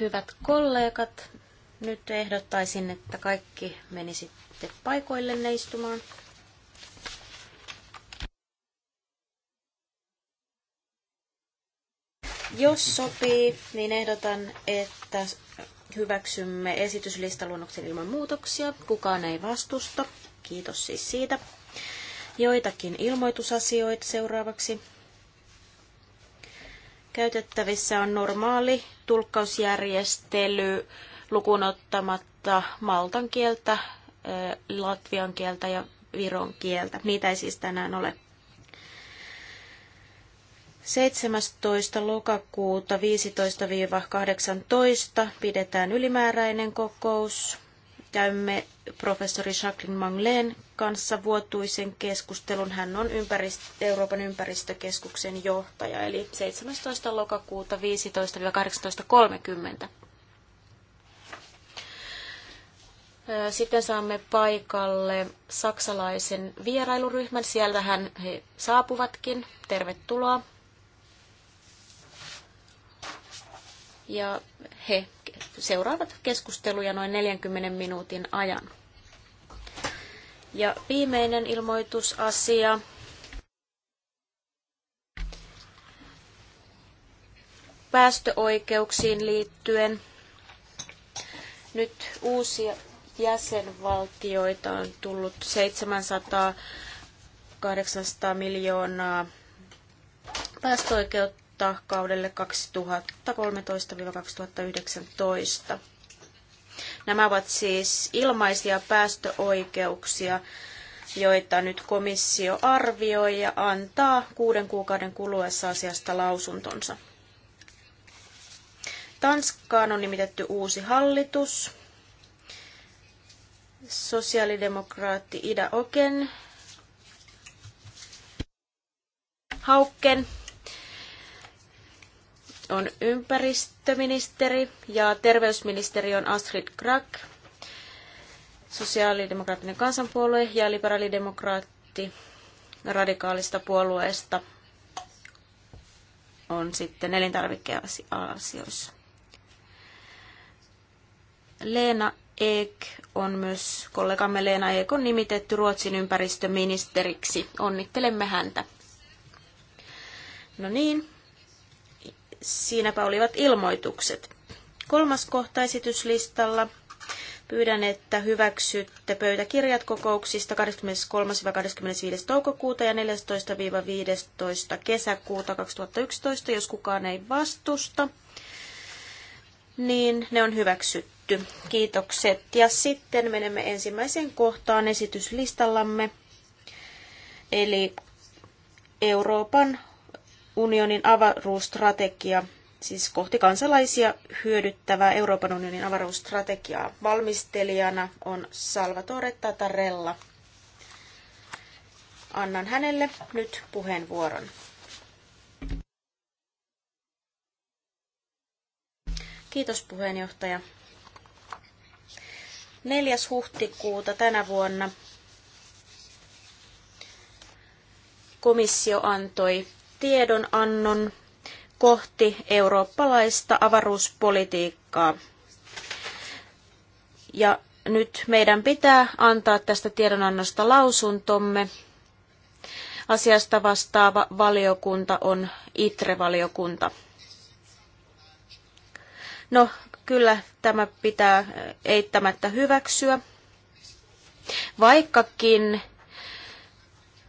Hyvät kollegat, nyt ehdottaisin, että kaikki menisitte paikoillenne istumaan. Jos sopii, niin ehdotan, että hyväksymme esityslistaluonnoksen ilman muutoksia. Kukaan ei vastusta. Kiitos siis siitä. Joitakin ilmoitusasioita seuraavaksi. Käytettävissä on normaali tulkkausjärjestely lukuun ottamatta maltan kieltä, latvian kieltä ja viron kieltä. Niitä ei siis tänään ole 17. lokakuuta 15-18 pidetään ylimääräinen kokous käymme professori Jacqueline Mangleen kanssa vuotuisen keskustelun. Hän on ympäristö, Euroopan ympäristökeskuksen johtaja, eli 17. lokakuuta 15-18.30. Sitten saamme paikalle saksalaisen vierailuryhmän. Sieltähän he saapuvatkin. Tervetuloa. ja he seuraavat keskusteluja noin 40 minuutin ajan. Ja viimeinen ilmoitusasia. Päästöoikeuksiin liittyen nyt uusia jäsenvaltioita on tullut 700 800 miljoonaa päästöoikeutta ehdottaa kaudelle 2013-2019. Nämä ovat siis ilmaisia päästöoikeuksia, joita nyt komissio arvioi ja antaa kuuden kuukauden kuluessa asiasta lausuntonsa. Tanskaan on nimitetty uusi hallitus. Sosiaalidemokraatti Ida Oken. Hauken on ympäristöministeri ja terveysministeri on Astrid Krack, sosiaalidemokraattinen kansanpuolue ja liberaalidemokraatti radikaalista puolueesta on sitten elintarvikeasioissa. Leena Ek on myös kollegamme Leena Ek on nimitetty Ruotsin ympäristöministeriksi. Onnittelemme häntä. No niin, siinäpä olivat ilmoitukset. Kolmas kohta esityslistalla. Pyydän, että hyväksytte pöytäkirjat kokouksista 23-25. toukokuuta ja 14-15. kesäkuuta 2011, jos kukaan ei vastusta. Niin ne on hyväksytty. Kiitokset. Ja sitten menemme ensimmäiseen kohtaan esityslistallamme, eli Euroopan unionin avaruusstrategia, siis kohti kansalaisia hyödyttävää Euroopan unionin avaruusstrategiaa. Valmistelijana on Salvatore Tatarella. Annan hänelle nyt puheenvuoron. Kiitos puheenjohtaja. 4. huhtikuuta tänä vuonna komissio antoi tiedonannon kohti eurooppalaista avaruuspolitiikkaa. Ja nyt meidän pitää antaa tästä tiedonannosta lausuntomme. Asiasta vastaava valiokunta on ITRE-valiokunta. No, kyllä tämä pitää eittämättä hyväksyä, vaikkakin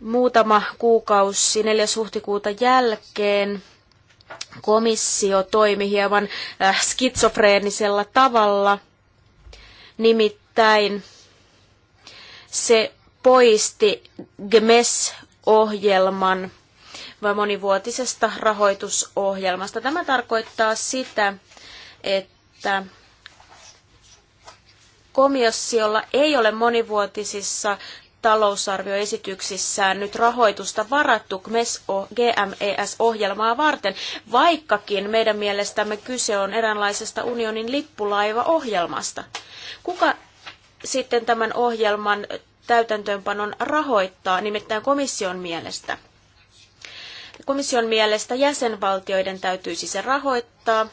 muutama kuukausi 4. huhtikuuta jälkeen komissio toimi hieman äh, skitsofreenisella tavalla. Nimittäin se poisti GMES-ohjelman vai monivuotisesta rahoitusohjelmasta. Tämä tarkoittaa sitä, että komissiolla ei ole monivuotisissa talousarvioesityksissään nyt rahoitusta varattu GMES-ohjelmaa varten, vaikkakin meidän mielestämme kyse on eräänlaisesta unionin lippulaivaohjelmasta. ohjelmasta Kuka sitten tämän ohjelman täytäntöönpanon rahoittaa, nimittäin komission mielestä? Komission mielestä jäsenvaltioiden täytyisi se rahoittaa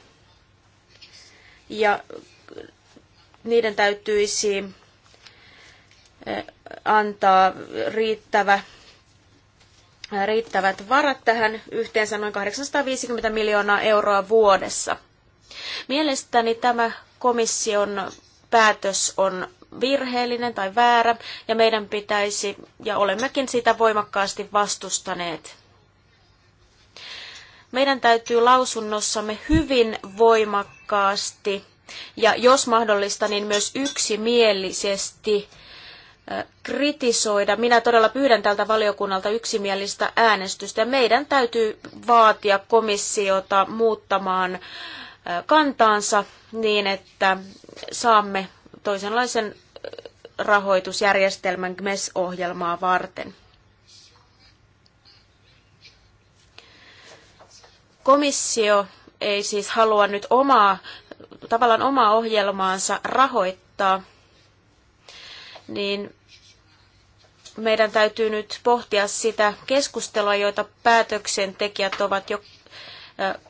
ja niiden täytyisi eh, antaa riittävä riittävät varat tähän yhteensä noin 850 miljoonaa euroa vuodessa. Mielestäni tämä komission päätös on virheellinen tai väärä ja meidän pitäisi, ja olemmekin sitä voimakkaasti vastustaneet. Meidän täytyy lausunnossamme hyvin voimakkaasti ja jos mahdollista, niin myös yksimielisesti kritisoida. Minä todella pyydän tältä valiokunnalta yksimielistä äänestystä. Meidän täytyy vaatia komissiota muuttamaan kantaansa niin, että saamme toisenlaisen rahoitusjärjestelmän GMES-ohjelmaa varten. Komissio ei siis halua nyt omaa, tavallaan omaa ohjelmaansa rahoittaa, niin meidän täytyy nyt pohtia sitä keskustelua, joita päätöksentekijät ovat jo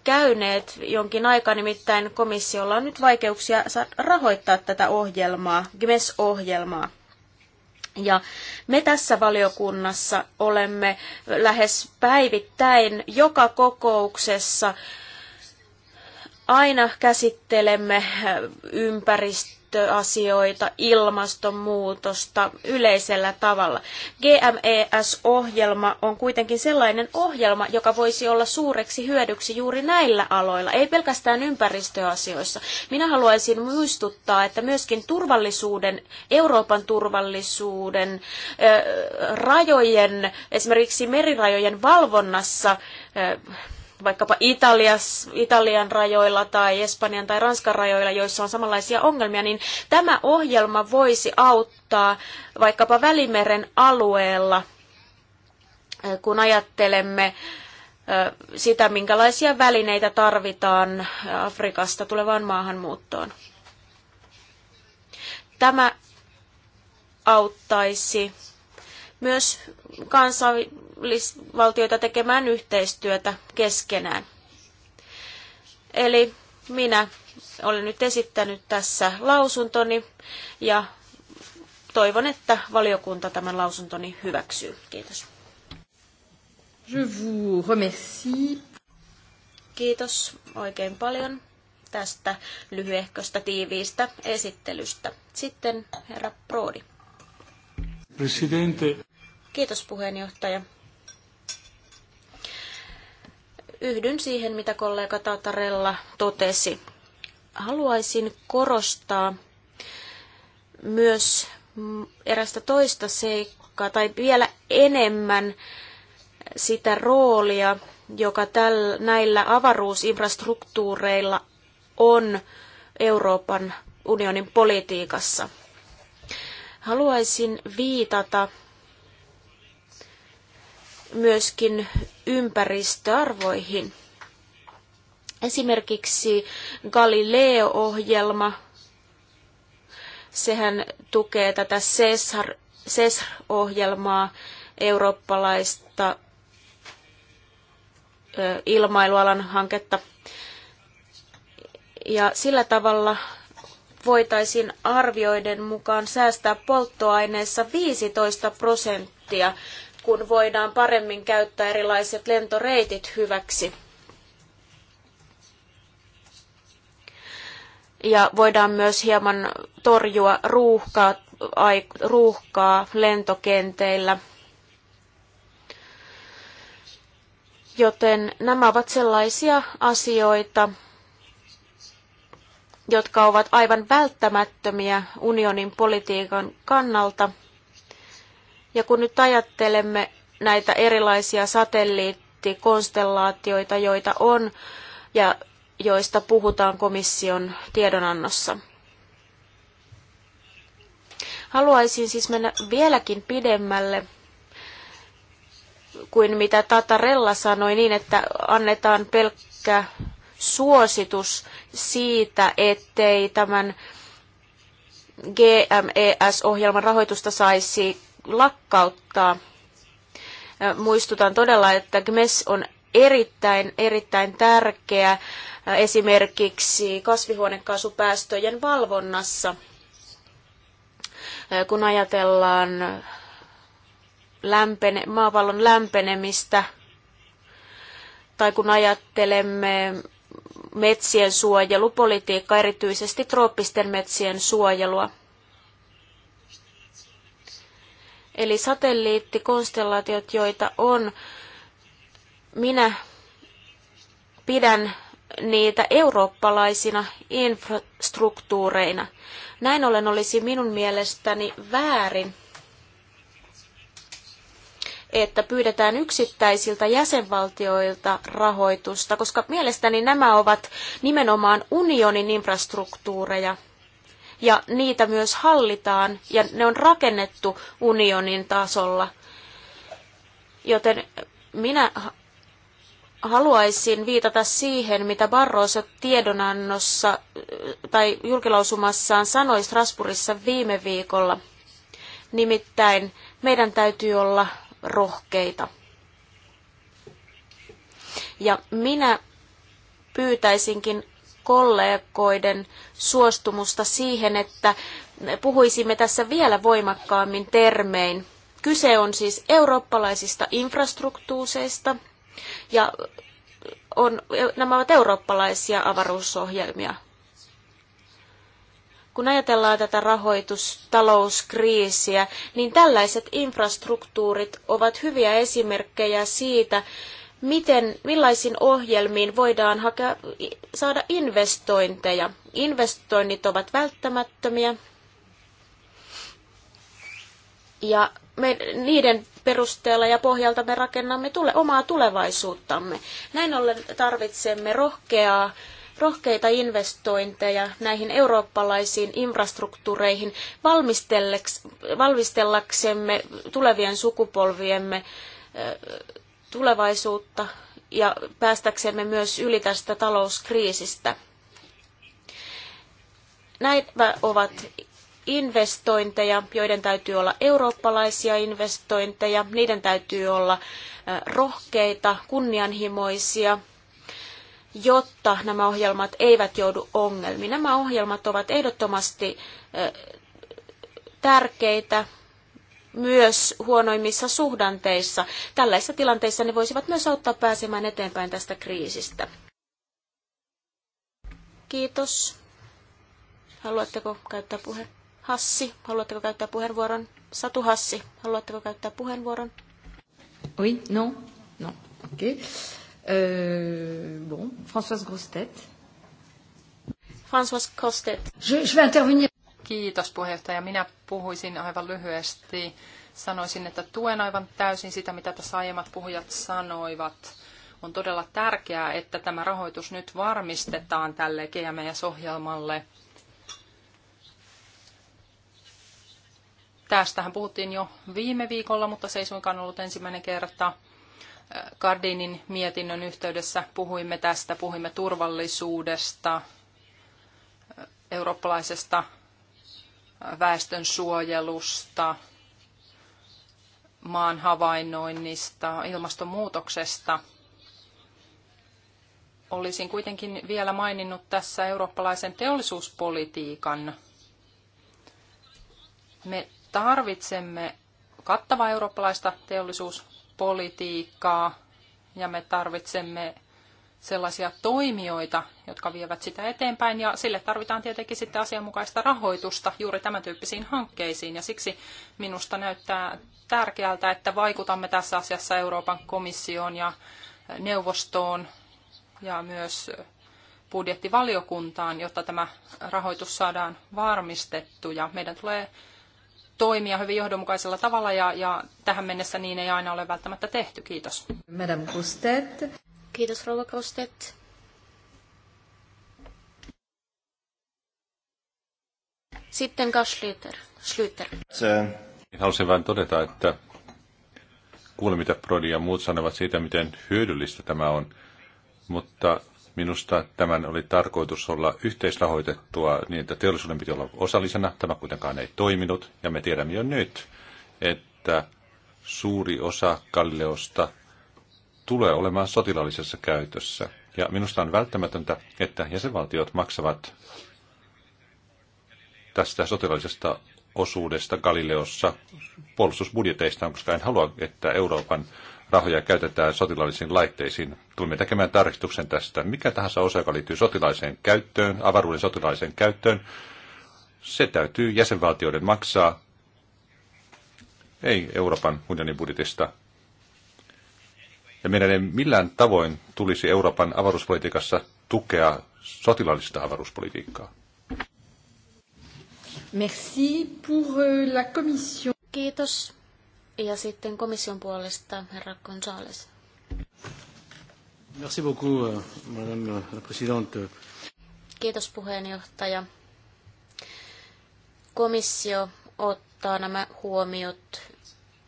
käyneet jonkin aikaa, nimittäin komissiolla on nyt vaikeuksia rahoittaa tätä ohjelmaa, GMES-ohjelmaa. Ja me tässä valiokunnassa olemme lähes päivittäin joka kokouksessa aina käsittelemme ympäristöä ympäristöasioita, ilmastonmuutosta yleisellä tavalla. GMES-ohjelma on kuitenkin sellainen ohjelma, joka voisi olla suureksi hyödyksi juuri näillä aloilla, ei pelkästään ympäristöasioissa. Minä haluaisin muistuttaa, että myöskin turvallisuuden, Euroopan turvallisuuden, rajojen, esimerkiksi merirajojen valvonnassa, vaikkapa Italias, Italian rajoilla tai Espanjan tai Ranskan rajoilla, joissa on samanlaisia ongelmia, niin tämä ohjelma voisi auttaa vaikkapa Välimeren alueella, eh, kun ajattelemme eh, sitä, minkälaisia välineitä tarvitaan eh, Afrikasta tulevaan maahanmuuttoon. Tämä auttaisi myös kansa, valtioita tekemään yhteistyötä keskenään. Eli minä olen nyt esittänyt tässä lausuntoni ja toivon, että valiokunta tämän lausuntoni hyväksyy. Kiitos. Je vous remercie. Kiitos oikein paljon tästä lyhyehköstä tiiviistä esittelystä. Sitten herra Prodi. Presidente. Kiitos puheenjohtaja. Yhdyn siihen, mitä kollega Tatarella totesi. Haluaisin korostaa myös erästä toista seikkaa, tai vielä enemmän sitä roolia, joka tällä, näillä avaruusinfrastruktuureilla on Euroopan unionin politiikassa. Haluaisin viitata myöskin ympäristöarvoihin. Esimerkiksi Galileo-ohjelma, sehän tukee tätä CESR-ohjelmaa, eurooppalaista ilmailualan hanketta. Ja sillä tavalla voitaisiin arvioiden mukaan säästää polttoaineessa 15 prosenttia kun voidaan paremmin käyttää erilaiset lentoreitit hyväksi. Ja voidaan myös hieman torjua ruuhkaa, ruuhkaa lentokenteillä. Joten nämä ovat sellaisia asioita, jotka ovat aivan välttämättömiä unionin politiikan kannalta – ja kun nyt ajattelemme näitä erilaisia satelliittikonstellaatioita, joita on ja joista puhutaan komission tiedonannossa. Haluaisin siis mennä vieläkin pidemmälle kuin mitä Tatarella sanoi, niin että annetaan pelkkä suositus siitä, ettei tämän GMES-ohjelman rahoitusta saisi lakkauttaa. Muistutan todella, että GMES on erittäin, erittäin tärkeä esimerkiksi kasvihuonekaasupäästöjen valvonnassa, kun ajatellaan lämpene, maapallon lämpenemistä tai kun ajattelemme metsien suojelupolitiikkaa, erityisesti trooppisten metsien suojelua. Eli satelliittikonstellaatiot, joita on, minä pidän niitä eurooppalaisina infrastruktuureina. Näin ollen olisi minun mielestäni väärin, että pyydetään yksittäisiltä jäsenvaltioilta rahoitusta, koska mielestäni nämä ovat nimenomaan unionin infrastruktuureja – ja niitä myös hallitaan ja ne on rakennettu unionin tasolla. Joten minä haluaisin viitata siihen, mitä Barroso tiedonannossa tai julkilausumassaan sanoi Strasbourgissa viime viikolla. Nimittäin meidän täytyy olla rohkeita. Ja minä pyytäisinkin kollegoiden suostumusta siihen, että puhuisimme tässä vielä voimakkaammin termein. Kyse on siis eurooppalaisista infrastruktuuseista ja on, nämä ovat eurooppalaisia avaruusohjelmia. Kun ajatellaan tätä rahoitustalouskriisiä, niin tällaiset infrastruktuurit ovat hyviä esimerkkejä siitä, miten, millaisiin ohjelmiin voidaan hakea, saada investointeja. Investoinnit ovat välttämättömiä ja me, niiden perusteella ja pohjalta me rakennamme tule, omaa tulevaisuuttamme. Näin ollen tarvitsemme rohkeaa, rohkeita investointeja näihin eurooppalaisiin infrastruktuureihin valmistellaksemme tulevien sukupolviemme tulevaisuutta ja päästäksemme myös yli tästä talouskriisistä. Näitä ovat investointeja, joiden täytyy olla eurooppalaisia investointeja, niiden täytyy olla rohkeita, kunnianhimoisia, jotta nämä ohjelmat eivät joudu ongelmiin. Nämä ohjelmat ovat ehdottomasti tärkeitä myös huonoimmissa suhdanteissa. Tällaisissa tilanteissa ne voisivat myös auttaa pääsemään eteenpäin tästä kriisistä. Kiitos. Haluatteko käyttää puheen? Hassi, haluatteko käyttää puheenvuoron? Satu Hassi, haluatteko käyttää puheenvuoron? Oui, non, non, ok Euh, bon, Françoise Grostet. Françoise Grostet. Je, je vais intervenir. Kiitos puheenjohtaja. Minä puhuisin aivan lyhyesti. Sanoisin, että tuen aivan täysin sitä, mitä tässä aiemmat puhujat sanoivat. On todella tärkeää, että tämä rahoitus nyt varmistetaan tälle GMS-ohjelmalle. E Tästähän puhuttiin jo viime viikolla, mutta se ei suinkaan ollut ensimmäinen kerta. Gardinin mietinnön yhteydessä puhuimme tästä, puhuimme turvallisuudesta, eurooppalaisesta väestön suojelusta, maan havainnoinnista, ilmastonmuutoksesta. Olisin kuitenkin vielä maininnut tässä eurooppalaisen teollisuuspolitiikan. Me tarvitsemme kattavaa eurooppalaista teollisuuspolitiikkaa ja me tarvitsemme sellaisia toimijoita, jotka vievät sitä eteenpäin, ja sille tarvitaan tietenkin sitten asianmukaista rahoitusta juuri tämän tyyppisiin hankkeisiin, ja siksi minusta näyttää tärkeältä, että vaikutamme tässä asiassa Euroopan komissioon ja neuvostoon ja myös budjettivaliokuntaan, jotta tämä rahoitus saadaan varmistettu, ja meidän tulee toimia hyvin johdonmukaisella tavalla ja, ja tähän mennessä niin ei aina ole välttämättä tehty. Kiitos. Madame Gustet. Kiitos Rouva Krostet. Sitten Gas Schlüter. Schlüter. Niin Haluaisin vain todeta, että kuulin mitä Prodi ja muut sanovat siitä, miten hyödyllistä tämä on, mutta minusta tämän oli tarkoitus olla yhteisrahoitettua niin, että teollisuuden piti olla osallisena. Tämä kuitenkaan ei toiminut ja me tiedämme jo nyt, että suuri osa kalleosta tulee olemaan sotilaallisessa käytössä. Ja minusta on välttämätöntä, että jäsenvaltiot maksavat tästä sotilaallisesta osuudesta Galileossa puolustusbudjeteistaan, koska en halua, että Euroopan rahoja käytetään sotilaallisiin laitteisiin. Tulemme tekemään tarkistuksen tästä. Mikä tahansa osa, joka liittyy sotilaiseen käyttöön, avaruuden sotilaiseen käyttöön, se täytyy jäsenvaltioiden maksaa, ei Euroopan unionin budjetista. Ja meidän ei millään tavoin tulisi Euroopan avaruuspolitiikassa tukea sotilaallista avaruuspolitiikkaa. Merci pour euh, la commission. Kiitos. Ja sitten komission puolesta herra Gonzales. Merci beaucoup, euh, madame la présidente. Kiitos puheenjohtaja. Komissio ottaa nämä huomiot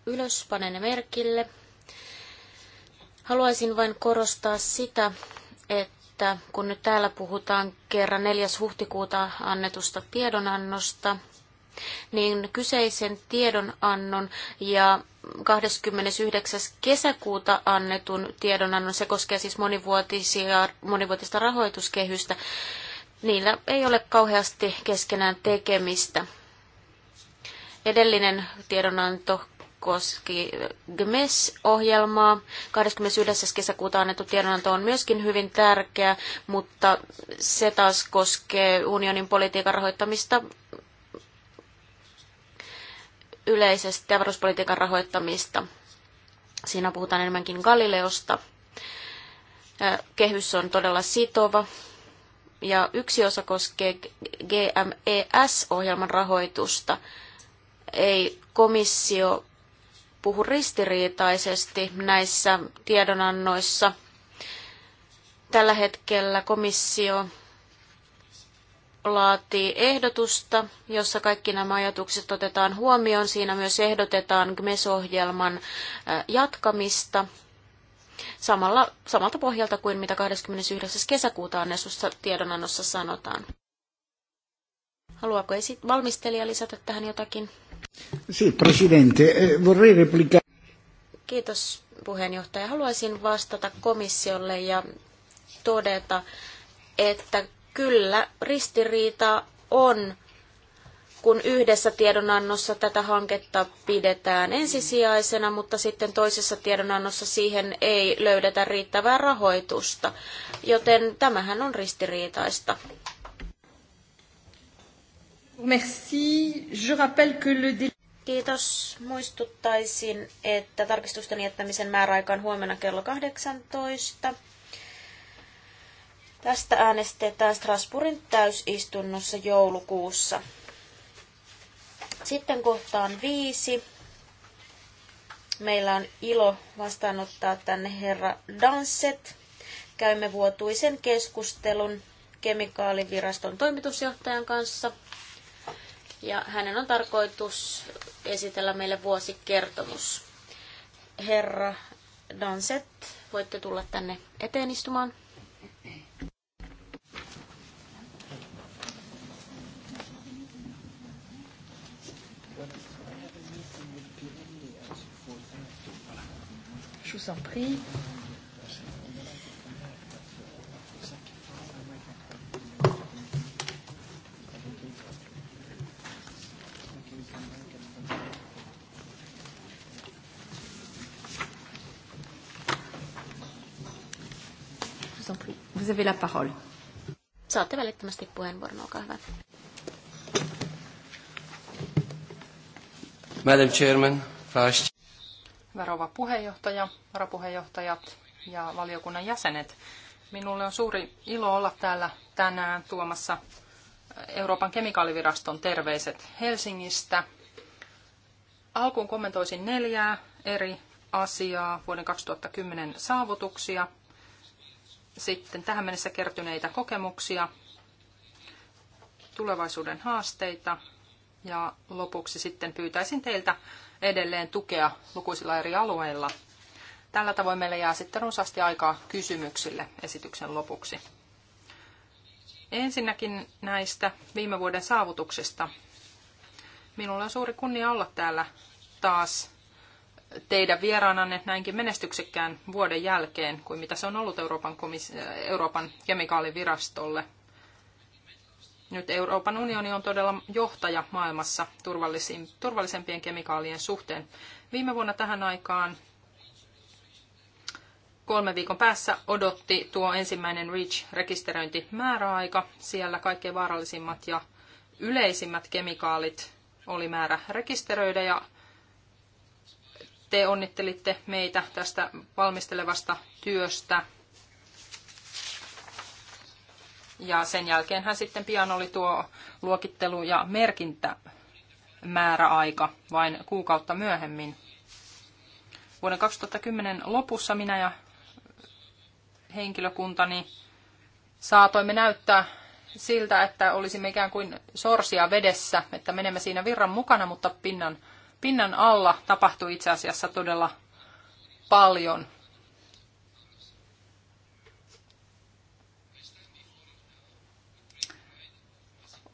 ylös, panen merkille – Haluaisin vain korostaa sitä, että kun nyt täällä puhutaan kerran 4. huhtikuuta annetusta tiedonannosta, niin kyseisen tiedonannon ja 29. kesäkuuta annetun tiedonannon, se koskee siis monivuotisia, monivuotista rahoituskehystä, niillä ei ole kauheasti keskenään tekemistä. Edellinen tiedonanto koski GMES-ohjelmaa. 21. kesäkuuta annettu tiedonanto on myöskin hyvin tärkeä, mutta se taas koskee unionin politiikan rahoittamista yleisesti ja varuspolitiikan rahoittamista. Siinä puhutaan enemmänkin Galileosta. Kehys on todella sitova. Ja yksi osa koskee GMES-ohjelman rahoitusta. Ei komissio puhu ristiriitaisesti näissä tiedonannoissa. Tällä hetkellä komissio laatii ehdotusta, jossa kaikki nämä ajatukset otetaan huomioon. Siinä myös ehdotetaan GMES-ohjelman jatkamista samalla, samalta pohjalta kuin mitä 29. kesäkuuta annetussa tiedonannossa sanotaan. Haluaako valmistelija lisätä tähän jotakin? Sì, presidente, eh, vorrei replicare. Kiitos puheenjohtaja. Haluaisin vastata komissiolle ja todeta, että kyllä ristiriita on, kun yhdessä tiedonannossa tätä hanketta pidetään ensisijaisena, mutta sitten toisessa tiedonannossa siihen ei löydetä riittävää rahoitusta. Joten tämähän on ristiriitaista. Merci. Je rappelle que le Kiitos. Muistuttaisin, että tarkistusten jättämisen määräaika on huomenna kello 18. Tästä äänestetään Strasbourgin täysistunnossa joulukuussa. Sitten kohtaan viisi. Meillä on ilo vastaanottaa tänne herra Danset. Käymme vuotuisen keskustelun kemikaaliviraston toimitusjohtajan kanssa – ja hänen on tarkoitus esitellä meille vuosikertomus. Herra Danset, voitte tulla tänne eteen istumaan. Je vous en prie. avez la parole. Saatte välittömästi puheenvuoron, olkaa hyvä. Madam Chairman, first. Hyvä rouva puheenjohtaja, varapuheenjohtajat ja valiokunnan jäsenet. Minulle on suuri ilo olla täällä tänään tuomassa Euroopan kemikaaliviraston terveiset Helsingistä. Alkuun kommentoisin neljää eri asiaa, vuoden 2010 saavutuksia, sitten tähän mennessä kertyneitä kokemuksia, tulevaisuuden haasteita ja lopuksi sitten pyytäisin teiltä edelleen tukea lukuisilla eri alueilla. Tällä tavoin meillä jää sitten runsaasti aikaa kysymyksille esityksen lopuksi. Ensinnäkin näistä viime vuoden saavutuksista. Minulla on suuri kunnia olla täällä taas teidän vieraananne näinkin menestyksekkään vuoden jälkeen kuin mitä se on ollut Euroopan, komis- Euroopan kemikaalivirastolle. Nyt Euroopan unioni on todella johtaja maailmassa turvallisempien kemikaalien suhteen. Viime vuonna tähän aikaan kolme viikon päässä odotti tuo ensimmäinen reach rekisteröinti määräaika. Siellä kaikkein vaarallisimmat ja yleisimmät kemikaalit oli määrä rekisteröidä ja te onnittelitte meitä tästä valmistelevasta työstä. Ja sen jälkeen hän sitten pian oli tuo luokittelu- ja määräaika vain kuukautta myöhemmin. Vuoden 2010 lopussa minä ja henkilökuntani saatoimme näyttää siltä, että olisimme ikään kuin sorsia vedessä, että menemme siinä virran mukana, mutta pinnan pinnan alla tapahtui itse asiassa todella paljon.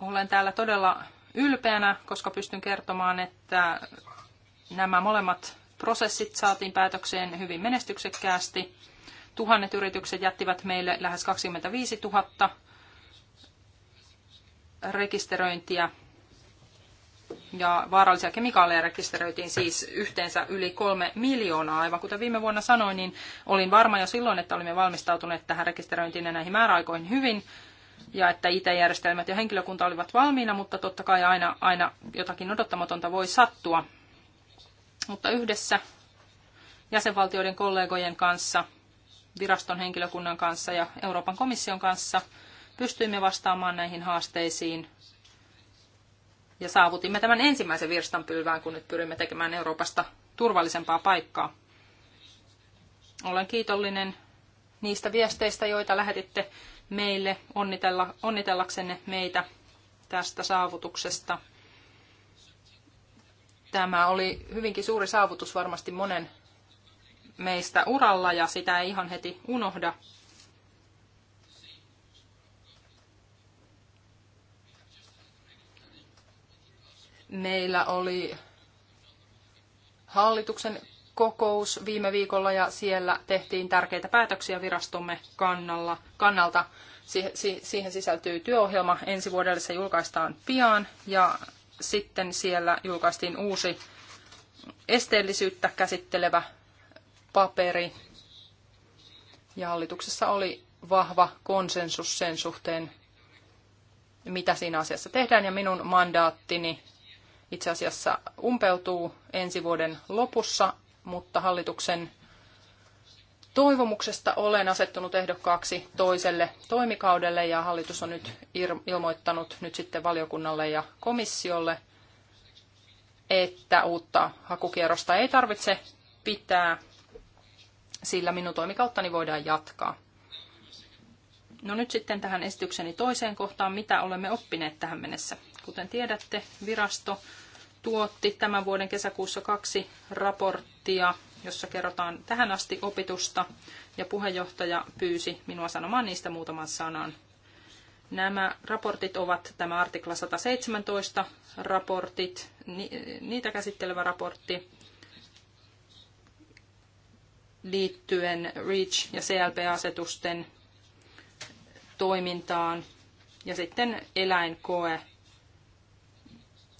Olen täällä todella ylpeänä, koska pystyn kertomaan, että nämä molemmat prosessit saatiin päätökseen hyvin menestyksekkäästi. Tuhannet yritykset jättivät meille lähes 25 000 rekisteröintiä ja vaarallisia kemikaaleja rekisteröitiin siis yhteensä yli kolme miljoonaa. Aivan kuten viime vuonna sanoin, niin olin varma jo silloin, että olimme valmistautuneet tähän rekisteröintiin ja näihin määräaikoihin hyvin ja että IT-järjestelmät ja henkilökunta olivat valmiina, mutta totta kai aina, aina jotakin odottamatonta voi sattua. Mutta yhdessä jäsenvaltioiden kollegojen kanssa, viraston henkilökunnan kanssa ja Euroopan komission kanssa pystyimme vastaamaan näihin haasteisiin ja saavutimme tämän ensimmäisen virstanpylvään, kun nyt pyrimme tekemään Euroopasta turvallisempaa paikkaa. Olen kiitollinen niistä viesteistä, joita lähetitte meille onnitella, onnitellaksenne meitä tästä saavutuksesta. Tämä oli hyvinkin suuri saavutus varmasti monen meistä uralla ja sitä ei ihan heti unohda. Meillä oli hallituksen kokous viime viikolla ja siellä tehtiin tärkeitä päätöksiä virastomme kannalla, kannalta. Siihen sisältyy työohjelma. Ensi vuodelle se julkaistaan pian ja sitten siellä julkaistiin uusi esteellisyyttä käsittelevä paperi. Ja hallituksessa oli vahva konsensus sen suhteen, mitä siinä asiassa tehdään. Ja minun mandaattini itse asiassa umpeutuu ensi vuoden lopussa, mutta hallituksen toivomuksesta olen asettunut ehdokkaaksi toiselle toimikaudelle ja hallitus on nyt ilmoittanut nyt sitten valiokunnalle ja komissiolle, että uutta hakukierrosta ei tarvitse pitää, sillä minun toimikauttani voidaan jatkaa. No nyt sitten tähän esitykseni toiseen kohtaan, mitä olemme oppineet tähän mennessä. Kuten tiedätte, virasto tuotti tämän vuoden kesäkuussa kaksi raporttia, jossa kerrotaan tähän asti opitusta, ja puheenjohtaja pyysi minua sanomaan niistä muutaman sanan. Nämä raportit ovat tämä artikla 117 raportit, niitä käsittelevä raportti liittyen REACH- ja CLP-asetusten toimintaan ja sitten eläinkoe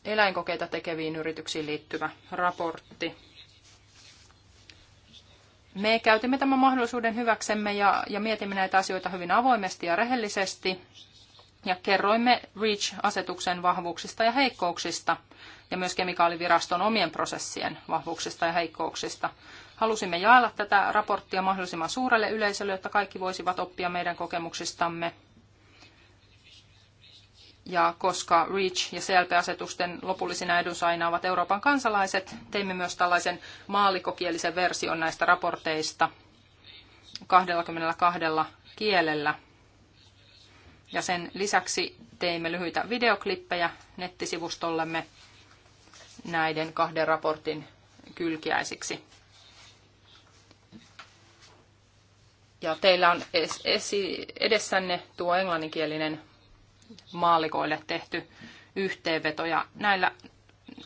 eläinkokeita tekeviin yrityksiin liittyvä raportti. Me käytimme tämän mahdollisuuden hyväksemme ja, ja mietimme näitä asioita hyvin avoimesti ja rehellisesti ja kerroimme REACH-asetuksen vahvuuksista ja heikkouksista ja myös kemikaaliviraston omien prosessien vahvuuksista ja heikkouksista. Halusimme jaella tätä raporttia mahdollisimman suurelle yleisölle, jotta kaikki voisivat oppia meidän kokemuksistamme ja koska REACH- ja CLP-asetusten lopullisina edunsaina ovat Euroopan kansalaiset, teimme myös tällaisen maalikokielisen version näistä raporteista 22 kielellä. Ja sen lisäksi teimme lyhyitä videoklippejä nettisivustollemme näiden kahden raportin kylkiäisiksi. Ja teillä on edessänne tuo englanninkielinen Maalikoille tehty yhteenveto. Ja näillä,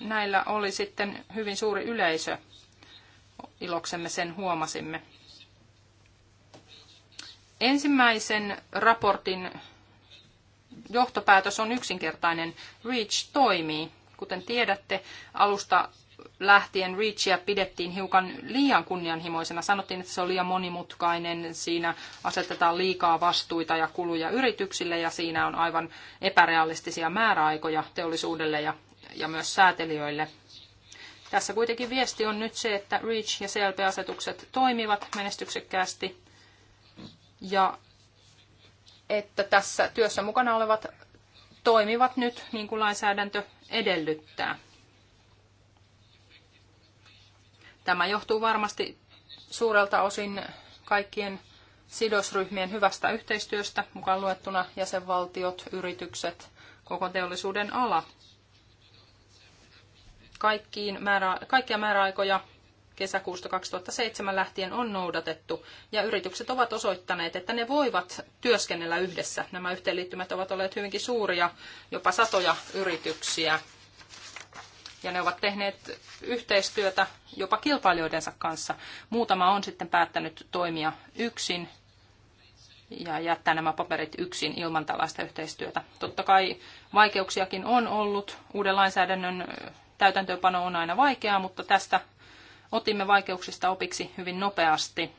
näillä oli sitten hyvin suuri yleisö. Iloksemme sen huomasimme. Ensimmäisen raportin johtopäätös on yksinkertainen. REACH toimii. Kuten tiedätte, alusta lähtien REACHia pidettiin hiukan liian kunnianhimoisena. Sanottiin, että se on liian monimutkainen, siinä asetetaan liikaa vastuita ja kuluja yrityksille ja siinä on aivan epärealistisia määräaikoja teollisuudelle ja, ja myös säätelijöille. Tässä kuitenkin viesti on nyt se, että REACH ja CLP-asetukset toimivat menestyksekkäästi ja että tässä työssä mukana olevat toimivat nyt niin kuin lainsäädäntö edellyttää. Tämä johtuu varmasti suurelta osin kaikkien sidosryhmien hyvästä yhteistyöstä, mukaan luettuna jäsenvaltiot, yritykset, koko teollisuuden ala. Kaikkiin määrä, kaikkia määräaikoja kesäkuusta 2007 lähtien on noudatettu, ja yritykset ovat osoittaneet, että ne voivat työskennellä yhdessä. Nämä yhteenliittymät ovat olleet hyvinkin suuria, jopa satoja yrityksiä ja ne ovat tehneet yhteistyötä jopa kilpailijoidensa kanssa. Muutama on sitten päättänyt toimia yksin ja jättää nämä paperit yksin ilman tällaista yhteistyötä. Totta kai vaikeuksiakin on ollut. Uuden lainsäädännön täytäntöönpano on aina vaikeaa, mutta tästä otimme vaikeuksista opiksi hyvin nopeasti.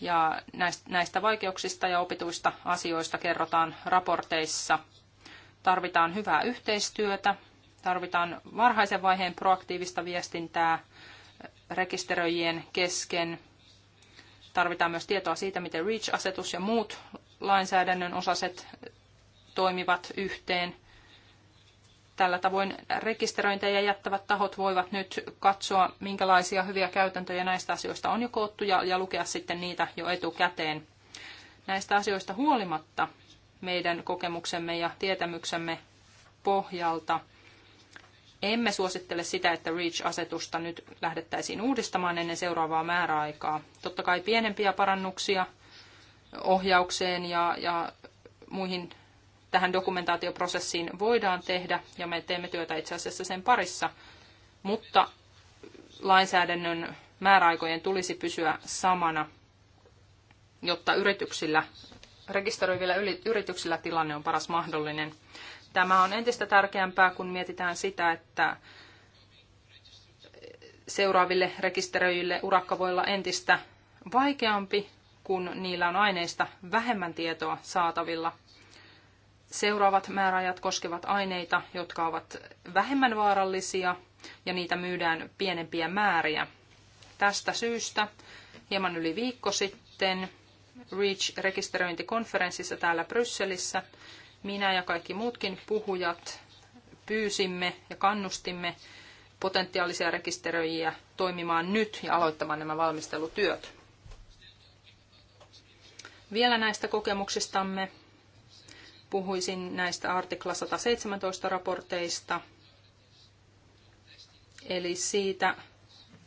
Ja näistä vaikeuksista ja opituista asioista kerrotaan raporteissa. Tarvitaan hyvää yhteistyötä Tarvitaan varhaisen vaiheen proaktiivista viestintää rekisteröijien kesken. Tarvitaan myös tietoa siitä, miten REACH-asetus ja muut lainsäädännön osaset toimivat yhteen. Tällä tavoin rekisteröintejä jättävät tahot voivat nyt katsoa, minkälaisia hyviä käytäntöjä näistä asioista on jo koottu ja, ja lukea sitten niitä jo etukäteen. Näistä asioista huolimatta meidän kokemuksemme ja tietämyksemme pohjalta – emme suosittele sitä, että REACH-asetusta nyt lähdettäisiin uudistamaan ennen seuraavaa määräaikaa. Totta kai pienempiä parannuksia ohjaukseen ja, ja muihin tähän dokumentaatioprosessiin voidaan tehdä, ja me teemme työtä itse asiassa sen parissa, mutta lainsäädännön määräaikojen tulisi pysyä samana, jotta yrityksillä, rekisteröivillä yrityksillä tilanne on paras mahdollinen. Tämä on entistä tärkeämpää, kun mietitään sitä, että seuraaville rekisteröijille urakka voi olla entistä vaikeampi, kun niillä on aineista vähemmän tietoa saatavilla. Seuraavat määräajat koskevat aineita, jotka ovat vähemmän vaarallisia ja niitä myydään pienempiä määriä. Tästä syystä hieman yli viikko sitten REACH-rekisteröintikonferenssissa täällä Brysselissä minä ja kaikki muutkin puhujat pyysimme ja kannustimme potentiaalisia rekisteröijiä toimimaan nyt ja aloittamaan nämä valmistelutyöt. Vielä näistä kokemuksistamme puhuisin näistä artikla 117 raporteista, eli siitä,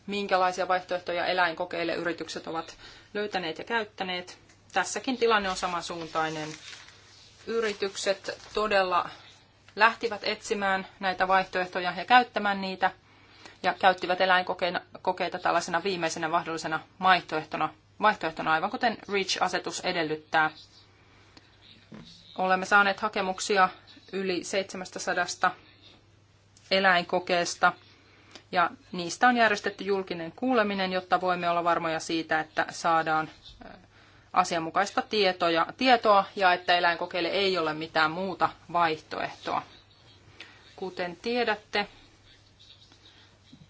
minkälaisia vaihtoehtoja eläinkokeille yritykset ovat löytäneet ja käyttäneet. Tässäkin tilanne on samansuuntainen yritykset todella lähtivät etsimään näitä vaihtoehtoja ja käyttämään niitä ja käyttivät eläinkokeita tällaisena viimeisenä mahdollisena vaihtoehtona, vaihtoehtona aivan kuten REACH-asetus edellyttää. Olemme saaneet hakemuksia yli 700 eläinkokeesta ja niistä on järjestetty julkinen kuuleminen, jotta voimme olla varmoja siitä, että saadaan asianmukaista tietoja, tietoa ja että eläinkokeille ei ole mitään muuta vaihtoehtoa. Kuten tiedätte,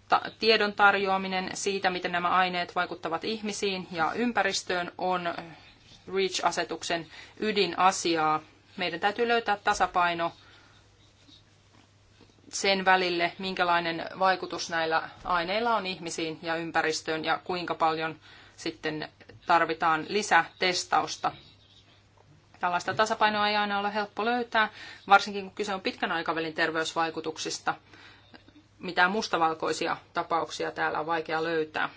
ta- tiedon tarjoaminen siitä, miten nämä aineet vaikuttavat ihmisiin ja ympäristöön, on REACH-asetuksen ydinasiaa. Meidän täytyy löytää tasapaino sen välille, minkälainen vaikutus näillä aineilla on ihmisiin ja ympäristöön ja kuinka paljon sitten tarvitaan lisätestausta. Tällaista tasapainoa ei aina ole helppo löytää, varsinkin kun kyse on pitkän aikavälin terveysvaikutuksista. Mitään mustavalkoisia tapauksia täällä on vaikea löytää.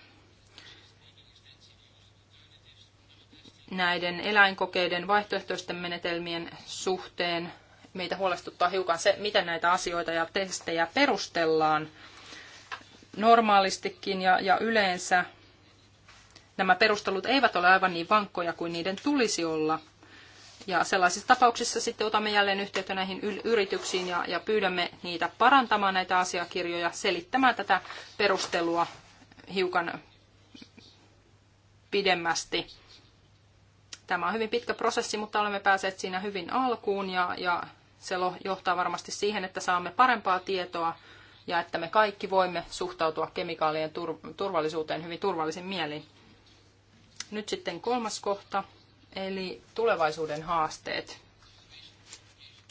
Näiden eläinkokeiden vaihtoehtoisten menetelmien suhteen meitä huolestuttaa hiukan se, miten näitä asioita ja testejä perustellaan normaalistikin ja, ja yleensä nämä perustelut eivät ole aivan niin vankkoja kuin niiden tulisi olla. Ja sellaisissa tapauksissa sitten otamme jälleen yhteyttä näihin yrityksiin ja, ja pyydämme niitä parantamaan näitä asiakirjoja, selittämään tätä perustelua hiukan pidemmästi. Tämä on hyvin pitkä prosessi, mutta olemme päässeet siinä hyvin alkuun ja, ja se johtaa varmasti siihen, että saamme parempaa tietoa ja että me kaikki voimme suhtautua kemikaalien turvallisuuteen hyvin turvallisin mielin. Nyt sitten kolmas kohta, eli tulevaisuuden haasteet.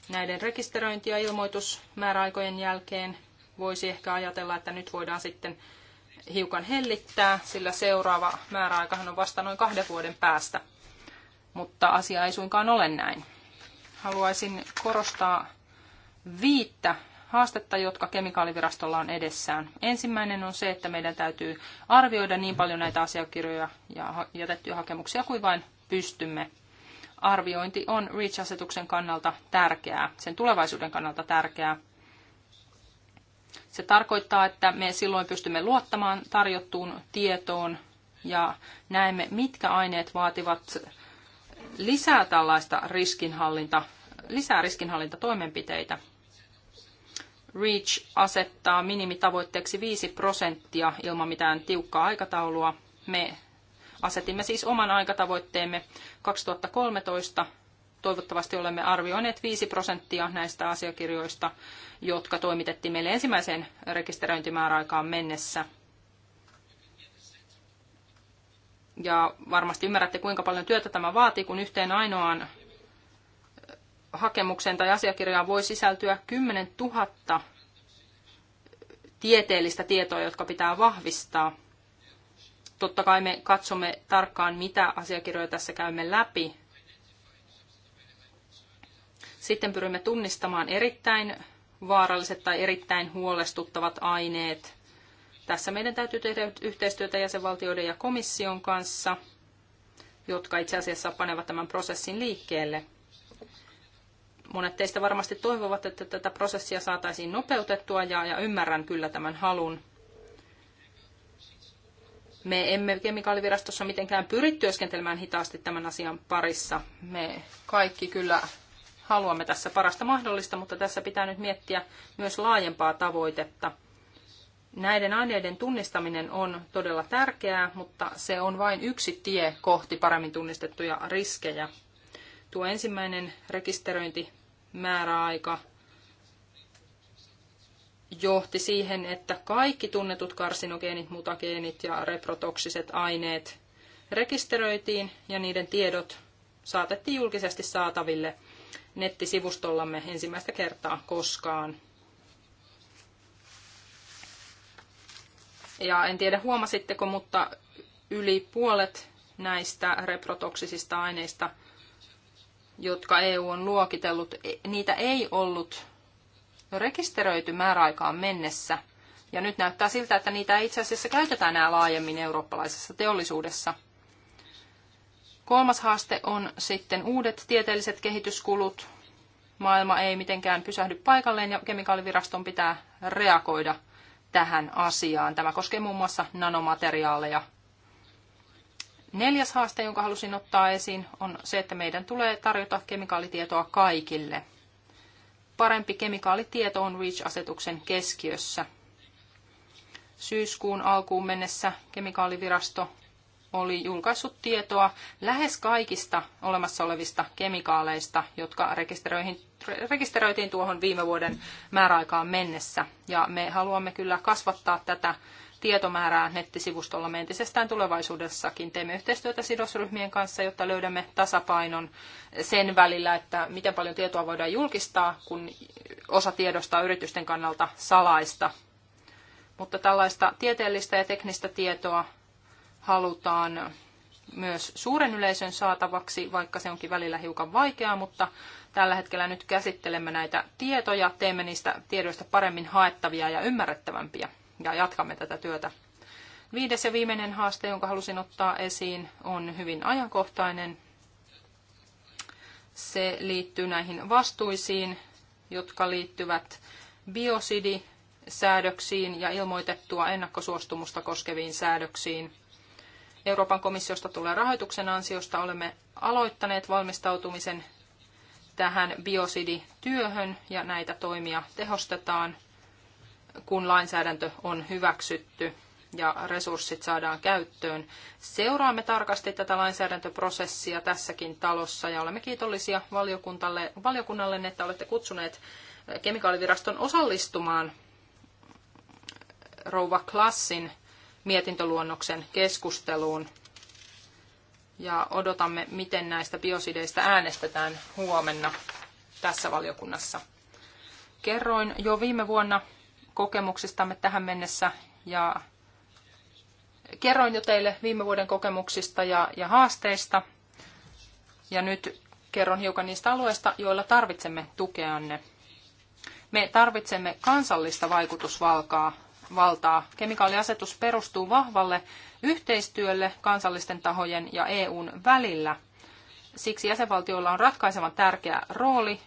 Näiden rekisteröinti- ja ilmoitusmääräaikojen jälkeen voisi ehkä ajatella, että nyt voidaan sitten hiukan hellittää, sillä seuraava määräaikahan on vasta noin kahden vuoden päästä. Mutta asia ei suinkaan ole näin. Haluaisin korostaa viittä haastetta, jotka kemikaalivirastolla on edessään. Ensimmäinen on se, että meidän täytyy arvioida niin paljon näitä asiakirjoja ja jätettyjä hakemuksia kuin vain pystymme. Arviointi on REACH-asetuksen kannalta tärkeää, sen tulevaisuuden kannalta tärkeää. Se tarkoittaa, että me silloin pystymme luottamaan tarjottuun tietoon ja näemme, mitkä aineet vaativat lisää tällaista riskinhallinta, lisää riskinhallintatoimenpiteitä. REACH asettaa minimitavoitteeksi 5 prosenttia ilman mitään tiukkaa aikataulua. Me asetimme siis oman aikatavoitteemme 2013. Toivottavasti olemme arvioineet 5 prosenttia näistä asiakirjoista, jotka toimitettiin meille ensimmäiseen rekisteröintimääräaikaan mennessä. Ja varmasti ymmärrätte, kuinka paljon työtä tämä vaatii, kun yhteen ainoaan hakemukseen tai asiakirjaan voi sisältyä 10 000 tieteellistä tietoa, jotka pitää vahvistaa. Totta kai me katsomme tarkkaan, mitä asiakirjoja tässä käymme läpi. Sitten pyrimme tunnistamaan erittäin vaaralliset tai erittäin huolestuttavat aineet. Tässä meidän täytyy tehdä yhteistyötä jäsenvaltioiden ja komission kanssa, jotka itse asiassa panevat tämän prosessin liikkeelle. Monet teistä varmasti toivovat, että tätä prosessia saataisiin nopeutettua ja, ja ymmärrän kyllä tämän halun. Me emme kemikaalivirastossa mitenkään pyri työskentelemään hitaasti tämän asian parissa. Me kaikki kyllä haluamme tässä parasta mahdollista, mutta tässä pitää nyt miettiä myös laajempaa tavoitetta. Näiden aineiden tunnistaminen on todella tärkeää, mutta se on vain yksi tie kohti paremmin tunnistettuja riskejä. Tuo ensimmäinen rekisteröinti määräaika johti siihen, että kaikki tunnetut karsinogeenit, mutageenit ja reprotoksiset aineet rekisteröitiin ja niiden tiedot saatettiin julkisesti saataville nettisivustollamme ensimmäistä kertaa koskaan. Ja en tiedä huomasitteko, mutta yli puolet näistä reprotoksisista aineista – jotka EU on luokitellut, e, niitä ei ollut rekisteröity määräaikaan mennessä. Ja nyt näyttää siltä, että niitä ei itse asiassa käytetään enää laajemmin eurooppalaisessa teollisuudessa. Kolmas haaste on sitten uudet tieteelliset kehityskulut. Maailma ei mitenkään pysähdy paikalleen ja kemikaaliviraston pitää reagoida tähän asiaan. Tämä koskee muun muassa nanomateriaaleja Neljäs haaste, jonka halusin ottaa esiin, on se, että meidän tulee tarjota kemikaalitietoa kaikille. Parempi kemikaalitieto on REACH-asetuksen keskiössä. Syyskuun alkuun mennessä kemikaalivirasto oli julkaissut tietoa lähes kaikista olemassa olevista kemikaaleista, jotka rekisteröitiin tuohon viime vuoden määräaikaan mennessä. Ja me haluamme kyllä kasvattaa tätä tietomäärää nettisivustolla me entisestään tulevaisuudessakin teemme yhteistyötä sidosryhmien kanssa, jotta löydämme tasapainon sen välillä, että miten paljon tietoa voidaan julkistaa, kun osa tiedosta on yritysten kannalta salaista. Mutta tällaista tieteellistä ja teknistä tietoa halutaan myös suuren yleisön saatavaksi, vaikka se onkin välillä hiukan vaikeaa, mutta tällä hetkellä nyt käsittelemme näitä tietoja, teemme niistä tiedoista paremmin haettavia ja ymmärrettävämpiä ja jatkamme tätä työtä. Viides ja viimeinen haaste, jonka halusin ottaa esiin, on hyvin ajankohtainen. Se liittyy näihin vastuisiin, jotka liittyvät biosidisäädöksiin ja ilmoitettua ennakkosuostumusta koskeviin säädöksiin. Euroopan komissiosta tulee rahoituksen ansiosta. Olemme aloittaneet valmistautumisen tähän biosidityöhön ja näitä toimia tehostetaan kun lainsäädäntö on hyväksytty ja resurssit saadaan käyttöön. Seuraamme tarkasti tätä lainsäädäntöprosessia tässäkin talossa ja olemme kiitollisia valiokunnalle, valiokunnalle että olette kutsuneet kemikaaliviraston osallistumaan rouva Klassin mietintöluonnoksen keskusteluun. Ja odotamme, miten näistä biosideistä äänestetään huomenna tässä valiokunnassa. Kerroin jo viime vuonna kokemuksistamme tähän mennessä ja kerroin jo teille viime vuoden kokemuksista ja, ja haasteista. Ja nyt kerron hiukan niistä alueista, joilla tarvitsemme tukeanne. Me tarvitsemme kansallista vaikutusvaltaa. Valtaa. Kemikaaliasetus perustuu vahvalle yhteistyölle kansallisten tahojen ja EUn välillä. Siksi jäsenvaltioilla on ratkaisevan tärkeä rooli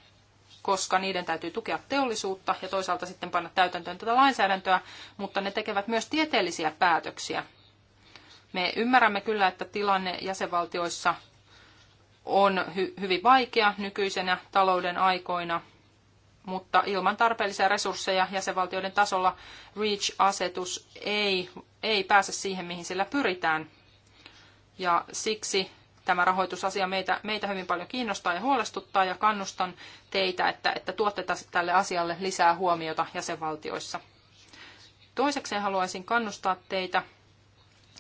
koska niiden täytyy tukea teollisuutta ja toisaalta sitten panna täytäntöön tätä lainsäädäntöä, mutta ne tekevät myös tieteellisiä päätöksiä. Me ymmärrämme kyllä, että tilanne jäsenvaltioissa on hy- hyvin vaikea nykyisenä talouden aikoina, mutta ilman tarpeellisia resursseja jäsenvaltioiden tasolla REACH-asetus ei, ei pääse siihen, mihin sillä pyritään. Ja siksi Tämä rahoitusasia meitä, meitä hyvin paljon kiinnostaa ja huolestuttaa ja kannustan teitä, että, että tuotte tälle asialle lisää huomiota jäsenvaltioissa. Toisekseen haluaisin kannustaa teitä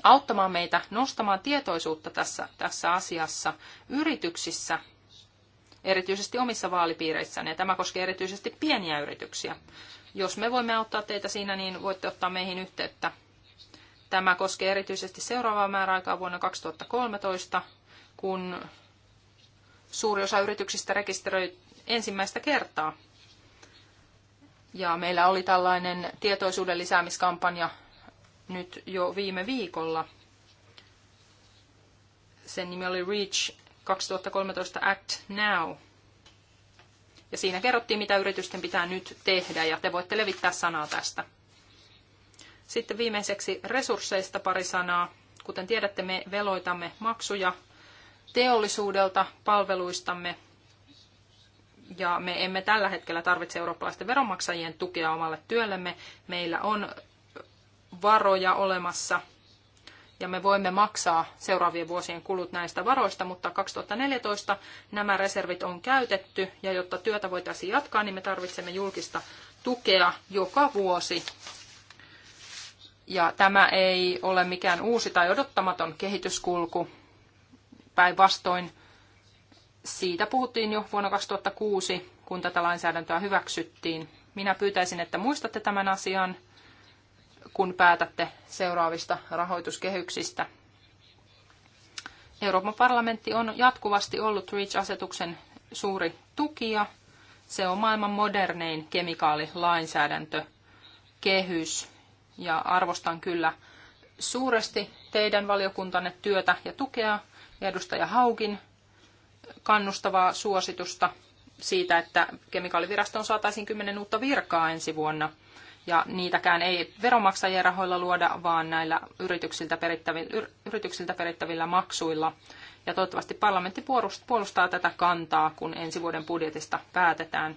auttamaan meitä nostamaan tietoisuutta tässä, tässä asiassa yrityksissä, erityisesti omissa vaalipiireissänne, ja tämä koskee erityisesti pieniä yrityksiä. Jos me voimme auttaa teitä siinä, niin voitte ottaa meihin yhteyttä. Tämä koskee erityisesti seuraavaa määräaikaa vuonna 2013, kun suuri osa yrityksistä rekisteröi ensimmäistä kertaa. Ja meillä oli tällainen tietoisuuden lisäämiskampanja nyt jo viime viikolla. Sen nimi oli REACH 2013 Act Now. Ja siinä kerrottiin, mitä yritysten pitää nyt tehdä, ja te voitte levittää sanaa tästä. Sitten viimeiseksi resursseista pari sanaa. Kuten tiedätte, me veloitamme maksuja teollisuudelta palveluistamme. Ja me emme tällä hetkellä tarvitse eurooppalaisten veronmaksajien tukea omalle työllemme. Meillä on varoja olemassa ja me voimme maksaa seuraavien vuosien kulut näistä varoista, mutta 2014 nämä reservit on käytetty ja jotta työtä voitaisiin jatkaa, niin me tarvitsemme julkista tukea joka vuosi. Ja tämä ei ole mikään uusi tai odottamaton kehityskulku, Päinvastoin siitä puhuttiin jo vuonna 2006, kun tätä lainsäädäntöä hyväksyttiin. Minä pyytäisin, että muistatte tämän asian, kun päätätte seuraavista rahoituskehyksistä. Euroopan parlamentti on jatkuvasti ollut REACH-asetuksen suuri tukija. Se on maailman modernein kemikaalilainsäädäntökehys ja arvostan kyllä suuresti teidän valiokuntanne työtä ja tukea ja edustaja Haukin kannustavaa suositusta siitä, että kemikaalivirastoon saataisiin kymmenen uutta virkaa ensi vuonna. Ja niitäkään ei veromaksajien rahoilla luoda, vaan näillä yrityksiltä perittävillä, yrityksiltä perittävillä maksuilla. Ja toivottavasti parlamentti puolustaa tätä kantaa, kun ensi vuoden budjetista päätetään.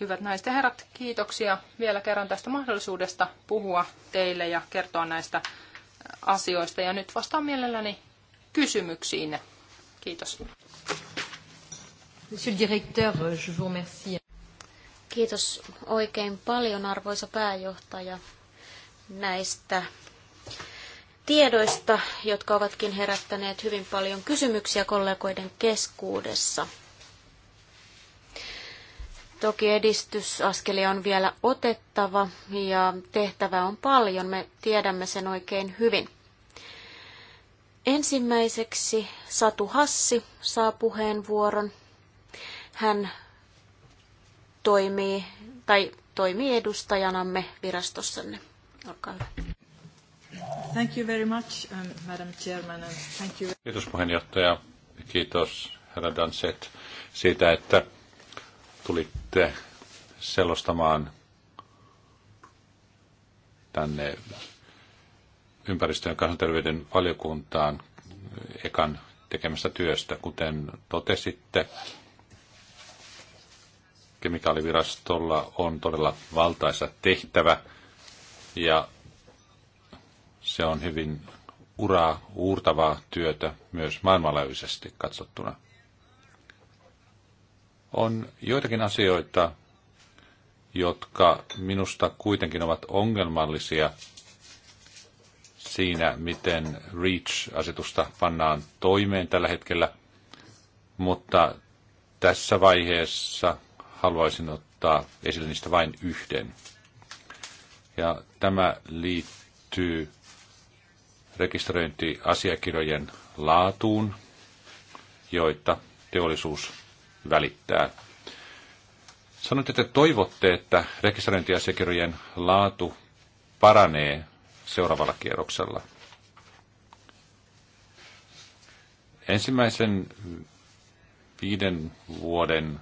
Hyvät naiset ja herrat, kiitoksia vielä kerran tästä mahdollisuudesta puhua teille ja kertoa näistä asioista. Ja nyt vastaan mielelläni kysymyksiin. Kiitos. Monsieur le directeur, je vous remercie. Kiitos oikein paljon arvoisa pääjohtaja näistä tiedoista, jotka ovatkin herättäneet hyvin paljon kysymyksiä kollegoiden keskuudessa. Toki edistysaskelia on vielä otettava ja tehtävä on paljon, me tiedämme sen oikein hyvin. Ensimmäiseksi Satu Hassi saa puheenvuoron. Hän toimii, tai toimii edustajanamme virastossanne. Olkaa hyvä. Thank you very much, um, Madam Chairman, and thank you. Kiitos puheenjohtaja. Kiitos herra Danset siitä, että tulitte selostamaan tänne ympäristö- ja kansanterveyden valiokuntaan ekan tekemästä työstä. Kuten totesitte, kemikaalivirastolla on todella valtaisa tehtävä ja se on hyvin uraa uurtavaa työtä myös maailmanlaajuisesti katsottuna. On joitakin asioita, jotka minusta kuitenkin ovat ongelmallisia – siinä, miten REACH-asetusta pannaan toimeen tällä hetkellä, mutta tässä vaiheessa haluaisin ottaa esille niistä vain yhden. Ja tämä liittyy rekisteröintiasiakirjojen laatuun, joita teollisuus välittää. Sanoit, että toivotte, että rekisteröintiasiakirjojen laatu paranee seuraavalla kierroksella. Ensimmäisen viiden vuoden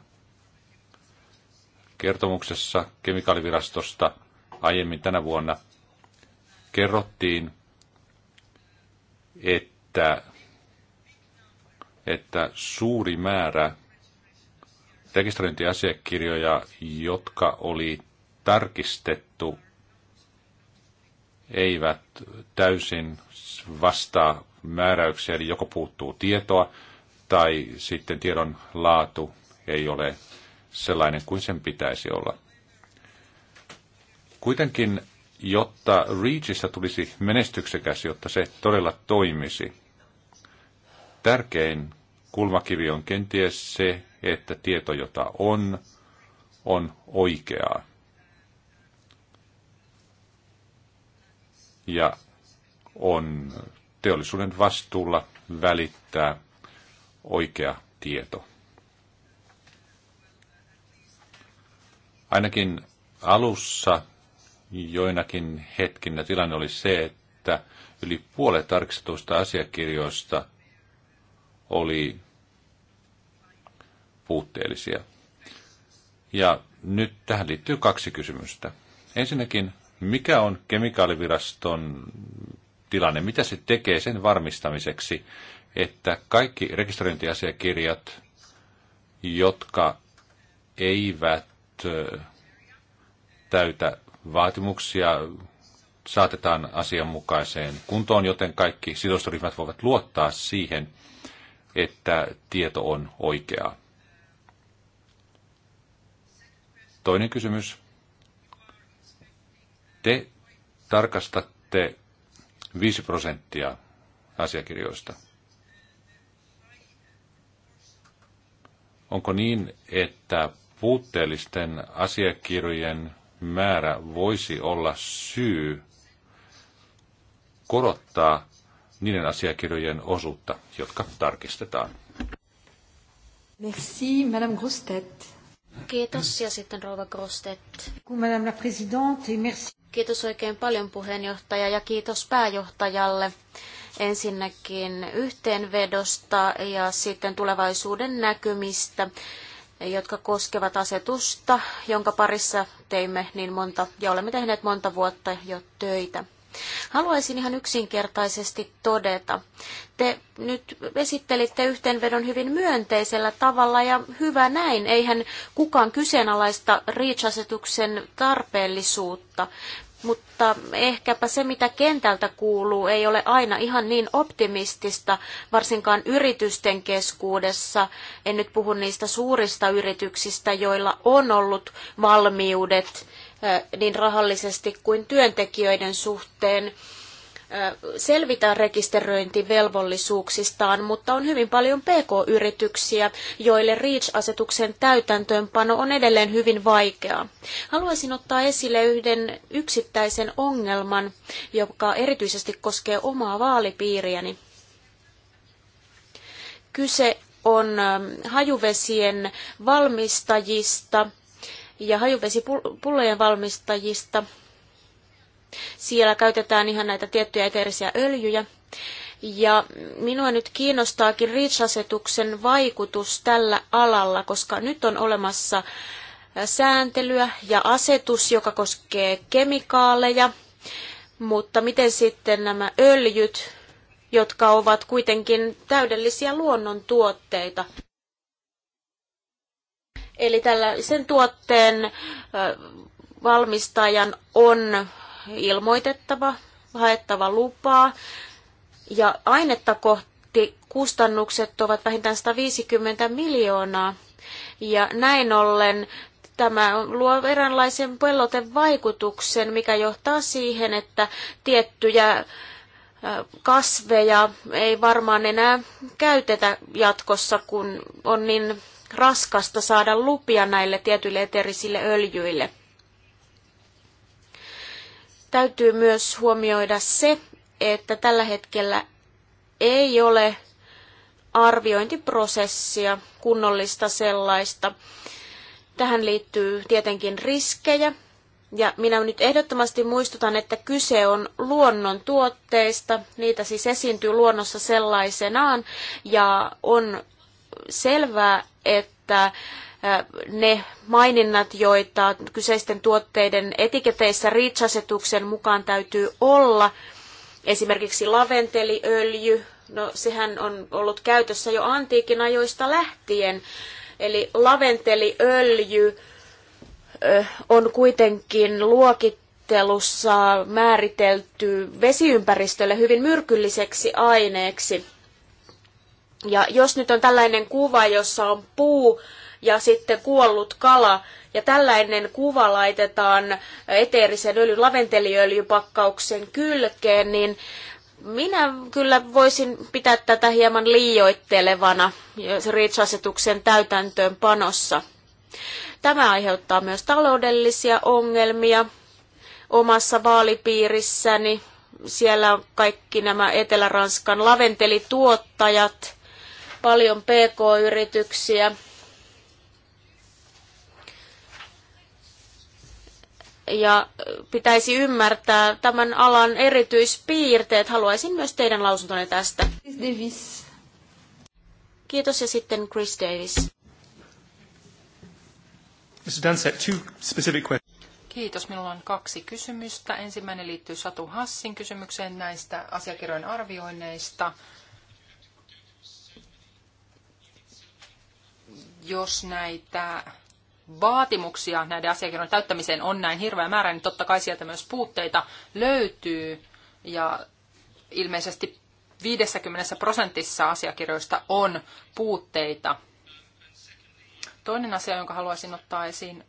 kertomuksessa kemikaalivirastosta aiemmin tänä vuonna kerrottiin, että, että suuri määrä rekisteröintiasiakirjoja, jotka oli tarkistettu eivät täysin vastaa määräyksiä, eli joko puuttuu tietoa tai sitten tiedon laatu ei ole sellainen kuin sen pitäisi olla. Kuitenkin, jotta REACHista tulisi menestyksekäs, jotta se todella toimisi, tärkein kulmakivi on kenties se, että tieto, jota on, on oikeaa. ja on teollisuuden vastuulla välittää oikea tieto. Ainakin alussa joinakin hetkinä tilanne oli se, että yli puolet tarkistetuista asiakirjoista oli puutteellisia. Ja nyt tähän liittyy kaksi kysymystä. Ensinnäkin, mikä on kemikaaliviraston tilanne? Mitä se tekee sen varmistamiseksi, että kaikki rekisteröintiasiakirjat, jotka eivät täytä vaatimuksia, saatetaan asianmukaiseen kuntoon, joten kaikki sidosryhmät voivat luottaa siihen, että tieto on oikeaa. Toinen kysymys. Te tarkastatte 5 prosenttia asiakirjoista. Onko niin, että puutteellisten asiakirjojen määrä voisi olla syy korottaa niiden asiakirjojen osuutta, jotka tarkistetaan? Merci, Madame Grostet. Kiitos ja sitten rouva Grostet. Kiitos oikein paljon puheenjohtaja ja kiitos pääjohtajalle ensinnäkin yhteenvedosta ja sitten tulevaisuuden näkymistä, jotka koskevat asetusta, jonka parissa teimme niin monta ja olemme tehneet monta vuotta jo töitä. Haluaisin ihan yksinkertaisesti todeta. Te nyt esittelitte yhteenvedon hyvin myönteisellä tavalla ja hyvä näin. Eihän kukaan kyseenalaista REACH-asetuksen tarpeellisuutta. Mutta ehkäpä se, mitä kentältä kuuluu, ei ole aina ihan niin optimistista, varsinkaan yritysten keskuudessa. En nyt puhu niistä suurista yrityksistä, joilla on ollut valmiudet niin rahallisesti kuin työntekijöiden suhteen selvitään rekisteröintivelvollisuuksistaan, mutta on hyvin paljon pk-yrityksiä, joille REACH-asetuksen täytäntöönpano on edelleen hyvin vaikeaa. Haluaisin ottaa esille yhden yksittäisen ongelman, joka erityisesti koskee omaa vaalipiiriäni. Kyse on hajuvesien valmistajista – ja hajuvesipullojen valmistajista. Siellä käytetään ihan näitä tiettyjä eteerisiä öljyjä. Ja minua nyt kiinnostaakin REACH-asetuksen vaikutus tällä alalla, koska nyt on olemassa sääntelyä ja asetus, joka koskee kemikaaleja, mutta miten sitten nämä öljyt, jotka ovat kuitenkin täydellisiä luonnontuotteita? Eli tällä, sen tuotteen valmistajan on ilmoitettava, haettava lupaa ja ainetta kohti kustannukset ovat vähintään 150 miljoonaa. Ja näin ollen tämä luo eräänlaisen vaikutuksen, mikä johtaa siihen, että tiettyjä kasveja ei varmaan enää käytetä jatkossa, kun on niin raskasta saada lupia näille tietyille eterisille öljyille. Täytyy myös huomioida se, että tällä hetkellä ei ole arviointiprosessia, kunnollista sellaista. Tähän liittyy tietenkin riskejä, ja minä nyt ehdottomasti muistutan, että kyse on luonnon tuotteista. Niitä siis esiintyy luonnossa sellaisenaan ja on selvää, että äh, ne maininnat, joita kyseisten tuotteiden etiketeissä REACH-asetuksen mukaan täytyy olla, esimerkiksi laventeliöljy, no sehän on ollut käytössä jo antiikin ajoista lähtien, eli laventeliöljy on kuitenkin luokittelussa määritelty vesiympäristölle hyvin myrkylliseksi aineeksi – ja jos nyt on tällainen kuva, jossa on puu ja sitten kuollut kala, ja tällainen kuva laitetaan eteerisen öljyn laventeliöljypakkauksen kylkeen, niin minä kyllä voisin pitää tätä hieman liioittelevana REACH-asetuksen täytäntöönpanossa. Tämä aiheuttaa myös taloudellisia ongelmia omassa vaalipiirissäni. Siellä on kaikki nämä Etelä-Ranskan laventelituottajat, paljon pk-yrityksiä. Ja pitäisi ymmärtää tämän alan erityispiirteet. Haluaisin myös teidän lausuntonne tästä. Davis. Kiitos ja sitten Chris Davis. Mr. Dunset, two specific questions. Kiitos. Minulla on kaksi kysymystä. Ensimmäinen liittyy Satu Hassin kysymykseen näistä asiakirjojen arvioinneista. jos näitä vaatimuksia näiden asiakirjojen täyttämiseen on näin hirveä määrä, niin totta kai sieltä myös puutteita löytyy. Ja ilmeisesti 50 prosentissa asiakirjoista on puutteita. Toinen asia, jonka haluaisin ottaa esiin,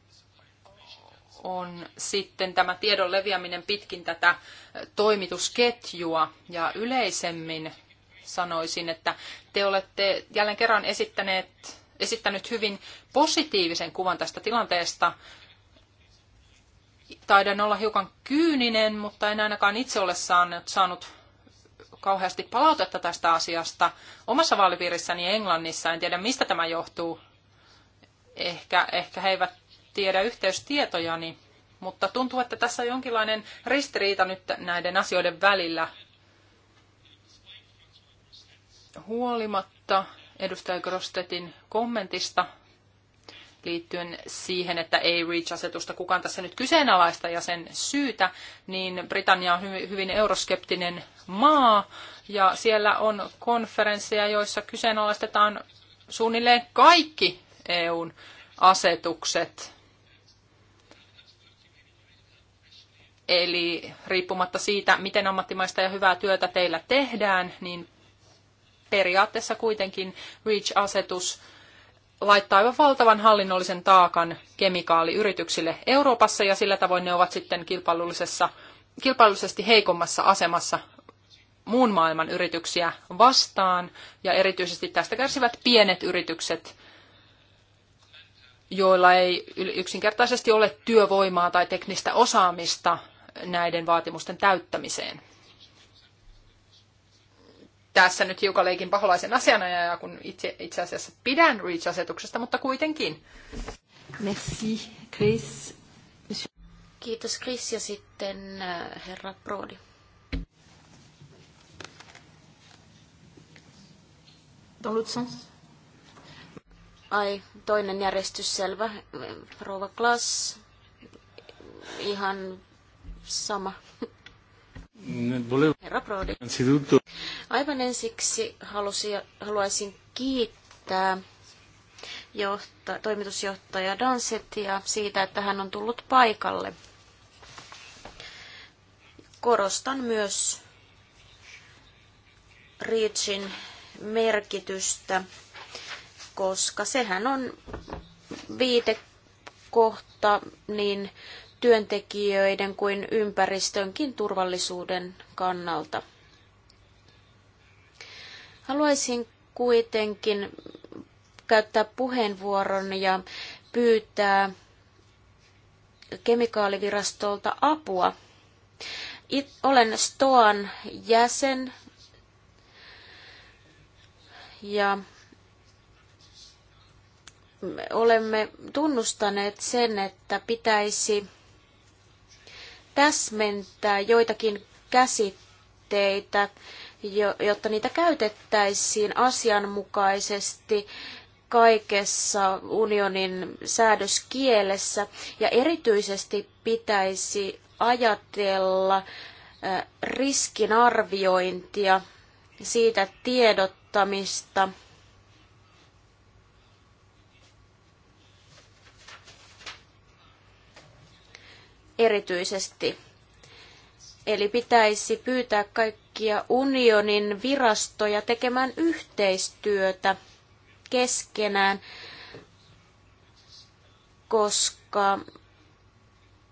on sitten tämä tiedon leviäminen pitkin tätä toimitusketjua. Ja yleisemmin sanoisin, että te olette jälleen kerran esittäneet esittänyt hyvin positiivisen kuvan tästä tilanteesta. Taidan olla hiukan kyyninen, mutta en ainakaan itse ole saanut, saanut kauheasti palautetta tästä asiasta. Omassa vaalipiirissäni Englannissa, en tiedä mistä tämä johtuu, ehkä, ehkä he eivät tiedä yhteystietojani, niin, mutta tuntuu, että tässä on jonkinlainen ristiriita nyt näiden asioiden välillä. Huolimatta edustaja Grostetin kommentista liittyen siihen, että ei REACH-asetusta kukaan tässä nyt kyseenalaista ja sen syytä, niin Britannia on hyvin euroskeptinen maa ja siellä on konferensseja, joissa kyseenalaistetaan suunnilleen kaikki EUn asetukset. Eli riippumatta siitä, miten ammattimaista ja hyvää työtä teillä tehdään, niin periaatteessa kuitenkin REACH-asetus laittaa aivan valtavan hallinnollisen taakan kemikaaliyrityksille Euroopassa ja sillä tavoin ne ovat sitten kilpailullisessa, kilpailullisesti heikommassa asemassa muun maailman yrityksiä vastaan ja erityisesti tästä kärsivät pienet yritykset, joilla ei yksinkertaisesti ole työvoimaa tai teknistä osaamista näiden vaatimusten täyttämiseen tässä nyt hiukan leikin paholaisen asianajaja, kun itse, itse asiassa pidän REACH-asetuksesta, mutta kuitenkin. Merci, Chris. Kiitos Chris ja sitten äh, herra Brody. Dans l'autre sens. Ai, toinen järjestys selvä. Rouva Klaas, ihan sama. Herra Brody. Aivan ensiksi halusi, haluaisin kiittää johta, toimitusjohtaja Dansettia siitä, että hän on tullut paikalle. Korostan myös Reachin merkitystä, koska sehän on viitekohta niin työntekijöiden kuin ympäristönkin turvallisuuden kannalta. Haluaisin kuitenkin käyttää puheenvuoron ja pyytää kemikaalivirastolta apua. It, olen STOAN jäsen ja olemme tunnustaneet sen, että pitäisi täsmentää joitakin käsitteitä jotta niitä käytettäisiin asianmukaisesti kaikessa unionin säädöskielessä ja erityisesti pitäisi ajatella riskinarviointia, siitä tiedottamista. Erityisesti. Eli pitäisi pyytää kaikki energiaunionin virastoja tekemään yhteistyötä keskenään, koska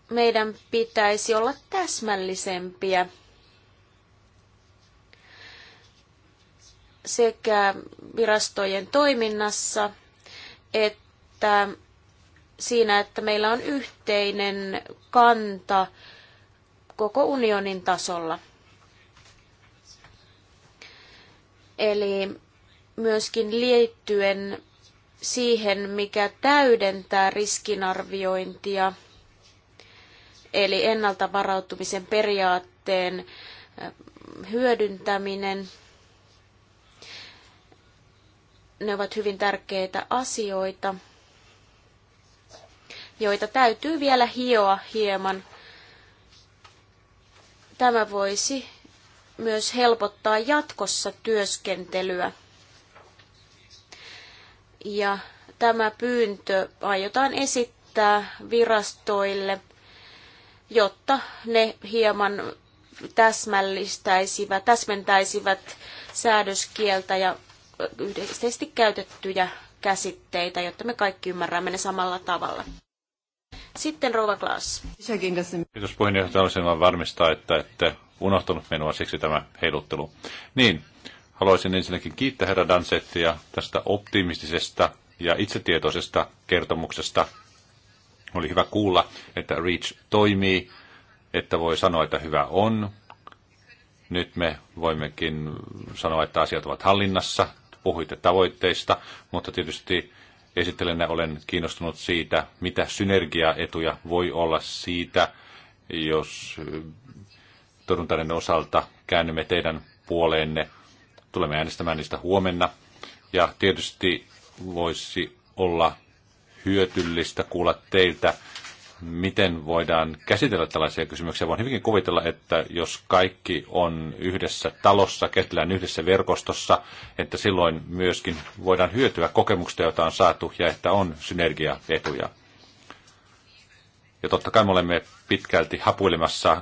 meidän pitäisi olla täsmällisempiä sekä virastojen toiminnassa että siinä, että meillä on yhteinen kanta koko unionin tasolla. Eli myöskin liittyen siihen, mikä täydentää riskinarviointia, eli ennalta varautumisen periaatteen hyödyntäminen. Ne ovat hyvin tärkeitä asioita, joita täytyy vielä hioa hieman. Tämä voisi myös helpottaa jatkossa työskentelyä. Ja tämä pyyntö aiotaan esittää virastoille, jotta ne hieman täsmällistäisivät, täsmentäisivät säädöskieltä ja yhteisesti käytettyjä käsitteitä, jotta me kaikki ymmärrämme ne samalla tavalla. Sitten Rova Klaas. Kiitos puheenjohtaja. Haluaisin varmistaa, että, että unohtanut minua, siksi tämä heiluttelu. Niin, haluaisin ensinnäkin kiittää herra Dansettia tästä optimistisesta ja itsetietoisesta kertomuksesta. Oli hyvä kuulla, että REACH toimii, että voi sanoa, että hyvä on. Nyt me voimmekin sanoa, että asiat ovat hallinnassa. Puhuitte tavoitteista, mutta tietysti esittelenä olen kiinnostunut siitä, mitä synergiaetuja voi olla siitä, jos torjuntainen osalta käännymme teidän puoleenne. Tulemme äänestämään niistä huomenna. Ja tietysti voisi olla hyötyllistä kuulla teiltä, miten voidaan käsitellä tällaisia kysymyksiä. Voin hyvinkin kuvitella, että jos kaikki on yhdessä talossa, käsitellään yhdessä verkostossa, että silloin myöskin voidaan hyötyä kokemuksista, joita on saatu, ja että on synergiaetuja. Ja totta kai me olemme pitkälti hapuilemassa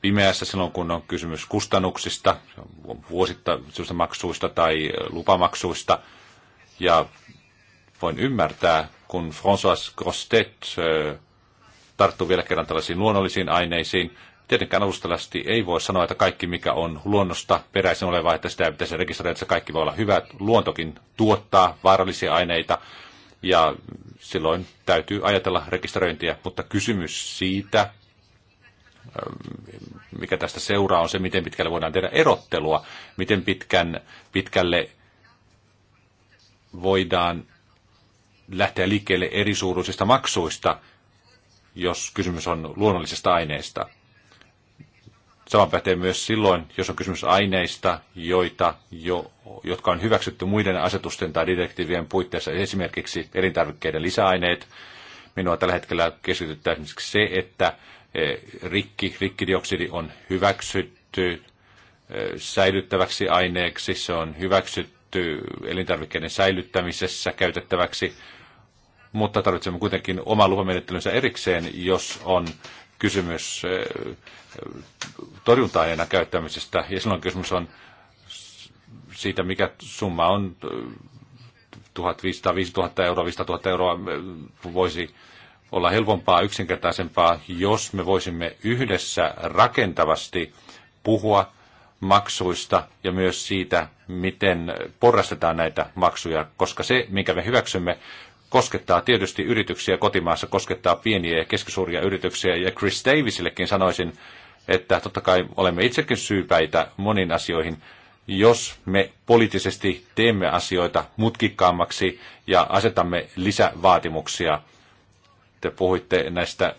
pimeässä silloin, kun on kysymys kustannuksista, vuosittaisista maksuista tai eh, lupamaksuista. Ja voin ymmärtää, kun François Grostet eh, tarttuu vielä kerran tällaisiin luonnollisiin aineisiin. Tietenkään alustalaisesti ei voi sanoa, että kaikki mikä on luonnosta peräisin olevaa, että sitä pitäisi rekisteröidä, että se kaikki voi olla hyvä. Luontokin tuottaa vaarallisia aineita ja silloin täytyy ajatella rekisteröintiä, mutta kysymys siitä, mikä tästä seuraa, on se, miten pitkälle voidaan tehdä erottelua, miten pitkän, pitkälle voidaan lähteä liikkeelle eri suuruisista maksuista, jos kysymys on luonnollisesta aineesta. Sama pätee myös silloin, jos on kysymys aineista, joita jo, jotka on hyväksytty muiden asetusten tai direktiivien puitteissa, esimerkiksi elintarvikkeiden lisäaineet. Minua tällä hetkellä keskityttää esimerkiksi se, että Eh, rikki, rikkidioksidi on hyväksytty eh, säilyttäväksi aineeksi, se on hyväksytty elintarvikkeiden säilyttämisessä käytettäväksi, mutta tarvitsemme kuitenkin oma lupamenettelynsä erikseen, jos on kysymys eh, torjunta-aineena käyttämisestä, ja silloin kysymys on siitä, mikä summa on 1500-5000 euroa, 500 000 euroa voisi olla helpompaa, yksinkertaisempaa, jos me voisimme yhdessä rakentavasti puhua maksuista ja myös siitä, miten porrastetaan näitä maksuja, koska se, minkä me hyväksymme, koskettaa tietysti yrityksiä kotimaassa, koskettaa pieniä ja keskisuuria yrityksiä. Ja Chris Davisillekin sanoisin, että totta kai olemme itsekin syypäitä moniin asioihin, jos me poliittisesti teemme asioita mutkikkaammaksi ja asetamme lisävaatimuksia – te puhuitte näistä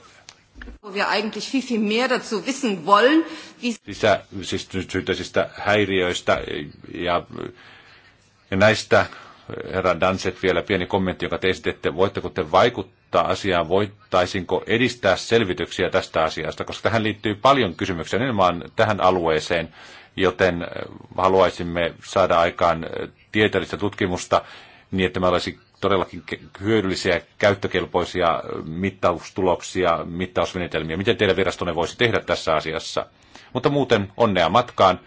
sisä, siis, häiriöistä ja, ja näistä herra Danset vielä pieni kommentti, joka te esitette. Voitteko te vaikuttaa asiaan? Voittaisinko edistää selvityksiä tästä asiasta? Koska tähän liittyy paljon kysymyksiä nimenomaan tähän alueeseen, joten äh, haluaisimme saada aikaan äh, tieteellistä tutkimusta niin, että me olisi todellakin hyödyllisiä, käyttökelpoisia äh, mittaustuloksia, mittausmenetelmiä. Miten teidän virastonne voisi tehdä tässä asiassa? Mutta muuten onnea matkaan.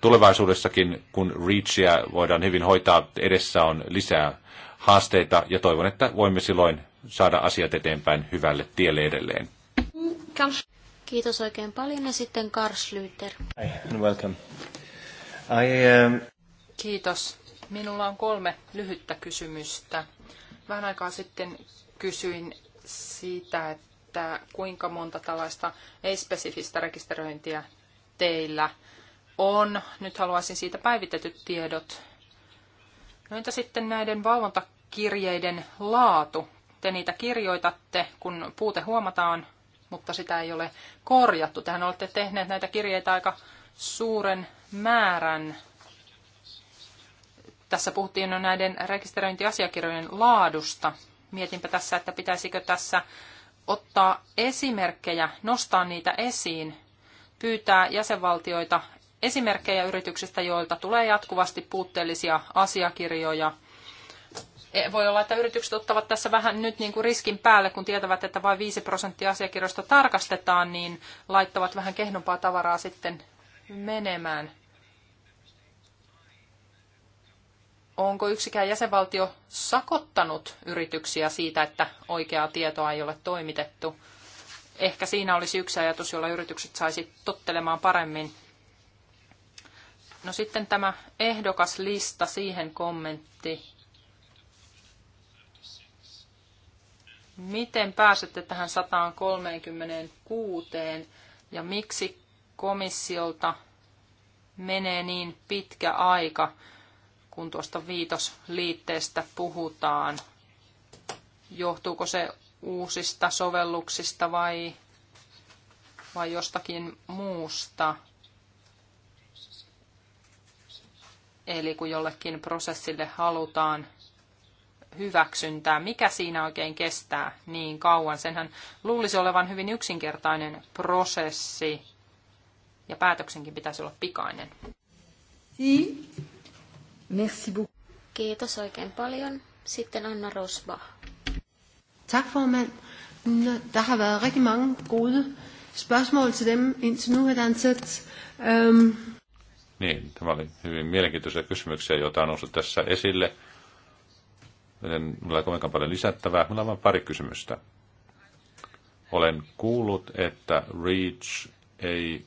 Tulevaisuudessakin, kun REACHia voidaan hyvin hoitaa, edessä on lisää haasteita ja toivon, että voimme silloin saada asiat eteenpäin hyvälle tielle edelleen. Kiitos oikein paljon ja sitten Karl Schlüter. Hi and welcome. I, um... Kiitos. Minulla on kolme lyhyttä kysymystä. Vähän aikaa sitten kysyin siitä, että kuinka monta tällaista ei-spesifistä rekisteröintiä teillä on. Nyt haluaisin siitä päivitetyt tiedot. No entä sitten näiden valvontakirjeiden laatu? Te niitä kirjoitatte, kun puute huomataan, mutta sitä ei ole korjattu. Tähän olette tehneet näitä kirjeitä aika suuren määrän tässä puhuttiin jo näiden rekisteröintiasiakirjojen laadusta. Mietinpä tässä, että pitäisikö tässä ottaa esimerkkejä, nostaa niitä esiin, pyytää jäsenvaltioita esimerkkejä yrityksistä, joilta tulee jatkuvasti puutteellisia asiakirjoja. E, voi olla, että yritykset ottavat tässä vähän nyt niin kuin riskin päälle, kun tietävät, että vain 5 prosenttia asiakirjoista tarkastetaan, niin laittavat vähän kehnompaa tavaraa sitten menemään. Onko yksikään jäsenvaltio sakottanut yrityksiä siitä, että oikeaa tietoa ei ole toimitettu? Ehkä siinä olisi yksi ajatus, jolla yritykset saisi tottelemaan paremmin. No sitten tämä ehdokas lista, siihen kommentti. Miten pääsette tähän 136 ja miksi komissiolta menee niin pitkä aika? kun tuosta viitosliitteestä puhutaan. Johtuuko se uusista sovelluksista vai, vai jostakin muusta? Eli kun jollekin prosessille halutaan hyväksyntää, mikä siinä oikein kestää niin kauan. Senhän luulisi olevan hyvin yksinkertainen prosessi ja päätöksenkin pitäisi olla pikainen. Si. Merci beaucoup. Kiitos oikein paljon. Sitten Anna Rosbach. Tak formand. Der har været rigtig mange gode spørgsmål til dem indtil nu, Um... Niin, tämä oli hyvin mielenkiintoisia kysymyksiä, joita on noussut tässä esille. En ole kovinkaan paljon lisättävää. Minulla on vain pari kysymystä. Olen kuullut, että REACH ei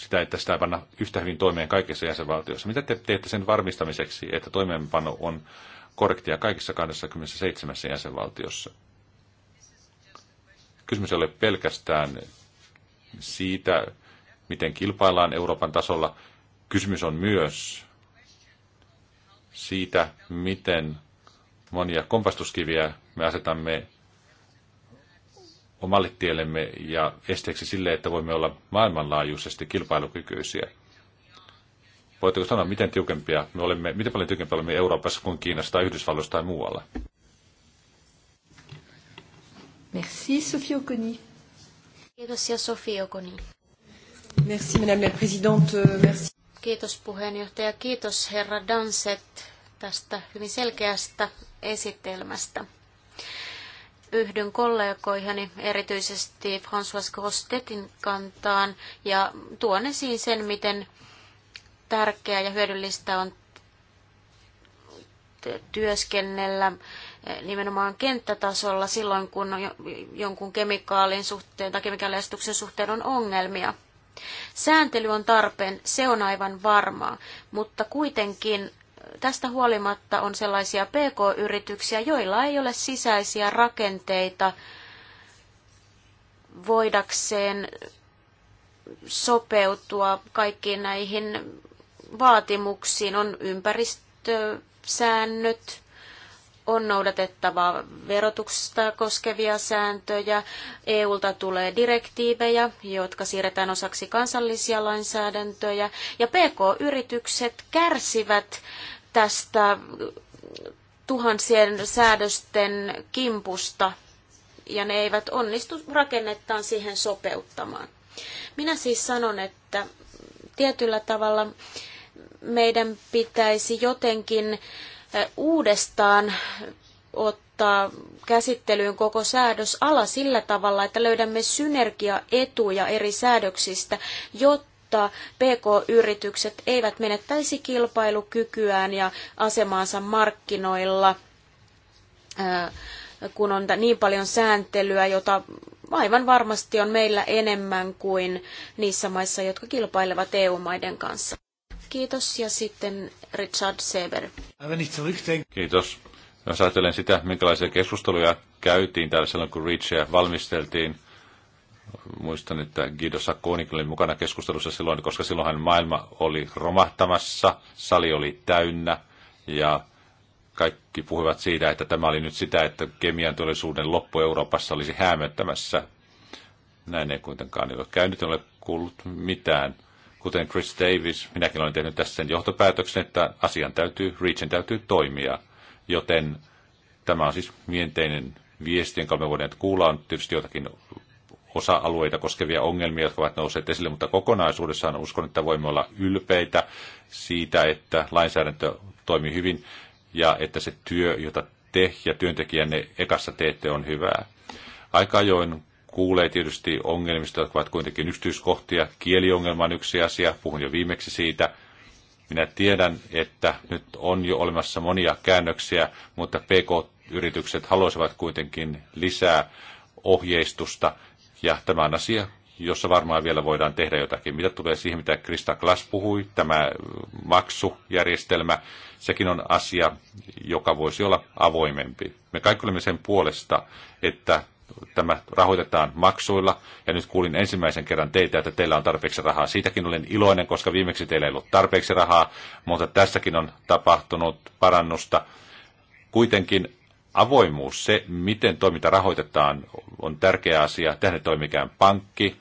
sitä, että sitä ei panna yhtä hyvin toimeen kaikissa jäsenvaltioissa. Mitä te teette sen varmistamiseksi, että toimeenpano on korrektia kaikissa 27 jäsenvaltiossa? Kysymys ei ole pelkästään siitä, miten kilpaillaan Euroopan tasolla. Kysymys on myös siitä, miten monia kompastuskiviä me asetamme omalle tiellemme ja esteeksi sille, että voimme olla maailmanlaajuisesti kilpailukykyisiä. Voitteko sanoa, miten tiukempia me olemme, miten paljon tiukempia olemme Euroopassa kuin Kiinassa tai Yhdysvalloissa tai muualla? Merci, Sophie Oconi. Kiitos, Sophie Oconi. Merci, Madame la Présidente. Euh, merci. Kiitos puheenjohtaja. Kiitos herra Danset tästä hyvin selkeästä esitelmästä yhdyn kollegoihani, erityisesti François Grostetin kantaan, ja tuon esiin sen, miten tärkeää ja hyödyllistä on työskennellä eh, nimenomaan kenttätasolla silloin, kun jonkun kemikaalin suhteen tai kemikaaliastuksen suhteen on ongelmia. Sääntely on tarpeen, se on aivan varmaa, mutta kuitenkin tästä huolimatta on sellaisia pk-yrityksiä, joilla ei ole sisäisiä rakenteita voidakseen sopeutua kaikkiin näihin vaatimuksiin. On ympäristösäännöt, on noudatettava verotusta koskevia sääntöjä, EUlta tulee direktiivejä, jotka siirretään osaksi kansallisia lainsäädäntöjä, ja PK-yritykset kärsivät tästä tuhansien säädösten kimpusta, ja ne eivät onnistu rakennettaan siihen sopeuttamaan. Minä siis sanon, että tietyllä tavalla meidän pitäisi jotenkin uudestaan ottaa käsittelyyn koko säädösala sillä tavalla, että löydämme synergiaetuja eri säädöksistä, jotta jotta PK-yritykset eivät menettäisi kilpailukykyään ja asemaansa markkinoilla, äh, kun on niin paljon sääntelyä, jota aivan varmasti on meillä enemmän kuin niissä maissa, jotka kilpailevat EU-maiden kanssa. Kiitos ja sitten Richard Seber. Kiitos. Jos ajattelen sitä, minkälaisia keskusteluja käytiin täällä silloin, kun Richia valmisteltiin, Muistan, että Guido Sacconi oli mukana keskustelussa silloin, koska silloinhan maailma oli romahtamassa, sali oli täynnä ja kaikki puhuivat siitä, että tämä oli nyt sitä, että kemian teollisuuden loppu Euroopassa olisi hämöttämässä. Näin ei kuitenkaan ole käynyt, en ole kuullut mitään. Kuten Chris Davis, minäkin olen tehnyt tässä sen johtopäätöksen, että asian täytyy, Reachin täytyy toimia. Joten tämä on siis mienteinen viesti, jonka me voidaan kuulla, on tietysti jotakin osa-alueita koskevia ongelmia, jotka ovat nousseet esille, mutta kokonaisuudessaan uskon, että voimme olla ylpeitä siitä, että lainsäädäntö toimii hyvin ja että se työ, jota te ja työntekijänne ekassa teette, on hyvää. Aika ajoin kuulee tietysti ongelmista, jotka ovat kuitenkin yksityiskohtia. Kieliongelma on yksi asia, puhun jo viimeksi siitä. Minä tiedän, että nyt on jo olemassa monia käännöksiä, mutta PK-yritykset haluaisivat kuitenkin lisää ohjeistusta ja tämä on asia, jossa varmaan vielä voidaan tehdä jotakin. Mitä tulee siihen, mitä Krista Klas puhui, tämä maksujärjestelmä, sekin on asia, joka voisi olla avoimempi. Me kaikki olemme sen puolesta, että tämä rahoitetaan maksuilla. Ja nyt kuulin ensimmäisen kerran teitä, että teillä on tarpeeksi rahaa. Siitäkin olen iloinen, koska viimeksi teillä ei ollut tarpeeksi rahaa, mutta tässäkin on tapahtunut parannusta. Kuitenkin avoimuus, se miten toiminta rahoitetaan, on tärkeä asia. Tähän ei toimi mikään pankki,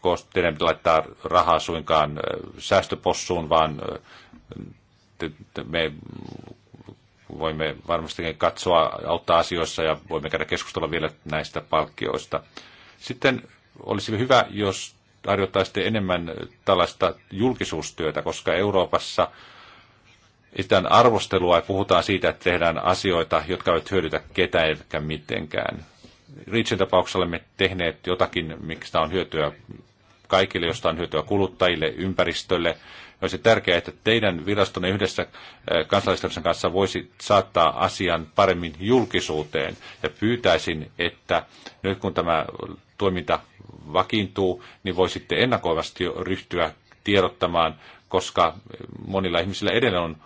koska teidän pitää laittaa rahaa suinkaan säästöpossuun, vaan me voimme varmastikin katsoa, auttaa asioissa ja voimme käydä keskustella vielä näistä palkkioista. Sitten olisi hyvä, jos tarjottaisiin enemmän tällaista julkisuustyötä, koska Euroopassa – esitetään arvostelua ja puhutaan siitä, että tehdään asioita, jotka eivät hyödytä ketään eikä mitenkään. Riitsin tapauksessa olemme tehneet jotakin, mistä on hyötyä kaikille, josta on hyötyä kuluttajille, ympäristölle. Olisi tärkeää, että teidän virastonne yhdessä kansalaisten kanssa voisi saattaa asian paremmin julkisuuteen. Ja pyytäisin, että nyt kun tämä toiminta vakiintuu, niin voisitte ennakoivasti ryhtyä tiedottamaan, koska monilla ihmisillä edelleen on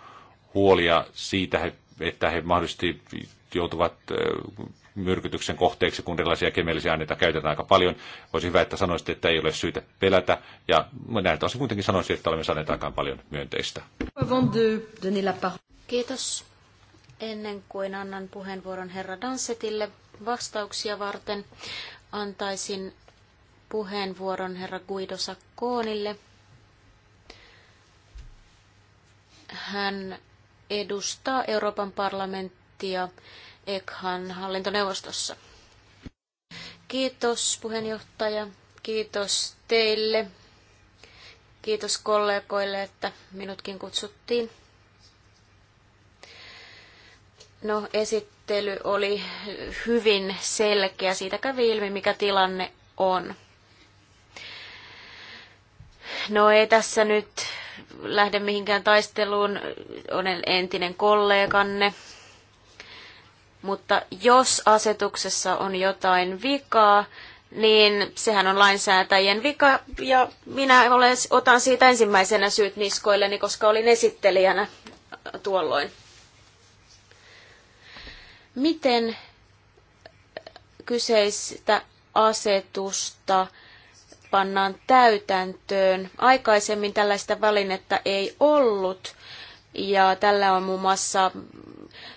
huolia siitä, että he mahdollisesti joutuvat myrkytyksen kohteeksi, kun erilaisia kemiallisia aineita käytetään aika paljon. Olisi hyvä, että sanoisitte, että ei ole syytä pelätä. Ja näiltä osin kuitenkin sanoisin, että olemme saaneet aika paljon myönteistä. Kiitos. Ennen kuin annan puheenvuoron herra Dansetille vastauksia varten, antaisin puheenvuoron herra Guido Sakkoonille. Hän edustaa Euroopan parlamenttia ECHAN hallintoneuvostossa. Kiitos puheenjohtaja, kiitos teille, kiitos kollegoille, että minutkin kutsuttiin. No, esittely oli hyvin selkeä. Siitä kävi ilmi, mikä tilanne on. No ei tässä nyt lähde mihinkään taisteluun, olen entinen kolleganne. Mutta jos asetuksessa on jotain vikaa, niin sehän on lainsäätäjien vika, ja minä olen, otan siitä ensimmäisenä syyt niskoilleni, koska olin esittelijänä tuolloin. Miten kyseistä asetusta pannaan täytäntöön. Aikaisemmin tällaista välinettä ei ollut ja tällä on muun muassa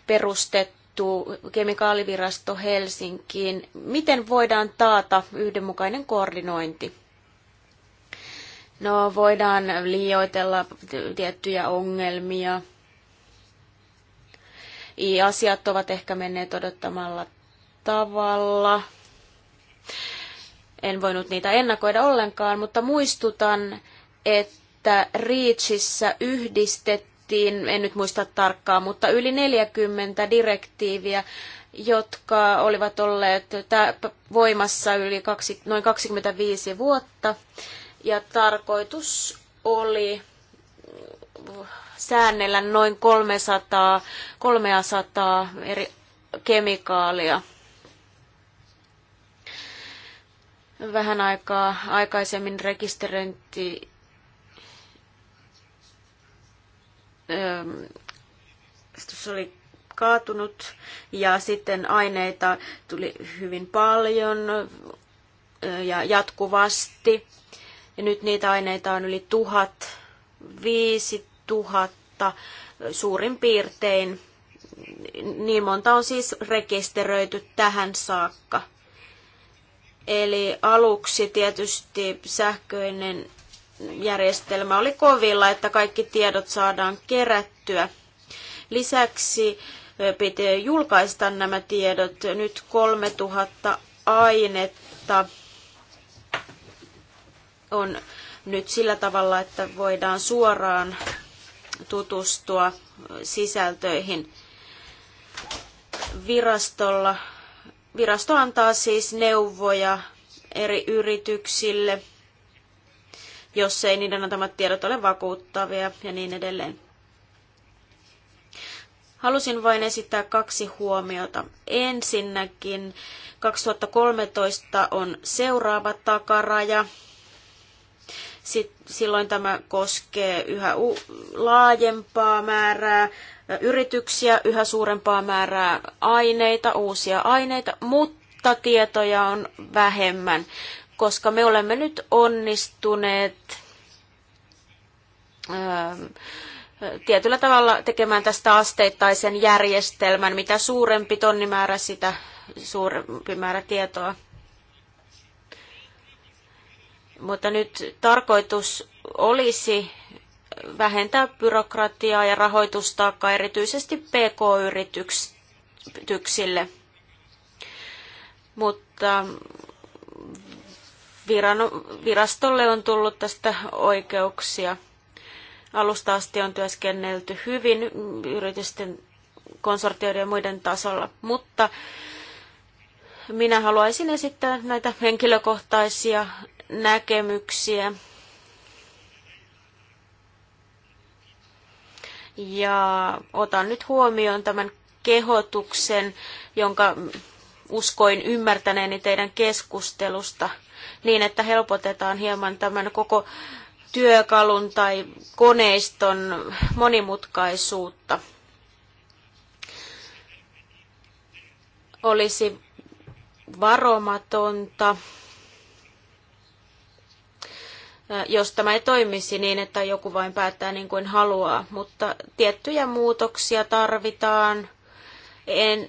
perustettu kemikaalivirasto Helsinkiin. Miten voidaan taata yhdenmukainen koordinointi? No voidaan liioitella tiettyjä ongelmia. Asiat ovat ehkä menneet odottamalla tavalla. En voinut niitä ennakoida ollenkaan, mutta muistutan, että Reachissä yhdistettiin, en nyt muista tarkkaan, mutta yli 40 direktiiviä, jotka olivat olleet voimassa yli kaksi, noin 25 vuotta. Ja tarkoitus oli säännellä noin 300, 300 eri kemikaalia. vähän aikaa aikaisemmin rekisteröinti se oli kaatunut ja sitten aineita tuli hyvin paljon ja jatkuvasti. Ja nyt niitä aineita on yli tuhat, viisi tuhatta suurin piirtein. Niin monta on siis rekisteröity tähän saakka. Eli aluksi tietysti sähköinen järjestelmä oli kovilla, että kaikki tiedot saadaan kerättyä. Lisäksi piti julkaista nämä tiedot nyt 3000 ainetta on nyt sillä tavalla, että voidaan suoraan tutustua sisältöihin virastolla Virasto antaa siis neuvoja eri yrityksille, jos ei niiden antamat tiedot ole vakuuttavia ja niin edelleen. Halusin vain esittää kaksi huomiota. Ensinnäkin 2013 on seuraava takaraja silloin tämä koskee yhä laajempaa määrää yrityksiä, yhä suurempaa määrää aineita, uusia aineita, mutta tietoja on vähemmän, koska me olemme nyt onnistuneet tietyllä tavalla tekemään tästä asteittaisen järjestelmän. Mitä suurempi tonnimäärä, sitä suurempi määrä tietoa mutta nyt tarkoitus olisi vähentää byrokratiaa ja rahoitustaakkaa erityisesti PK-yrityksille. Mutta virastolle on tullut tästä oikeuksia. Alusta asti on työskennelty hyvin yritysten konsortioiden ja muiden tasolla, mutta minä haluaisin esittää näitä henkilökohtaisia näkemyksiä. Ja otan nyt huomioon tämän kehotuksen, jonka uskoin ymmärtäneeni teidän keskustelusta, niin että helpotetaan hieman tämän koko työkalun tai koneiston monimutkaisuutta. Olisi varomatonta Äh, jos tämä ei toimisi niin, että joku vain päättää niin kuin haluaa. Mutta tiettyjä muutoksia tarvitaan. En,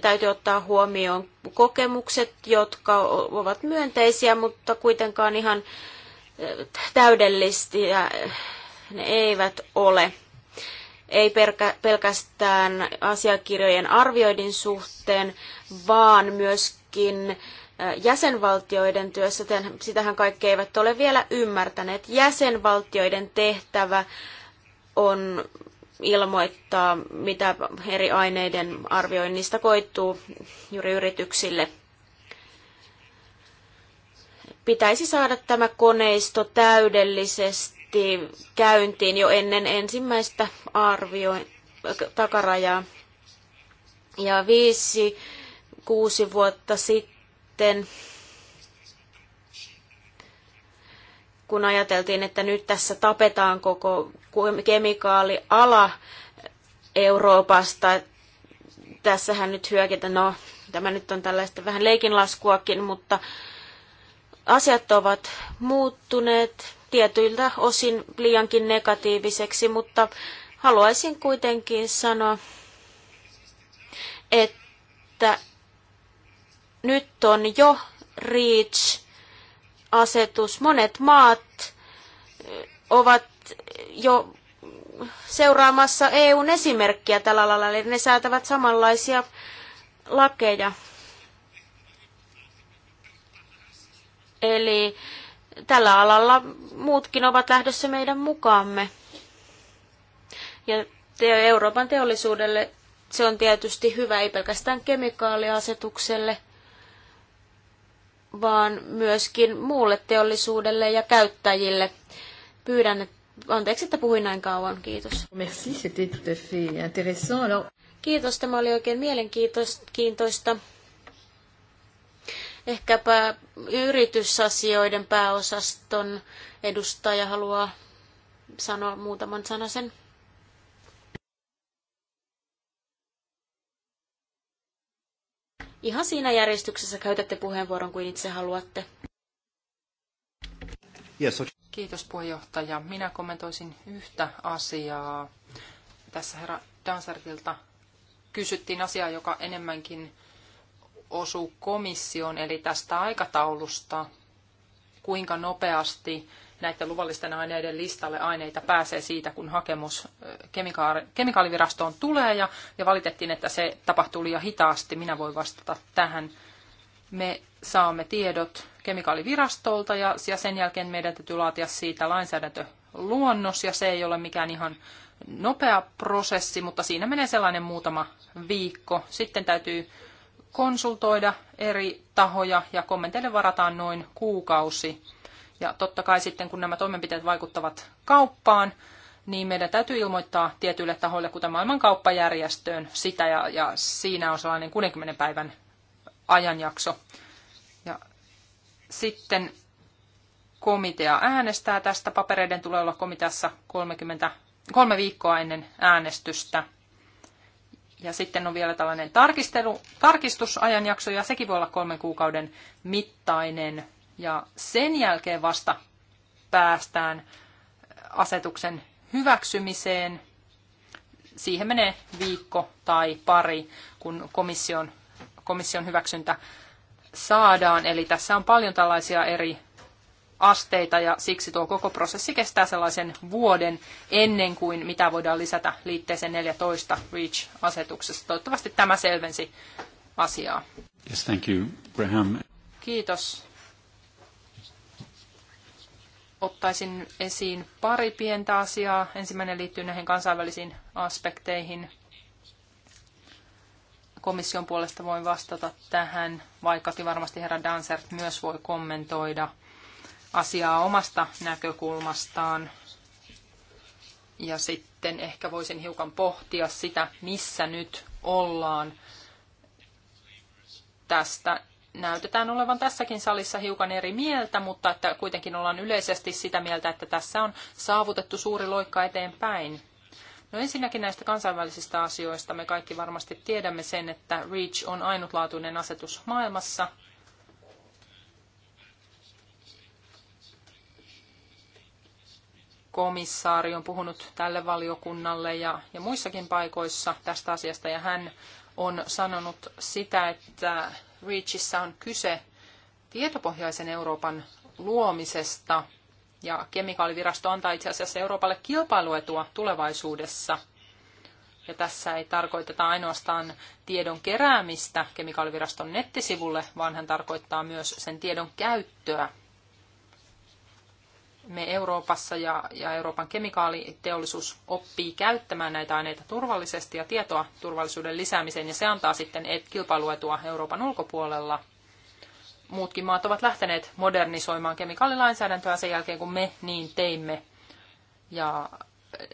täytyy ottaa huomioon kokemukset, jotka ovat myönteisiä, mutta kuitenkaan ihan äh, täydellisiä äh, ne eivät ole. Ei pelkästään asiakirjojen arvioidin suhteen, vaan myöskin jäsenvaltioiden työssä, sitähän kaikki eivät ole vielä ymmärtäneet. Jäsenvaltioiden tehtävä on ilmoittaa, mitä eri aineiden arvioinnista koituu juuri yrityksille. Pitäisi saada tämä koneisto täydellisesti käyntiin jo ennen ensimmäistä arvio takarajaa. Ja viisi, kuusi vuotta sitten sitten kun ajateltiin, että nyt tässä tapetaan koko kemikaaliala Euroopasta, tässähän nyt hyökätä, no tämä nyt on tällaista vähän leikinlaskuakin, mutta asiat ovat muuttuneet tietyiltä osin liiankin negatiiviseksi, mutta haluaisin kuitenkin sanoa, että nyt on jo REACH-asetus. Monet maat ovat jo seuraamassa EUn esimerkkiä tällä lailla, eli ne säätävät samanlaisia lakeja. Eli tällä alalla muutkin ovat lähdössä meidän mukaamme. Ja Euroopan teollisuudelle se on tietysti hyvä, ei pelkästään kemikaaliasetukselle – vaan myöskin muulle teollisuudelle ja käyttäjille. Pyydän, että Anteeksi, että puhuin näin kauan. Kiitos. Merci, c'était tout à fait intéressant. Alors... Kiitos, tämä oli oikein mielenkiintoista. Ehkäpä yritysasioiden pääosaston edustaja haluaa sanoa muutaman sanasen. Ihan siinä järjestyksessä käytätte puheenvuoron kuin itse haluatte. Yes, okay. Kiitos puheenjohtaja. Minä kommentoisin yhtä asiaa. Tässä herra Dansertilta kysyttiin asiaa, joka enemmänkin osuu komissioon, eli tästä aikataulusta, kuinka nopeasti näiden luvallisten aineiden listalle aineita pääsee siitä, kun hakemus kemikaalivirastoon tulee ja, ja valitettiin, että se tapahtuu liian hitaasti. Minä voin vastata tähän. Me saamme tiedot kemikaalivirastolta ja, ja sen jälkeen meidän täytyy laatia siitä lainsäädäntöluonnos ja se ei ole mikään ihan nopea prosessi, mutta siinä menee sellainen muutama viikko. Sitten täytyy konsultoida eri tahoja ja kommenteille varataan noin kuukausi. Ja totta kai sitten, kun nämä toimenpiteet vaikuttavat kauppaan, niin meidän täytyy ilmoittaa tietyille tahoille, kuten maailman kauppajärjestöön, sitä, ja, ja siinä on sellainen 60 päivän ajanjakso. Ja sitten komitea äänestää tästä. Papereiden tulee olla komiteassa 30, kolme viikkoa ennen äänestystä. Ja sitten on vielä tällainen tarkistelu, tarkistusajanjakso, ja sekin voi olla kolmen kuukauden mittainen. Ja sen jälkeen vasta päästään asetuksen hyväksymiseen. Siihen menee viikko tai pari, kun komission, komission hyväksyntä saadaan. Eli tässä on paljon tällaisia eri asteita ja siksi tuo koko prosessi kestää sellaisen vuoden ennen kuin mitä voidaan lisätä liitteeseen 14 REACH-asetuksessa. Toivottavasti tämä selvensi asiaa. Yes, thank you, Graham. Kiitos ottaisin esiin pari pientä asiaa. Ensimmäinen liittyy näihin kansainvälisiin aspekteihin. Komission puolesta voin vastata tähän, vaikkakin varmasti herra Dansert myös voi kommentoida asiaa omasta näkökulmastaan. Ja sitten ehkä voisin hiukan pohtia sitä, missä nyt ollaan tästä näytetään olevan tässäkin salissa hiukan eri mieltä, mutta että kuitenkin ollaan yleisesti sitä mieltä, että tässä on saavutettu suuri loikka eteenpäin. No ensinnäkin näistä kansainvälisistä asioista me kaikki varmasti tiedämme sen, että REACH on ainutlaatuinen asetus maailmassa. Komissaari on puhunut tälle valiokunnalle ja, ja muissakin paikoissa tästä asiasta ja hän on sanonut sitä, että REACHissa on kyse tietopohjaisen Euroopan luomisesta ja kemikaalivirasto antaa itse asiassa Euroopalle kilpailuetua tulevaisuudessa. Ja tässä ei tarkoiteta ainoastaan tiedon keräämistä kemikaaliviraston nettisivulle, vaan hän tarkoittaa myös sen tiedon käyttöä me Euroopassa ja, ja Euroopan kemikaaliteollisuus oppii käyttämään näitä aineita turvallisesti ja tietoa turvallisuuden lisäämiseen, ja se antaa sitten kilpailuetua Euroopan ulkopuolella. Muutkin maat ovat lähteneet modernisoimaan kemikaalilainsäädäntöä sen jälkeen, kun me niin teimme. Ja e,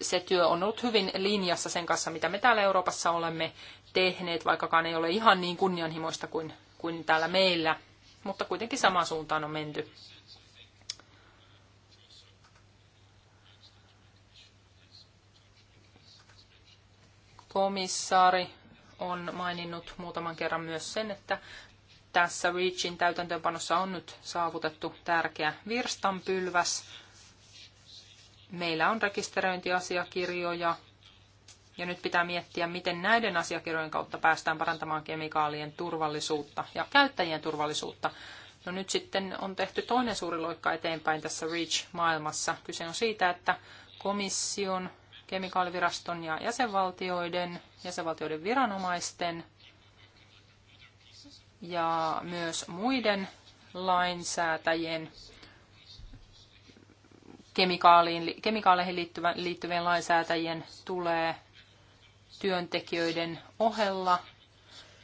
se työ on ollut hyvin linjassa sen kanssa, mitä me täällä Euroopassa olemme tehneet, vaikkakaan ei ole ihan niin kunnianhimoista kuin, kuin täällä meillä, mutta kuitenkin samaan suuntaan on menty. komissaari on maininnut muutaman kerran myös sen, että tässä REACHin täytäntöönpanossa on nyt saavutettu tärkeä virstanpylväs. Meillä on rekisteröintiasiakirjoja ja nyt pitää miettiä, miten näiden asiakirjojen kautta päästään parantamaan kemikaalien turvallisuutta ja käyttäjien turvallisuutta. No nyt sitten on tehty toinen suuri loikka eteenpäin tässä REACH-maailmassa. Kyse on siitä, että komission kemikaaliviraston ja jäsenvaltioiden, jäsenvaltioiden viranomaisten ja myös muiden lainsäätäjien kemikaaliin, kemikaaleihin liittyvän, liittyvien lainsäätäjien tulee työntekijöiden ohella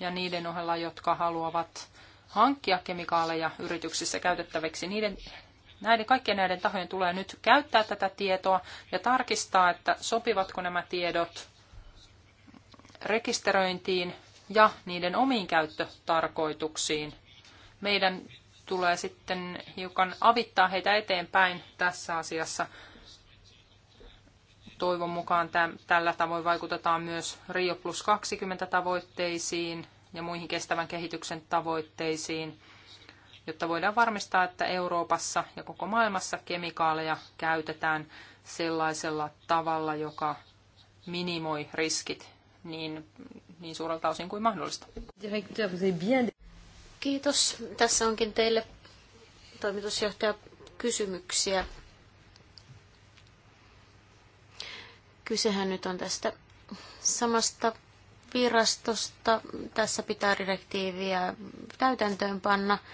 ja niiden ohella, jotka haluavat hankkia kemikaaleja yrityksissä käytettäväksi. Niiden Näiden, kaikkien näiden tahojen tulee nyt käyttää tätä tietoa ja tarkistaa, että sopivatko nämä tiedot rekisteröintiin ja niiden omiin käyttötarkoituksiin. Meidän tulee sitten hiukan avittaa heitä eteenpäin tässä asiassa. Toivon mukaan tämän, tällä tavoin vaikutetaan myös Rio plus 20 tavoitteisiin ja muihin kestävän kehityksen tavoitteisiin jotta voidaan varmistaa, että Euroopassa ja koko maailmassa kemikaaleja käytetään sellaisella tavalla, joka minimoi riskit niin, niin suurelta osin kuin mahdollista. Kiitos. Tässä onkin teille toimitusjohtaja kysymyksiä. Kysehän nyt on tästä samasta virastosta. Tässä pitää direktiiviä täytäntöönpanna. panna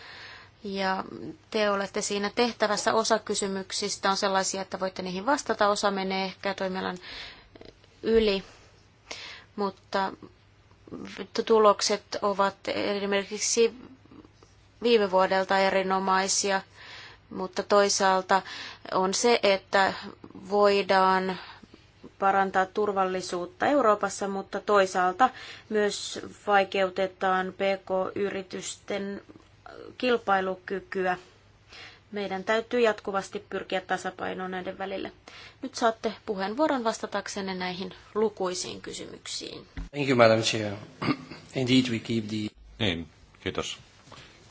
ja te olette siinä tehtävässä. Osa kysymyksistä on sellaisia, että voitte niihin vastata. Osa menee ehkä toimialan yli. Mutta tulokset ovat esimerkiksi viime vuodelta erinomaisia, mutta toisaalta on se, että voidaan parantaa turvallisuutta Euroopassa, mutta toisaalta myös vaikeutetaan PK-yritysten kilpailukykyä. Meidän täytyy jatkuvasti pyrkiä tasapainoon näiden välillä. Nyt saatte puheenvuoron vastataksenne näihin lukuisiin kysymyksiin. Thank you, Madam Chair. Indeed, we keep the... Niin, kiitos.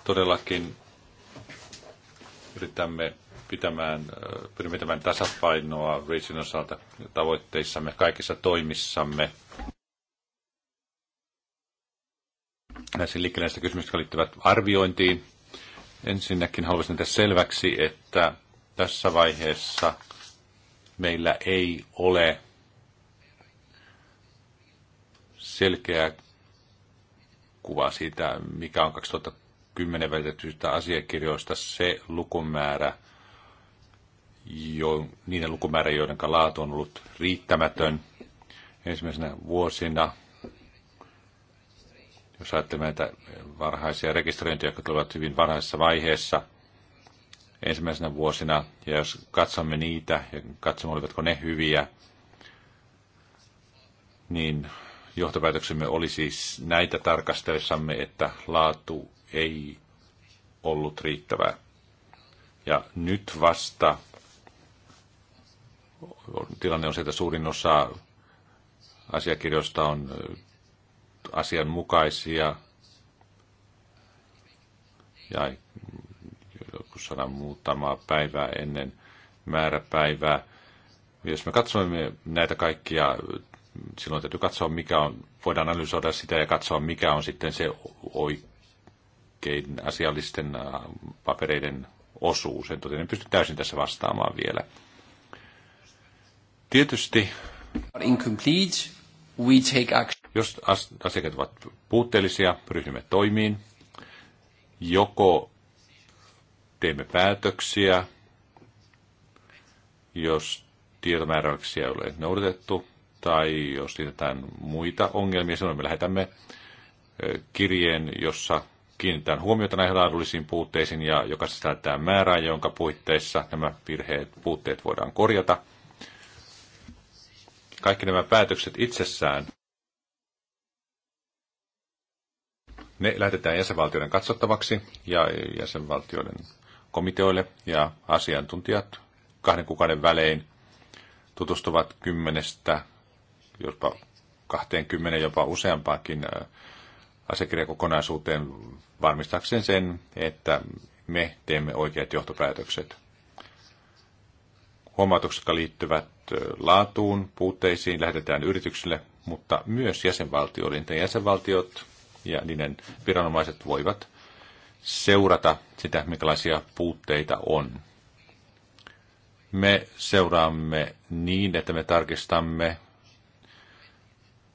Todellakin yritämme pitämään, äh, pyrimme pitämään tasapainoa Reachin osalta tavoitteissamme, kaikissa toimissamme – näissä liikkeelle näistä kysymyksistä, jotka liittyvät arviointiin. Ensinnäkin haluaisin tehdä selväksi, että tässä vaiheessa meillä ei ole selkeää kuvaa siitä, mikä on 2010 välitetyistä asiakirjoista se lukumäärä, jo, niiden lukumäärä, joiden laatu on ollut riittämätön ensimmäisenä vuosina – jos ajattelemme näitä varhaisia rekisteröintiä, jotka tulevat hyvin varhaisessa vaiheessa ensimmäisenä vuosina, ja jos katsomme niitä ja katsomme, olivatko ne hyviä, niin johtopäätöksemme oli siis näitä tarkastellessamme, että laatu ei ollut riittävää. Ja nyt vasta tilanne on se, että suurin osa asiakirjoista on asianmukaisia. Ja joku sana muutamaa päivää ennen määräpäivää. Jos me katsoimme näitä kaikkia, silloin täytyy katsoa, mikä on, voidaan analysoida sitä ja katsoa, mikä on sitten se oikein asiallisten papereiden osuus. En toten pysty täysin tässä vastaamaan vielä. Tietysti incomplete, we take action. Jos asiakkaat ovat puutteellisia, ryhdymme toimiin. Joko teemme päätöksiä, jos tietomääräyksiä ei ole noudatettu, tai jos liitetään muita ongelmia, silloin me lähetämme kirjeen, jossa kiinnitetään huomiota näihin laadullisiin puutteisiin ja joka sisältää määrää, jonka puitteissa nämä virheet, puutteet voidaan korjata. Kaikki nämä päätökset itsessään Ne lähetetään jäsenvaltioiden katsottavaksi ja jäsenvaltioiden komiteoille ja asiantuntijat kahden kuukauden välein tutustuvat kymmenestä, jopa 20, jopa useampaakin asiakirjakokonaisuuteen varmistakseen sen, että me teemme oikeat johtopäätökset. Huomautukset, jotka liittyvät laatuun, puutteisiin, lähetetään yrityksille, mutta myös jäsenvaltioiden. Jäsenvaltiot ja niiden viranomaiset voivat seurata sitä, minkälaisia puutteita on. Me seuraamme niin, että me tarkistamme,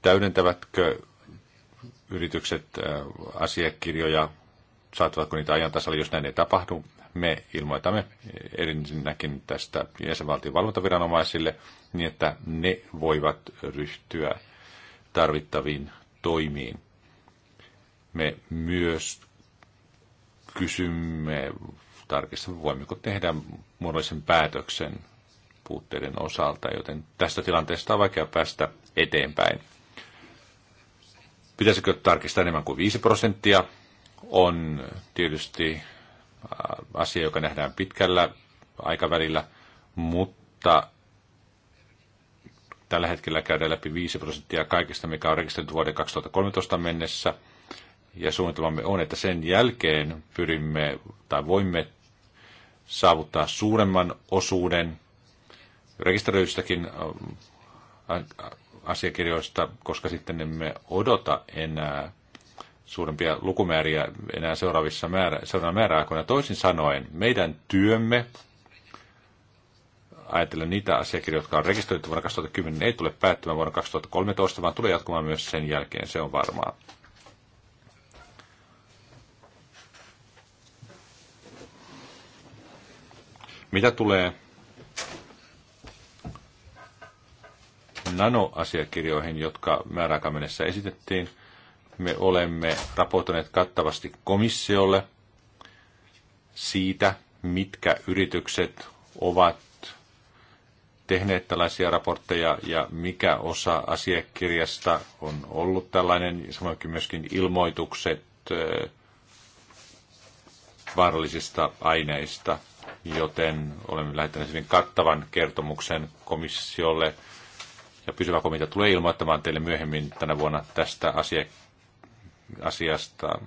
täydentävätkö yritykset asiakirjoja, saattavatko niitä ajan jos näin ei tapahdu. Me ilmoitamme erinäkin tästä jäsenvaltion valvontaviranomaisille niin, että ne voivat ryhtyä tarvittaviin toimiin me myös kysymme tarkistamme, voimmeko tehdä muodollisen päätöksen puutteiden osalta, joten tästä tilanteesta on vaikea päästä eteenpäin. Pitäisikö tarkistaa enemmän kuin 5 prosenttia? On tietysti äh, asia, joka nähdään pitkällä aikavälillä, mutta tällä hetkellä käydään läpi 5 prosenttia kaikista, mikä on rekisteröity vuoden 2013 mennessä – ja suunnitelmamme on, että sen jälkeen pyrimme tai voimme saavuttaa suuremman osuuden rekisteröidystäkin äh, asiakirjoista, koska sitten emme odota enää suurempia lukumääriä enää seuraavissa määrä, seuraavissa määräaikoina. Toisin sanoen, meidän työmme, ajatellen niitä asiakirjoja, jotka on rekisteröity vuonna 2010, ei tule päättymään vuonna 2013, vaan tulee jatkumaan myös sen jälkeen, se on varmaa. Mitä tulee nanoasiakirjoihin, jotka määräaikaan mennessä esitettiin, me olemme raportoineet kattavasti komissiolle siitä, mitkä yritykset ovat tehneet tällaisia raportteja ja mikä osa asiakirjasta on ollut tällainen, samoin myöskin ilmoitukset eh, vaarallisista aineista – joten olemme lähettäneet hyvin kattavan kertomuksen komissiolle. Ja pysyvä komitea tulee ilmoittamaan teille myöhemmin tänä vuonna tästä asia, asiasta.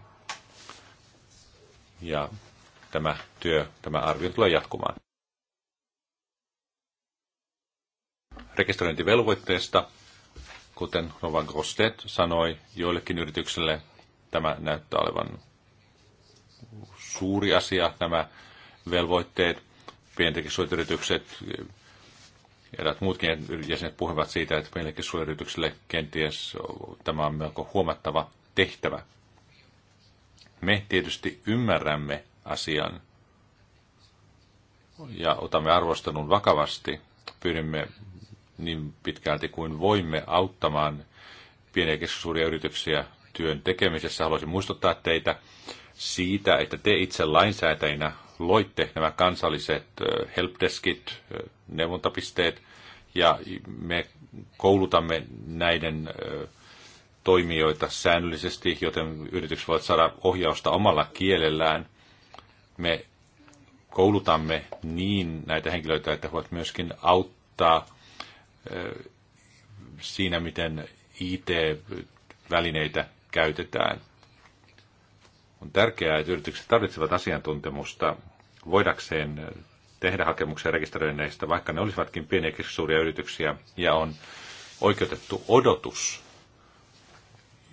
Ja tämä työ, tämä arvio tulee jatkumaan. Rekisteröintivelvoitteesta, kuten Rovan Grostet sanoi, joillekin yrityksille tämä näyttää olevan suuri asia, nämä velvoitteet, pientekin yritykset, Eräät muutkin jäsenet puhuvat siitä, että meillekin suuryrityksille kenties tämä on melko huomattava tehtävä. Me tietysti ymmärrämme asian ja otamme arvostelun vakavasti. Pyrimme niin pitkälti kuin voimme auttamaan pieniä ja keskisuuria yrityksiä työn tekemisessä. Haluaisin muistuttaa teitä siitä, että te itse lainsäätäjinä loitte nämä kansalliset helpdeskit, neuvontapisteet, ja me koulutamme näiden toimijoita säännöllisesti, joten yritykset voivat saada ohjausta omalla kielellään. Me koulutamme niin näitä henkilöitä, että voivat myöskin auttaa siinä, miten IT-välineitä käytetään. On tärkeää, että yritykset tarvitsevat asiantuntemusta voidakseen tehdä hakemuksia rekisteröinneistä, vaikka ne olisivatkin pieniä ja keskisuuria yrityksiä, ja on oikeutettu odotus,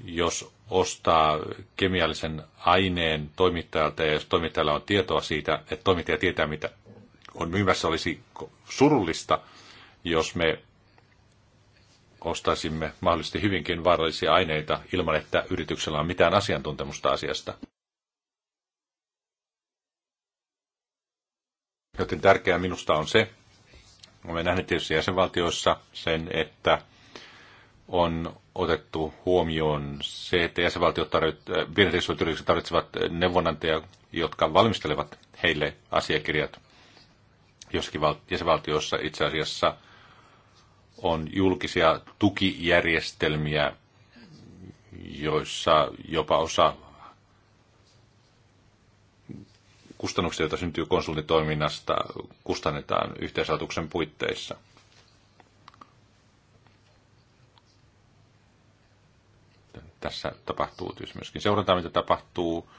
jos ostaa kemiallisen aineen toimittajalta, ja jos toimittajalla on tietoa siitä, että toimittaja tietää, mitä on myymässä, olisi surullista, jos me ostaisimme mahdollisesti hyvinkin vaarallisia aineita ilman, että yrityksellä on mitään asiantuntemusta asiasta. Joten tärkeää minusta on se, olemme nähneet tietysti jäsenvaltioissa sen, että on otettu huomioon se, että jäsenvaltiot tarvitsevat, äh, yritykset tarvitsevat neuvonantajia, jotka valmistelevat heille asiakirjat. Joskin jäsenvaltioissa itse asiassa on julkisia tukijärjestelmiä, joissa jopa osa kustannuksia, joita syntyy konsultitoiminnasta, kustannetaan yhteisautuksen puitteissa. Tässä tapahtuu tietysti myöskin seurataan, mitä tapahtuu,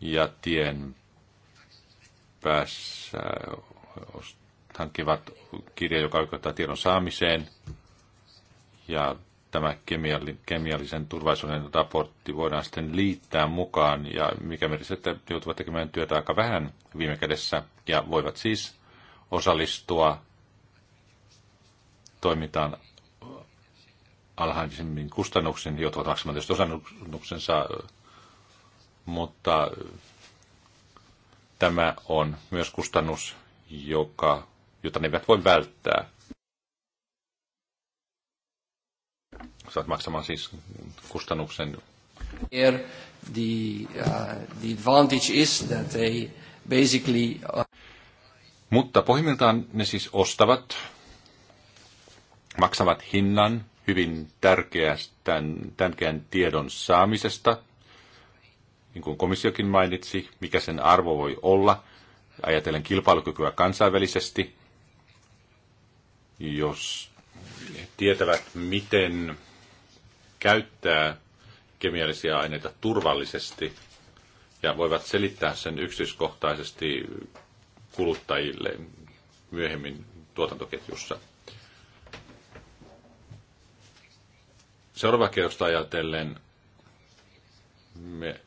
ja tien päässä hankkivat kirja, joka oikeuttaa tiedon saamiseen, ja tämä kemiallisen turvallisuuden raportti voidaan sitten liittää mukaan, ja mikä merkitsee, että joutuvat tekemään työtä aika vähän viime kädessä, ja voivat siis osallistua toimintaan alhaisemmin kustannuksen, joutuvat maksamaan tietysti osannuksensa, mutta tämä on myös kustannus, joka, jota ne eivät voi välttää. joutuvat maksamaan siis kustannuksen. the, uh, the advantage is that they basically... Uh, Mutta pohjimmiltaan ne siis ostavat, maksavat hinnan hyvin tärkeästä, tärkeän tiedon saamisesta, niin kuin komissiokin mainitsi, mikä sen arvo voi olla, ajatellen kilpailukykyä kansainvälisesti, jos tietävät, miten käyttää kemiallisia aineita turvallisesti ja voivat selittää sen yksityiskohtaisesti kuluttajille myöhemmin tuotantoketjussa. Seuraava kerrosta ajatellen me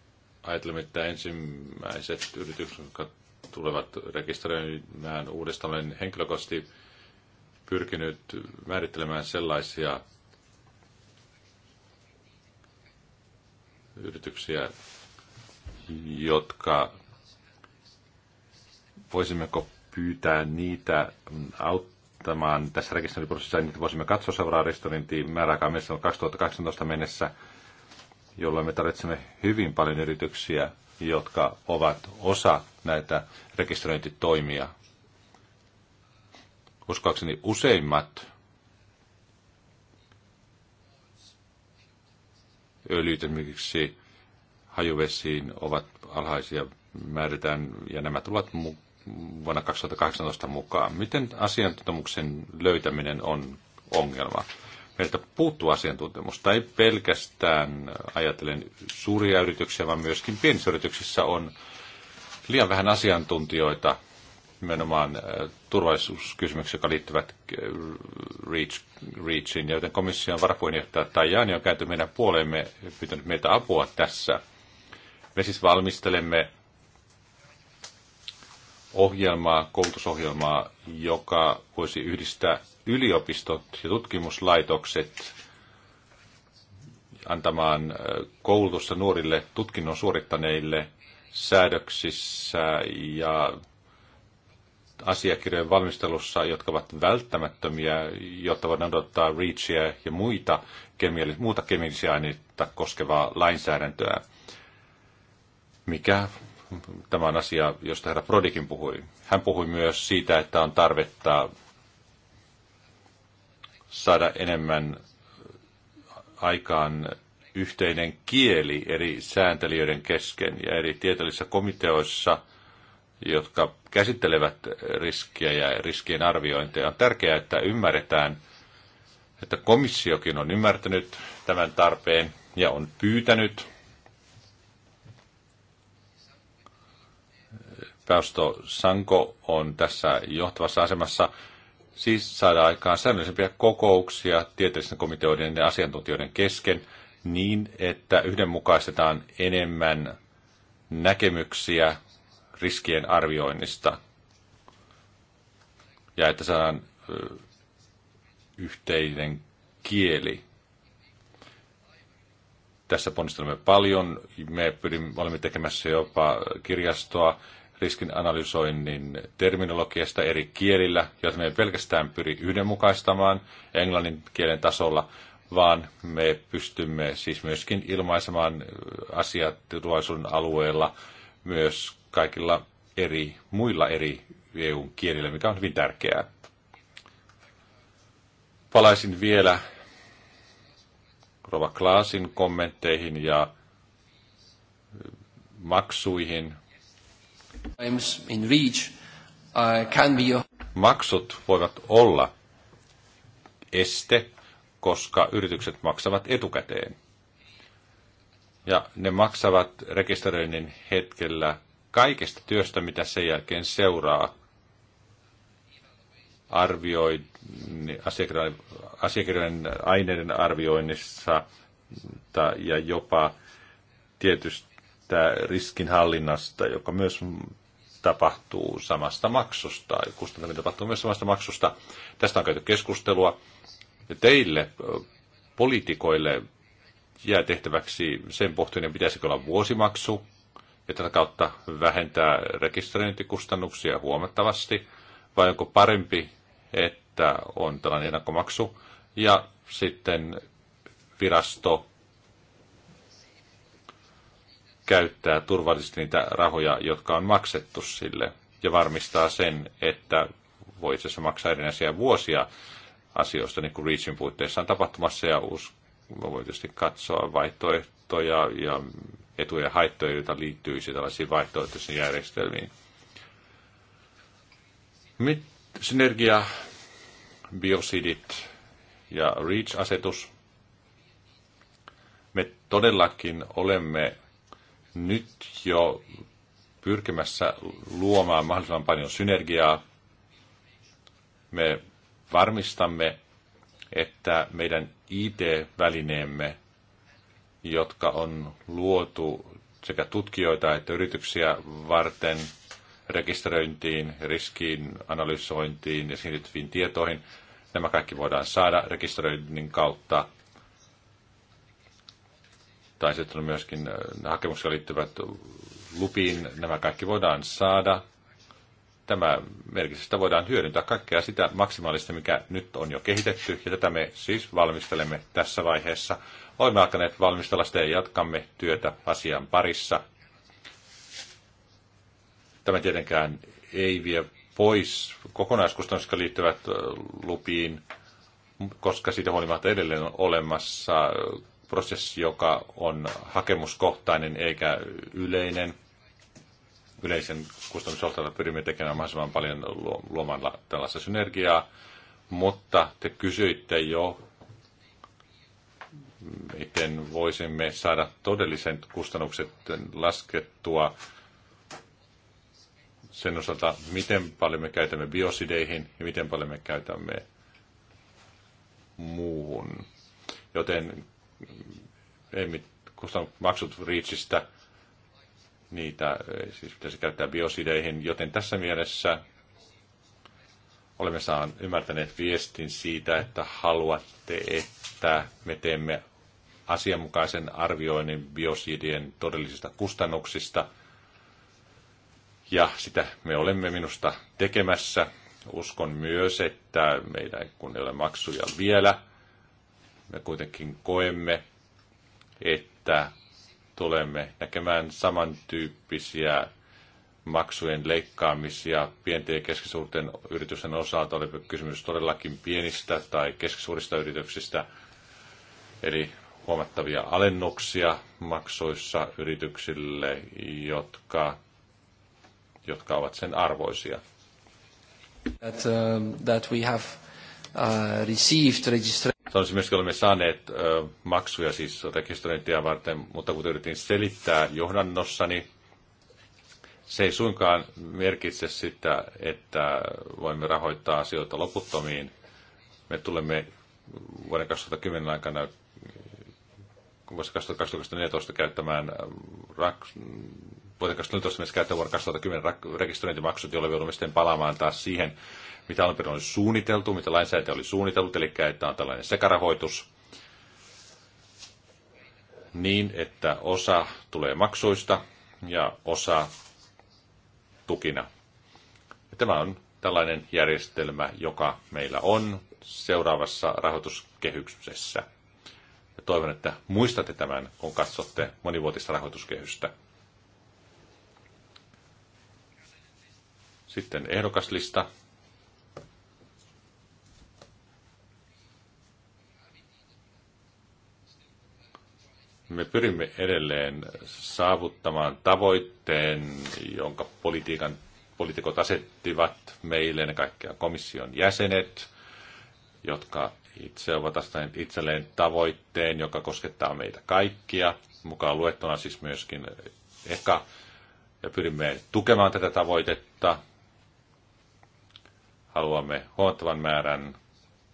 ajattelemme, että ensimmäiset yritykset, jotka tulevat rekisteröimään uudestaan, olen henkilökohtaisesti pyrkinyt määrittelemään sellaisia yrityksiä, jotka voisimmeko pyytää niitä auttamaan tässä rekisteröintiprosessissa, niin voisimme katsoa seuraavaa rekisteröintiin määräaikaa mennessä on 2018 mennessä, jolloin me tarvitsemme hyvin paljon yrityksiä, jotka ovat osa näitä rekisteröintitoimia. Uskoakseni useimmat öljyt esimerkiksi hajuvesiin ovat alhaisia määritään, ja nämä tulevat vuonna 2018 mukaan. Miten asiantuntemuksen löytäminen on ongelma? Meiltä puuttuu asiantuntemusta, ei pelkästään ajatellen suuria yrityksiä, vaan myöskin pienissä yrityksissä on liian vähän asiantuntijoita nimenomaan äh, turvallisuuskysymyksiä, jotka liittyvät äh, REACH, REACHin, joten komission varapuheenjohtaja Tajani on käyty meidän puoleemme pyytänyt meitä apua tässä. Me siis valmistelemme ohjelmaa, koulutusohjelmaa, joka voisi yhdistää yliopistot ja tutkimuslaitokset antamaan äh, koulutusta nuorille tutkinnon suorittaneille säädöksissä ja asiakirjojen valmistelussa, jotka ovat välttämättömiä, jotta voidaan odottaa REACHia ja muita kemiali- muuta kemiallisia aineita koskevaa lainsäädäntöä. Mikä tämä on asia, josta herra Prodikin puhui. Hän puhui myös siitä, että on tarvetta saada enemmän aikaan yhteinen kieli eri sääntelijöiden kesken ja eri tieteellisissä komiteoissa – jotka käsittelevät riskiä ja riskien arviointeja. On tärkeää, että ymmärretään, että komissiokin on ymmärtänyt tämän tarpeen ja on pyytänyt Päästo Sanko on tässä johtavassa asemassa siis saada aikaan säännöllisempiä kokouksia tieteellisten komiteoiden ja asiantuntijoiden kesken niin, että yhdenmukaistetaan enemmän näkemyksiä riskien arvioinnista ja että saadaan yhteinen kieli. Tässä ponnistelemme paljon. Me pyrimme, olemme tekemässä jopa kirjastoa riskin analysoinnin terminologiasta eri kielillä, jota me ei pelkästään pyri yhdenmukaistamaan englannin kielen tasolla, vaan me pystymme siis myöskin ilmaisemaan asiat turvallisuuden alueella myös kaikilla eri, muilla eri EU-kielillä, mikä on hyvin tärkeää. Palaisin vielä Rova Klaasin kommentteihin ja äh, maksuihin. In reach, uh, can be Maksut voivat olla este, koska yritykset maksavat etukäteen. Ja ne maksavat rekisteröinnin hetkellä kaikesta työstä, mitä sen jälkeen seuraa, arvioi niin asiakirjan, aineiden arvioinnissa ja jopa tietystä riskinhallinnasta, joka myös tapahtuu samasta maksusta, kustantaminen tapahtuu myös samasta maksusta. Tästä on käyty keskustelua. Ja teille, poliitikoille, jää tehtäväksi sen pohtuinen, pitäisikö olla vuosimaksu ja tätä kautta vähentää rekisteröintikustannuksia huomattavasti, vai onko parempi, että on tällainen ennakkomaksu ja sitten virasto käyttää turvallisesti niitä rahoja, jotka on maksettu sille ja varmistaa sen, että voi itse asiassa maksaa erinäisiä vuosia asioista, niin kuin Reachin puitteissa on tapahtumassa, ja us, voi tietysti katsoa vaihtoehtoja ja etuja ja haittoja, joita liittyisi tällaisiin vaihtoehtoisiin järjestelmiin. Mit, synergia, biosidit ja REACH-asetus. Me todellakin olemme nyt jo pyrkimässä luomaan mahdollisimman paljon synergiaa. Me varmistamme, että meidän IT-välineemme jotka on luotu sekä tutkijoita että yrityksiä varten rekisteröintiin, riskiin, analysointiin ja siihen liittyviin tietoihin. Nämä kaikki voidaan saada rekisteröinnin kautta. Tai sitten on myöskin äh, hakemuksia liittyvät lupiin. Nämä kaikki voidaan saada. Tämä merkitystä voidaan hyödyntää kaikkea sitä maksimaalista, mikä nyt on jo kehitetty. Ja tätä me siis valmistelemme tässä vaiheessa. Olemme alkaneet valmistella sitä ja jatkamme työtä asian parissa. Tämä tietenkään ei vie pois kokonaiskustannukset, jotka liittyvät lupiin, koska siitä huolimatta edelleen on olemassa prosessi, joka on hakemuskohtainen eikä yleinen. Yleisen kustannusjohtajalla pyrimme tekemään mahdollisimman paljon luomalla tällaista synergiaa, mutta te kysyitte jo miten voisimme saada todelliset kustannukset laskettua sen osalta, miten paljon me käytämme biosideihin ja miten paljon me käytämme muuhun. Joten emme maksut Reachista, niitä siis pitäisi käyttää biosideihin, joten tässä mielessä olemme saan ymmärtäneet viestin siitä, että haluatte, että me teemme asianmukaisen arvioinnin biosidien todellisista kustannuksista. Ja sitä me olemme minusta tekemässä. Uskon myös, että meidän kun ei ole maksuja vielä, me kuitenkin koemme, että tulemme näkemään samantyyppisiä maksujen leikkaamisia pienten ja keskisuurten yritysten osalta, oli kysymys todellakin pienistä tai keskisuurista yrityksistä. Eli huomattavia alennuksia maksuissa yrityksille, jotka, jotka ovat sen arvoisia. That, uh, that we have uh, received registra- Sanoisin myöskin, olemme saaneet ö, maksuja siis rekisteröintiä varten, mutta kun yritin selittää johdannossani, se ei suinkaan merkitse sitä, että voimme rahoittaa asioita loputtomiin. Me tulemme vuoden 2010 aikana vuosi 2014 käyttämään ähm, vuoden 2014 käyttämään käyttää vuonna 2010 rekisteröintimaksut, jolle joudumme sitten palaamaan taas siihen, mitä alun perin oli suunniteltu, mitä lainsäätäjä oli suunnitellut, eli että on tällainen sekarahoitus, niin että osa tulee maksuista ja osa tukina. Ja tämä on tällainen järjestelmä, joka meillä on seuraavassa rahoituskehyksessä toivon, että muistatte tämän, kun katsotte monivuotista rahoituskehystä. Sitten ehdokaslista. Me pyrimme edelleen saavuttamaan tavoitteen, jonka politiikan, poliitikot asettivat meille, ne kaikkia komission jäsenet – jotka itse ovat astaneet itselleen tavoitteen, joka koskettaa meitä kaikkia, mukaan luettuna siis myöskin ehkä ja pyrimme tukemaan tätä tavoitetta. Haluamme huomattavan määrän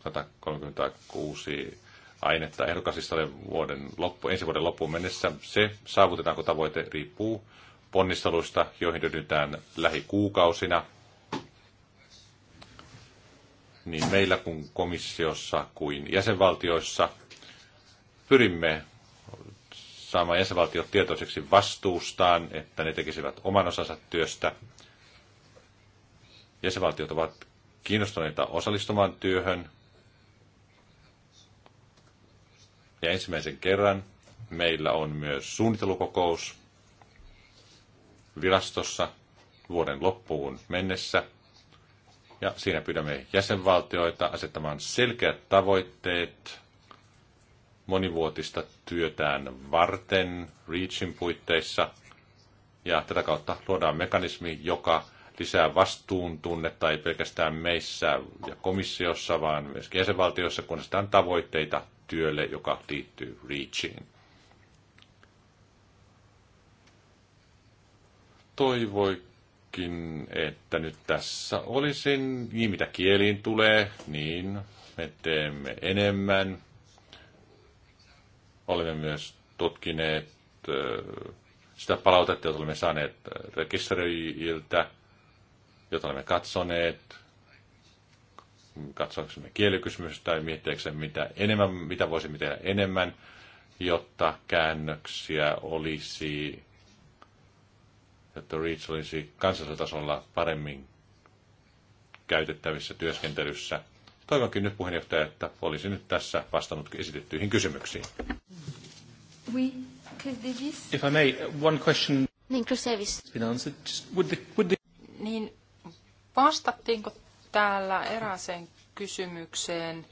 136 ainetta ehdokasistalle vuoden loppu, ensi vuoden loppuun mennessä. Se, saavutetaanko tavoite, riippuu ponnisteluista, joihin ryhdytään lähikuukausina niin meillä kuin komissiossa kuin jäsenvaltioissa pyrimme saamaan jäsenvaltiot tietoiseksi vastuustaan, että ne tekisivät oman osansa työstä. Jäsenvaltiot ovat kiinnostuneita osallistumaan työhön. Ja ensimmäisen kerran meillä on myös suunnittelukokous virastossa vuoden loppuun mennessä – ja siinä pyydämme jäsenvaltioita asettamaan selkeät tavoitteet monivuotista työtään varten REACHin puitteissa. Ja tätä kautta luodaan mekanismi, joka lisää vastuun tunnetta ei pelkästään meissä ja komissiossa, vaan myös jäsenvaltioissa, kun asetetaan tavoitteita työlle, joka liittyy REACHiin. Toivoi myöskin, että nyt tässä olisin, niin mitä kieliin tulee, niin me teemme enemmän. Olemme myös tutkineet sitä palautetta, jota olemme saaneet rekisteröijiltä, jota olemme katsoneet, katsoaksemme kielikysymys tai miettiäksemme, mitä, enemmän, mitä voisimme tehdä enemmän, jotta käännöksiä olisi että REACH olisi kansallisella paremmin käytettävissä työskentelyssä. Toivonkin nyt puheenjohtaja, että olisi nyt tässä vastannut esitettyihin kysymyksiin. Oui, If I may, one question. Niin, It's been answered. would the, would the... Niin, vastattiinko täällä erääseen kysymykseen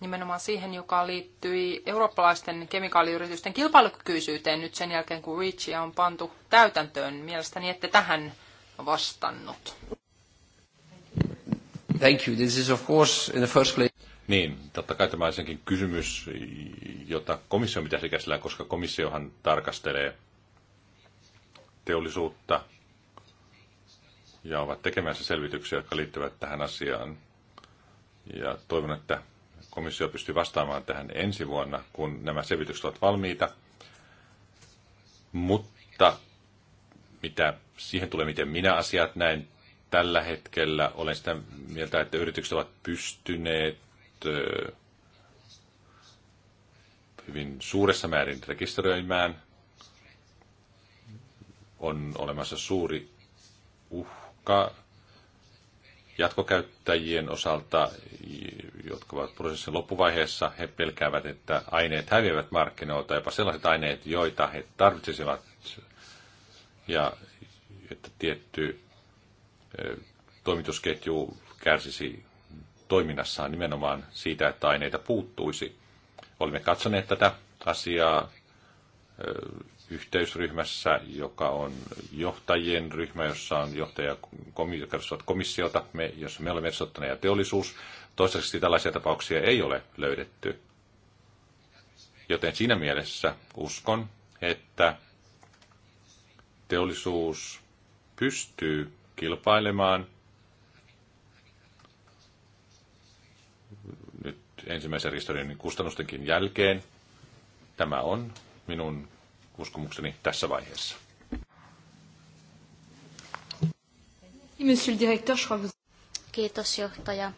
nimenomaan siihen, joka liittyi eurooppalaisten kemikaaliyritysten kilpailukykyisyyteen nyt sen jälkeen, kun REACHia on pantu täytäntöön. Mielestäni ette tähän vastannut. Thank you. This is of course in the first place. Niin, totta kai tämä on senkin kysymys, jota komissio pitäisi käsitellä, koska komissiohan tarkastelee teollisuutta ja ovat tekemässä selvityksiä, jotka liittyvät tähän asiaan. Ja toivon, että komissio pystyy vastaamaan tähän ensi vuonna, kun nämä selvitykset ovat valmiita. Mutta mitä siihen tulee, miten minä asiat näen tällä hetkellä, olen sitä mieltä, että yritykset ovat pystyneet hyvin suuressa määrin rekisteröimään. On olemassa suuri uhka jatkokäyttäjien osalta, jotka ovat prosessin loppuvaiheessa. He pelkäävät, että aineet häviävät markkinoilta, jopa sellaiset aineet, joita he tarvitsisivat, ja että tietty toimitusketju kärsisi toiminnassaan nimenomaan siitä, että aineita puuttuisi. Olimme katsoneet tätä asiaa yhteysryhmässä, joka on johtajien ryhmä, jossa on johtaja, jotka komissiota, me, jossa me olemme edustaneet ja teollisuus, Toistaiseksi tällaisia tapauksia ei ole löydetty. Joten siinä mielessä uskon, että teollisuus pystyy kilpailemaan nyt ensimmäisen rekisteröinnin kustannustenkin jälkeen. Tämä on minun uskomukseni tässä vaiheessa. Kiitos johtaja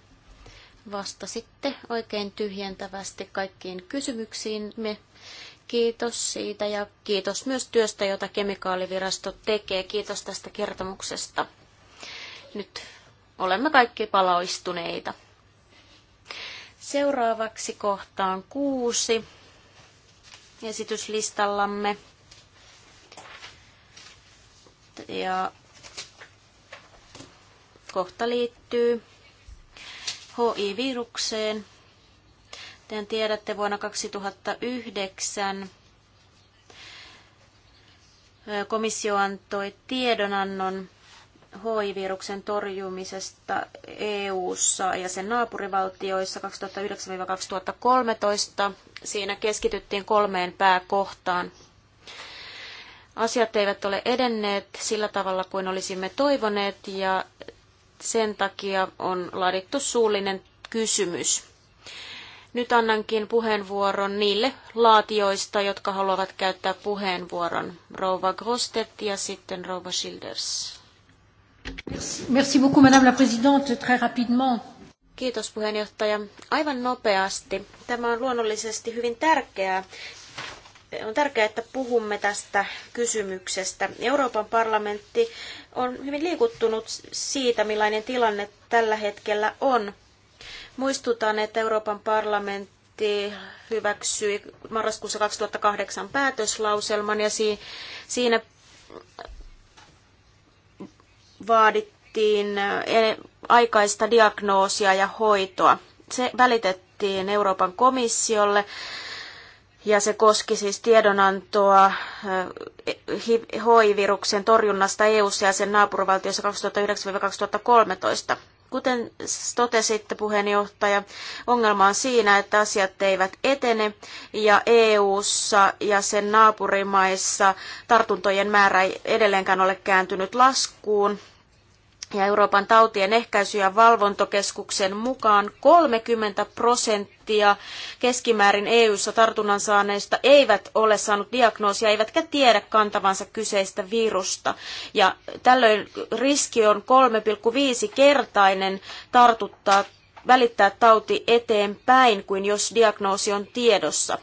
vastasitte oikein tyhjentävästi kaikkiin kysymyksiimme. Kiitos siitä ja kiitos myös työstä, jota kemikaalivirasto tekee. Kiitos tästä kertomuksesta. Nyt olemme kaikki palaistuneita. Seuraavaksi kohtaan kuusi esityslistallamme. Ja kohta liittyy HI-virukseen. Te tiedätte, vuonna 2009 komissio antoi tiedonannon HIV-viruksen torjumisesta EU:ssa ja sen naapurivaltioissa 2009-2013. Siinä keskityttiin kolmeen pääkohtaan. Asiat eivät ole edenneet sillä tavalla kuin olisimme toivoneet ja sen takia on laadittu suullinen kysymys. Nyt annankin puheenvuoron niille laatioista, jotka haluavat käyttää puheenvuoron. Rouva Grostet ja sitten Rouva Schilders. Merci beaucoup, Madame la Présidente. Très rapidement. Kiitos puheenjohtaja. Aivan nopeasti. Tämä on luonnollisesti hyvin tärkeää on tärkeää, että puhumme tästä kysymyksestä. Euroopan parlamentti on hyvin liikuttunut siitä, millainen tilanne tällä hetkellä on. Muistutan, että Euroopan parlamentti hyväksyi marraskuussa 2008 päätöslauselman ja siinä vaadittiin eh, aikaista diagnoosia ja hoitoa. Se välitettiin Euroopan komissiolle ja se koski siis tiedonantoa HIV-viruksen torjunnasta eu ja sen naapurivaltiossa 2009-2013. Kuten totesitte, puheenjohtaja, ongelma on siinä, että asiat eivät etene ja EU:ssa ja sen naapurimaissa tartuntojen määrä ei edelleenkään ole kääntynyt laskuun ja Euroopan tautien ehkäisy- ja valvontokeskuksen mukaan 30 prosenttia keskimäärin EU-ssa tartunnan saaneista eivät ole saanut diagnoosia eivätkä tiedä kantavansa kyseistä virusta. Ja tällöin riski on 3,5-kertainen tartuttaa, välittää tauti eteenpäin kuin jos diagnoosi on tiedossa.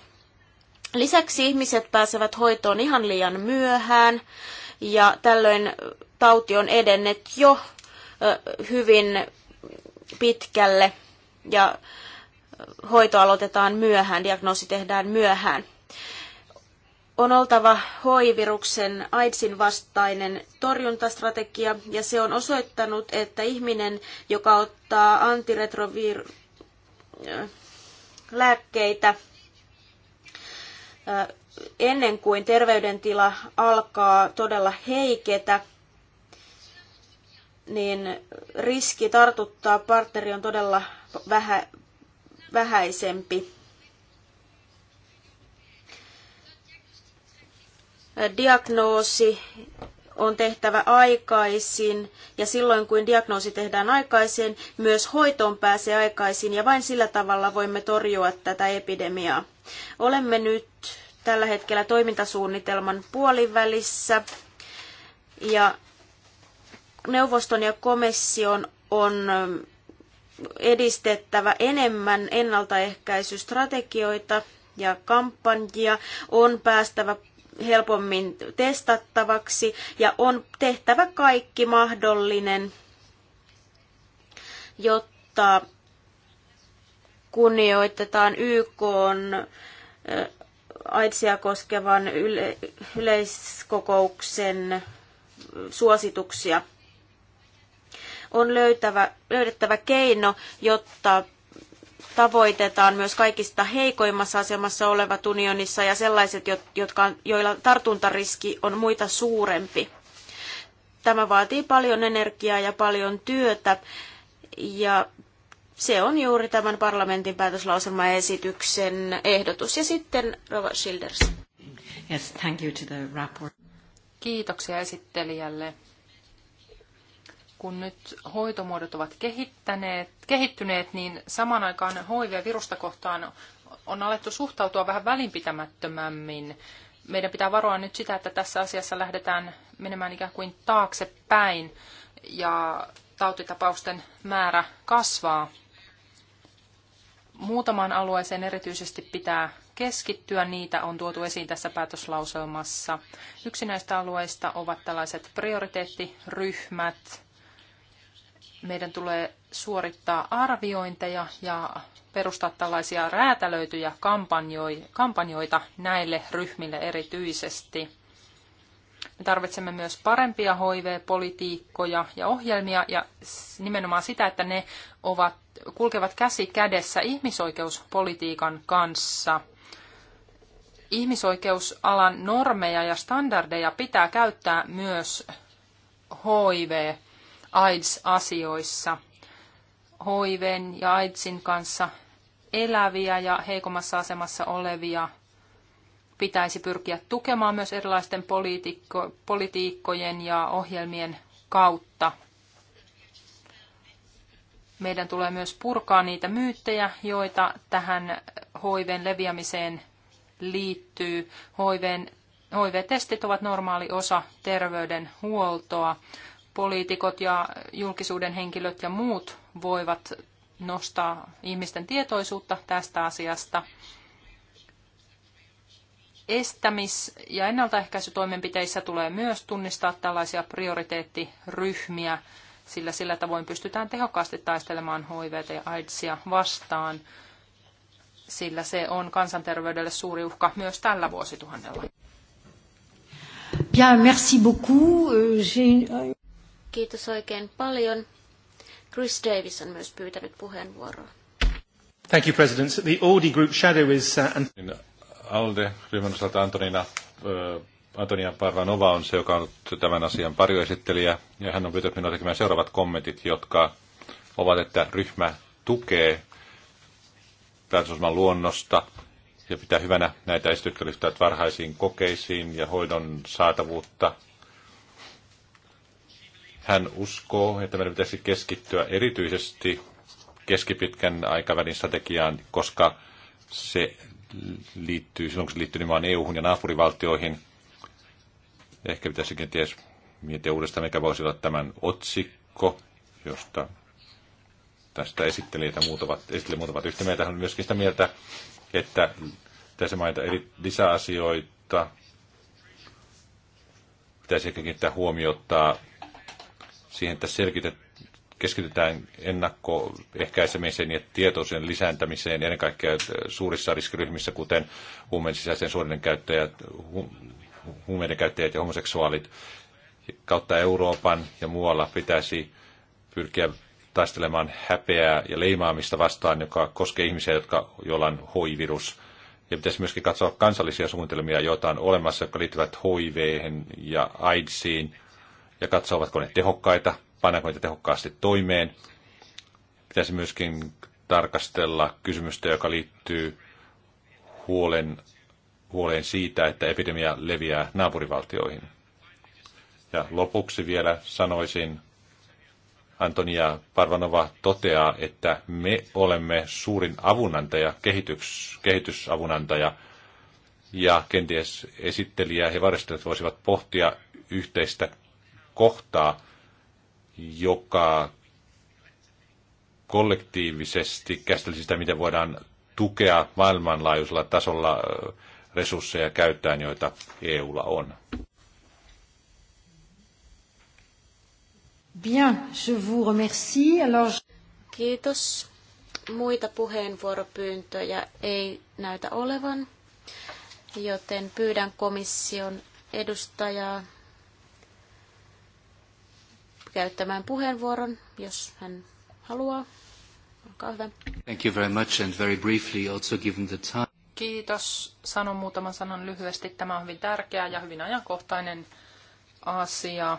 Lisäksi ihmiset pääsevät hoitoon ihan liian myöhään ja tällöin tauti on edennyt jo hyvin pitkälle ja hoito aloitetaan myöhään, diagnoosi tehdään myöhään. On oltava hoiviruksen AIDSin vastainen torjuntastrategia ja se on osoittanut, että ihminen, joka ottaa antiretrovir lääkkeitä ennen kuin terveydentila alkaa todella heiketä, niin riski tartuttaa partneri on todella vähä, vähäisempi. Diagnoosi on tehtävä aikaisin ja silloin kun diagnoosi tehdään aikaisin, myös hoitoon pääsee aikaisin ja vain sillä tavalla voimme torjua tätä epidemiaa. Olemme nyt tällä hetkellä toimintasuunnitelman puolivälissä ja neuvoston ja komission on ähm, edistettävä enemmän ennaltaehkäisystrategioita ja kampanjia, on päästävä helpommin testattavaksi ja on tehtävä kaikki mahdollinen, jotta kunnioitetaan YK on äh, AIDSia koskevan yleiskokouksen äh, suosituksia on löytävä, löydettävä keino, jotta tavoitetaan myös kaikista heikoimmassa asemassa olevat unionissa ja sellaiset, jotka, joilla tartuntariski on muita suurempi. Tämä vaatii paljon energiaa ja paljon työtä ja se on juuri tämän parlamentin päätöslauselmaesityksen ehdotus. Ja sitten Rova Schilders. Yes, thank you to the rapport. Kiitoksia esittelijälle kun nyt hoitomuodot ovat kehittäneet, kehittyneet, niin samaan aikaan HIV-virusta kohtaan on alettu suhtautua vähän välinpitämättömämmin. Meidän pitää varoa nyt sitä, että tässä asiassa lähdetään menemään ikään kuin taaksepäin ja tautitapausten määrä kasvaa. Muutamaan alueeseen erityisesti pitää keskittyä. Niitä on tuotu esiin tässä päätöslauselmassa. Yksi näistä alueista ovat tällaiset prioriteettiryhmät, meidän tulee suorittaa arviointeja ja perustaa tällaisia räätälöityjä kampanjoita näille ryhmille erityisesti. Me tarvitsemme myös parempia HIV-politiikkoja ja ohjelmia ja nimenomaan sitä, että ne ovat, kulkevat käsi kädessä ihmisoikeuspolitiikan kanssa. Ihmisoikeusalan normeja ja standardeja pitää käyttää myös HIV AIDS-asioissa hoiven ja AIDSin kanssa eläviä ja heikommassa asemassa olevia pitäisi pyrkiä tukemaan myös erilaisten politiikko, politiikkojen ja ohjelmien kautta. Meidän tulee myös purkaa niitä myyttejä, joita tähän hoiveen leviämiseen liittyy. Hoiveen, HIV-testit ovat normaali osa terveydenhuoltoa poliitikot ja julkisuuden henkilöt ja muut voivat nostaa ihmisten tietoisuutta tästä asiasta. Estämis- ja ennaltaehkäisytoimenpiteissä tulee myös tunnistaa tällaisia prioriteettiryhmiä, sillä sillä tavoin pystytään tehokkaasti taistelemaan HIV- ja AIDSia vastaan, sillä se on kansanterveydelle suuri uhka myös tällä vuosituhannella. Bien, merci beaucoup. Euh, Kiitos oikein paljon. Chris Davis on myös pyytänyt puheenvuoroa. Thank you, President. The Audi Group Shadow is... Uh, niin, ALDE-ryhmän osalta Antonina, äh, Antonia Parvanova on se, joka on tämän asian parjoesittelijä. ja hän on pyytänyt minua tekemään seuraavat kommentit, jotka ovat, että ryhmä tukee päätösosman luonnosta ja pitää hyvänä näitä esityksiä varhaisiin kokeisiin ja hoidon saatavuutta hän uskoo, että meidän pitäisi keskittyä erityisesti keskipitkän aikavälin strategiaan, koska se liittyy, silloin kun se liittyy nimenomaan EU-hun ja naapurivaltioihin, ehkä pitäisi kenties miettiä uudestaan, mikä voisi olla tämän otsikko, josta tästä esittelijät muut ovat, esittelijät muut ovat yhtä mieltä. Hän on myöskin sitä mieltä, että tässä mainita eri lisäasioita. Pitäisi ehkä kiinnittää huomiota siihen, että keskitytään ennakkoehkäisemiseen ja tietoisen lisääntämiseen ennen kaikkea äh, suurissa riskiryhmissä, kuten huumeen sisäisen suorinnan käyttäjät, huumeiden käyttäjät ja homoseksuaalit. Kautta Euroopan ja muualla pitäisi pyrkiä taistelemaan häpeää ja leimaamista vastaan, joka koskee ihmisiä, jotka, joilla on HIV-virus. Ja pitäisi myöskin katsoa kansallisia suunnitelmia, joita on olemassa, jotka liittyvät hiv ja AIDSiin, ja katsoa, ovatko ne tehokkaita, painaako niitä tehokkaasti toimeen. Pitäisi myöskin tarkastella kysymystä, joka liittyy huolen, huoleen siitä, että epidemia leviää naapurivaltioihin. Ja lopuksi vielä sanoisin, Antonia Parvanova toteaa, että me olemme suurin avunantaja, kehitys, kehitysavunantaja, ja kenties esittelijä ja varastajat voisivat pohtia yhteistä kohtaa, joka kollektiivisesti käsittelisi sitä, miten voidaan tukea maailmanlaajuisella tasolla resursseja käyttäen, joita EUlla on. Bien, je vous remercie. Alors... Kiitos. Muita puheenvuoropyyntöjä ei näytä olevan, joten pyydän komission edustajaa käyttämään puheenvuoron, jos hän haluaa. Olkaa hyvä. Thank you very much and very briefly also given the time. Kiitos. Sanon muutaman sanan lyhyesti. Tämä on hyvin tärkeä ja hyvin ajankohtainen asia,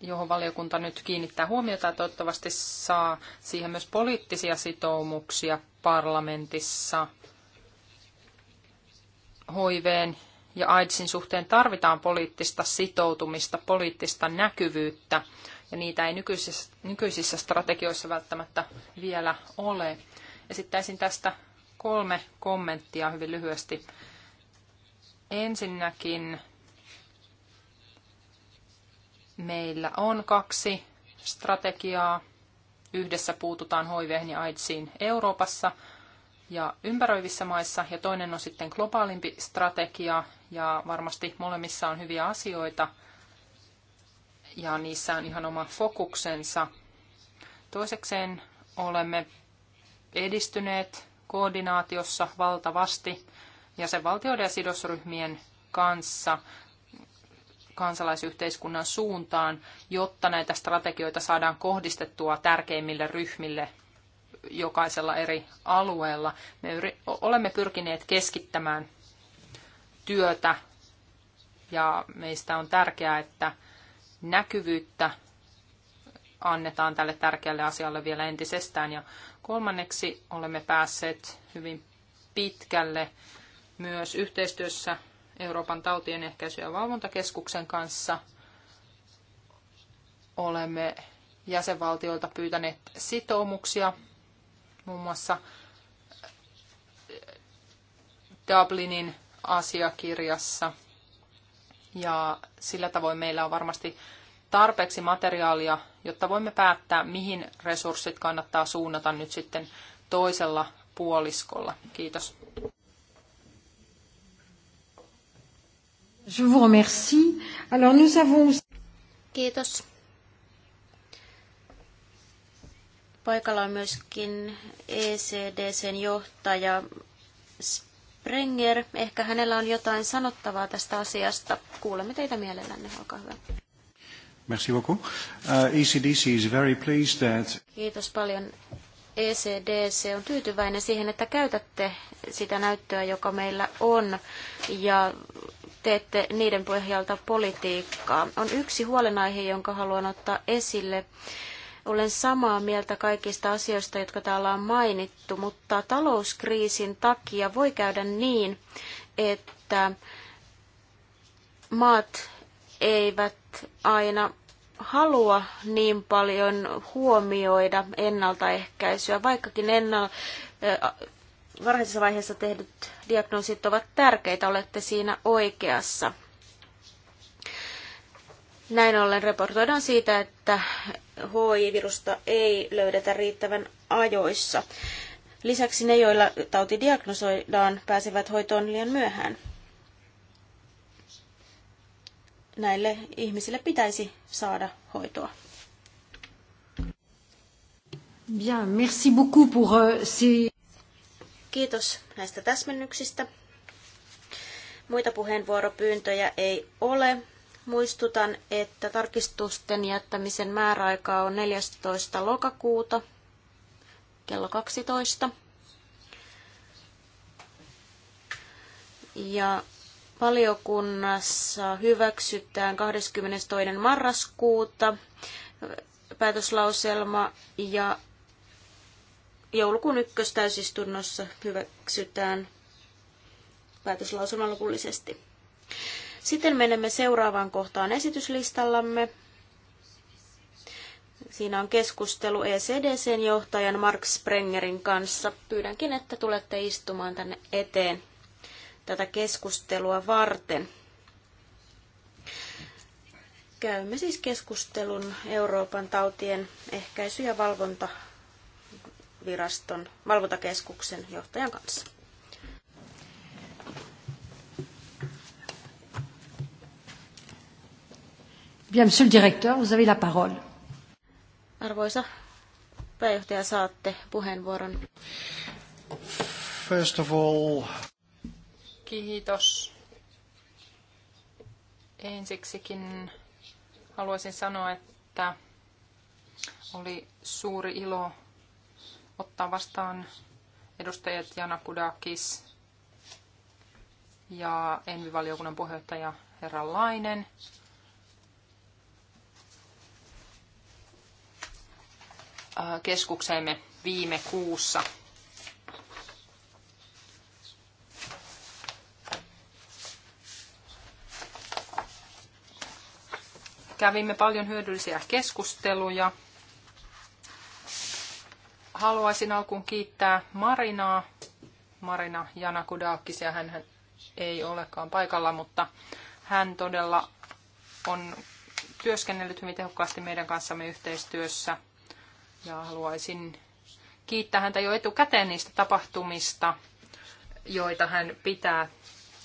johon valiokunta nyt kiinnittää huomiota ja toivottavasti saa siihen myös poliittisia sitoumuksia parlamentissa. Hoiveen ja AIDSin suhteen tarvitaan poliittista sitoutumista, poliittista näkyvyyttä, ja niitä ei nykyisissä, nykyisissä strategioissa välttämättä vielä ole. Esittäisin tästä kolme kommenttia hyvin lyhyesti. Ensinnäkin meillä on kaksi strategiaa. Yhdessä puututaan hoiveihin ja AIDSiin Euroopassa – ja ympäröivissä maissa ja toinen on sitten globaalimpi strategia ja varmasti molemmissa on hyviä asioita ja niissä on ihan oma fokuksensa. Toisekseen olemme edistyneet koordinaatiossa valtavasti jäsenvaltioiden ja sidosryhmien kanssa kansalaisyhteiskunnan suuntaan, jotta näitä strategioita saadaan kohdistettua tärkeimmille ryhmille jokaisella eri alueella. Me olemme pyrkineet keskittämään työtä ja meistä on tärkeää, että näkyvyyttä annetaan tälle tärkeälle asialle vielä entisestään. Ja kolmanneksi olemme päässeet hyvin pitkälle myös yhteistyössä Euroopan tautien ehkäisy- ja valvontakeskuksen kanssa. Olemme jäsenvaltioilta pyytäneet sitoumuksia muun muassa eh, Dublinin asiakirjassa. Ja sillä tavoin meillä on varmasti tarpeeksi materiaalia, jotta voimme päättää, mihin resurssit kannattaa suunnata nyt sitten toisella puoliskolla. Kiitos. Je vous remercie. Alors nous avons... Kiitos. Paikalla on myöskin ECDCn johtaja Sprenger. Ehkä hänellä on jotain sanottavaa tästä asiasta. Kuulemme teitä mielellänne. Olkaa hyvä. Merci beaucoup. Uh, ECDC is very pleased that... Kiitos paljon. ECDC on tyytyväinen siihen, että käytätte sitä näyttöä, joka meillä on, ja teette niiden pohjalta politiikkaa. On yksi huolenaihe, jonka haluan ottaa esille. Olen samaa mieltä kaikista asioista, jotka täällä on mainittu, mutta talouskriisin takia voi käydä niin, että maat eivät aina halua niin paljon huomioida ennaltaehkäisyä, vaikkakin ennal- varhaisessa vaiheessa tehdyt diagnoosit ovat tärkeitä, olette siinä oikeassa. Näin ollen raportoidaan siitä, että HIV-virusta ei löydetä riittävän ajoissa. Lisäksi ne, joilla tauti diagnosoidaan, pääsevät hoitoon liian myöhään. Näille ihmisille pitäisi saada hoitoa. Bien, merci beaucoup pour euh, ces... Kiitos näistä täsmennyksistä. Muita puheenvuoropyyntöjä ei ole. Muistutan, että tarkistusten jättämisen määräaika on 14. lokakuuta kello 12. Ja valiokunnassa hyväksytään 22. marraskuuta päätöslauselma ja joulukuun ykköstäysistunnossa hyväksytään päätöslauselma lopullisesti. Sitten menemme seuraavaan kohtaan esityslistallamme. Siinä on keskustelu ECDCn johtajan Mark Sprengerin kanssa. Pyydänkin, että tulette istumaan tänne eteen tätä keskustelua varten. Käymme siis keskustelun Euroopan tautien ehkäisy- ja valvontaviraston valvontakeskuksen johtajan kanssa. Bien, monsieur le directeur, vous avez la parole. Arvoisa pääjohtaja, saatte puheenvuoron. First of all... Kiitos. Ensiksikin haluaisin sanoa, että oli suuri ilo ottaa vastaan edustajat Jana Kudakis ja Envivaliokunnan puheenjohtaja Herra Lainen – Keskukseemme viime kuussa. Kävimme paljon hyödyllisiä keskusteluja. Haluaisin alkuun kiittää Marinaa, Marina ja hän ei olekaan paikalla, mutta hän todella on työskennellyt hyvin tehokkaasti meidän kanssamme yhteistyössä. Ja haluaisin kiittää häntä jo etukäteen niistä tapahtumista, joita hän pitää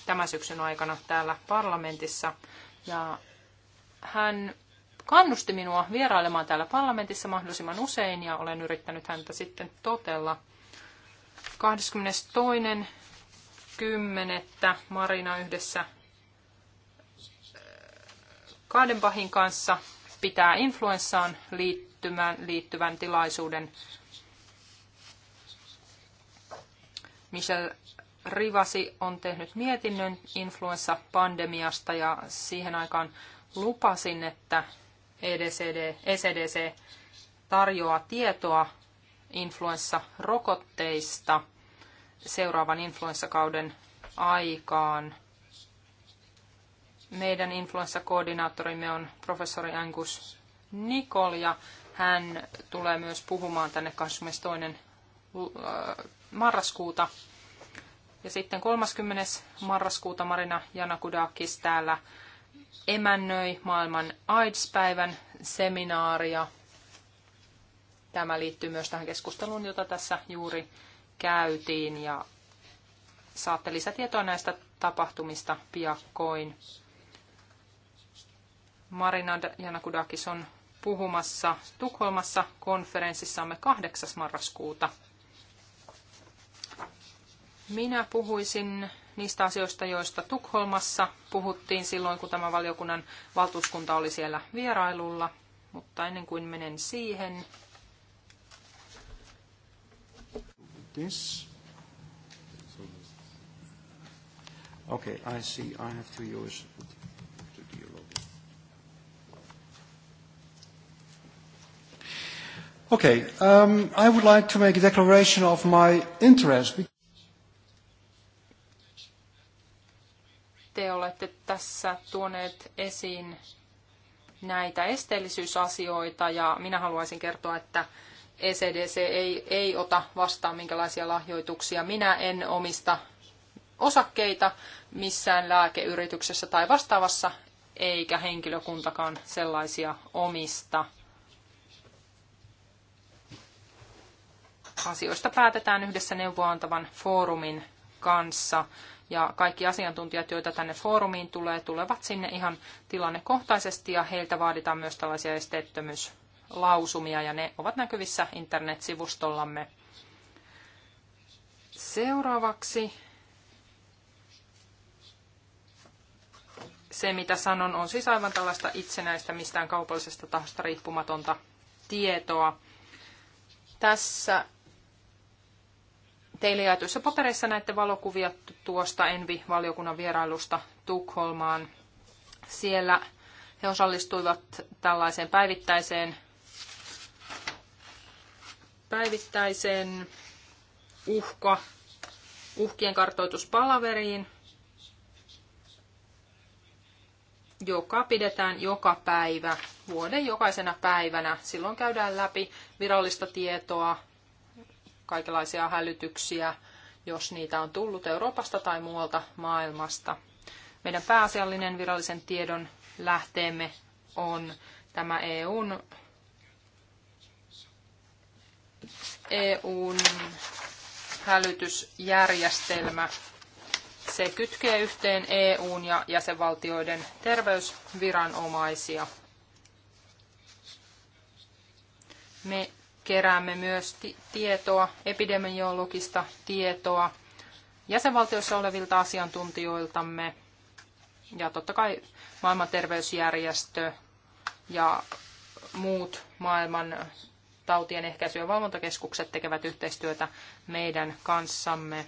tämän syksyn aikana täällä parlamentissa. Ja hän kannusti minua vierailemaan täällä parlamentissa mahdollisimman usein ja olen yrittänyt häntä sitten totella. 22.10. Marina yhdessä äh, Kadenbahin kanssa pitää influenssaan liittyen liittymään liittyvän tilaisuuden. Michel Rivasi on tehnyt mietinnön influenssapandemiasta ja siihen aikaan lupasin, että EDCD, ECDC tarjoaa tietoa influenssarokotteista seuraavan influenssakauden aikaan. Meidän influenssakoordinaattorimme on professori Angus Nikol ja hän tulee myös puhumaan tänne 22. Äh, marraskuuta. Ja sitten 30. marraskuuta Marina Janakudakis täällä emännöi maailman AIDS-päivän seminaaria. Tämä liittyy myös tähän keskusteluun, jota tässä juuri käytiin ja saatte lisätietoa näistä tapahtumista piakkoin. Marina Janakudakis on puhumassa Tukholmassa konferenssissamme 8. marraskuuta. Minä puhuisin niistä asioista, joista Tukholmassa puhuttiin silloin, kun tämä valiokunnan valtuuskunta oli siellä vierailulla. Mutta ennen kuin menen siihen. This. Okay, I see. I have to use Okay, um, I would like to make a declaration of my interest. Te olette tässä tuoneet esiin näitä esteellisyysasioita ja minä haluaisin kertoa, että ECDC ei, ei ota vastaan minkälaisia lahjoituksia. Minä en omista osakkeita missään lääkeyrityksessä tai vastaavassa, eikä henkilökuntakaan sellaisia omista. asioista päätetään yhdessä neuvoantavan foorumin kanssa. Ja kaikki asiantuntijat, joita tänne foorumiin tulee, tulevat sinne ihan tilannekohtaisesti ja heiltä vaaditaan myös tällaisia esteettömyyslausumia ja ne ovat näkyvissä internetsivustollamme. Seuraavaksi se, mitä sanon, on siis aivan tällaista itsenäistä, mistään kaupallisesta tahosta riippumatonta tietoa. Tässä Teille jaetuissa papereissa näette valokuvia tuosta Envi-valiokunnan vierailusta Tukholmaan. Siellä he osallistuivat tällaiseen päivittäiseen, päivittäiseen uhka, uhkien kartoituspalaveriin, joka pidetään joka päivä, vuoden jokaisena päivänä. Silloin käydään läpi virallista tietoa, kaikenlaisia hälytyksiä, jos niitä on tullut Euroopasta tai muualta maailmasta. Meidän pääasiallinen virallisen tiedon lähteemme on tämä EUn, EUn hälytysjärjestelmä. Se kytkee yhteen EUn ja jäsenvaltioiden terveysviranomaisia. Me keräämme myös tietoa, epidemiologista tietoa jäsenvaltioissa olevilta asiantuntijoiltamme ja totta kai maailman terveysjärjestö ja muut maailman tautien ehkäisy- ja valvontakeskukset tekevät yhteistyötä meidän kanssamme.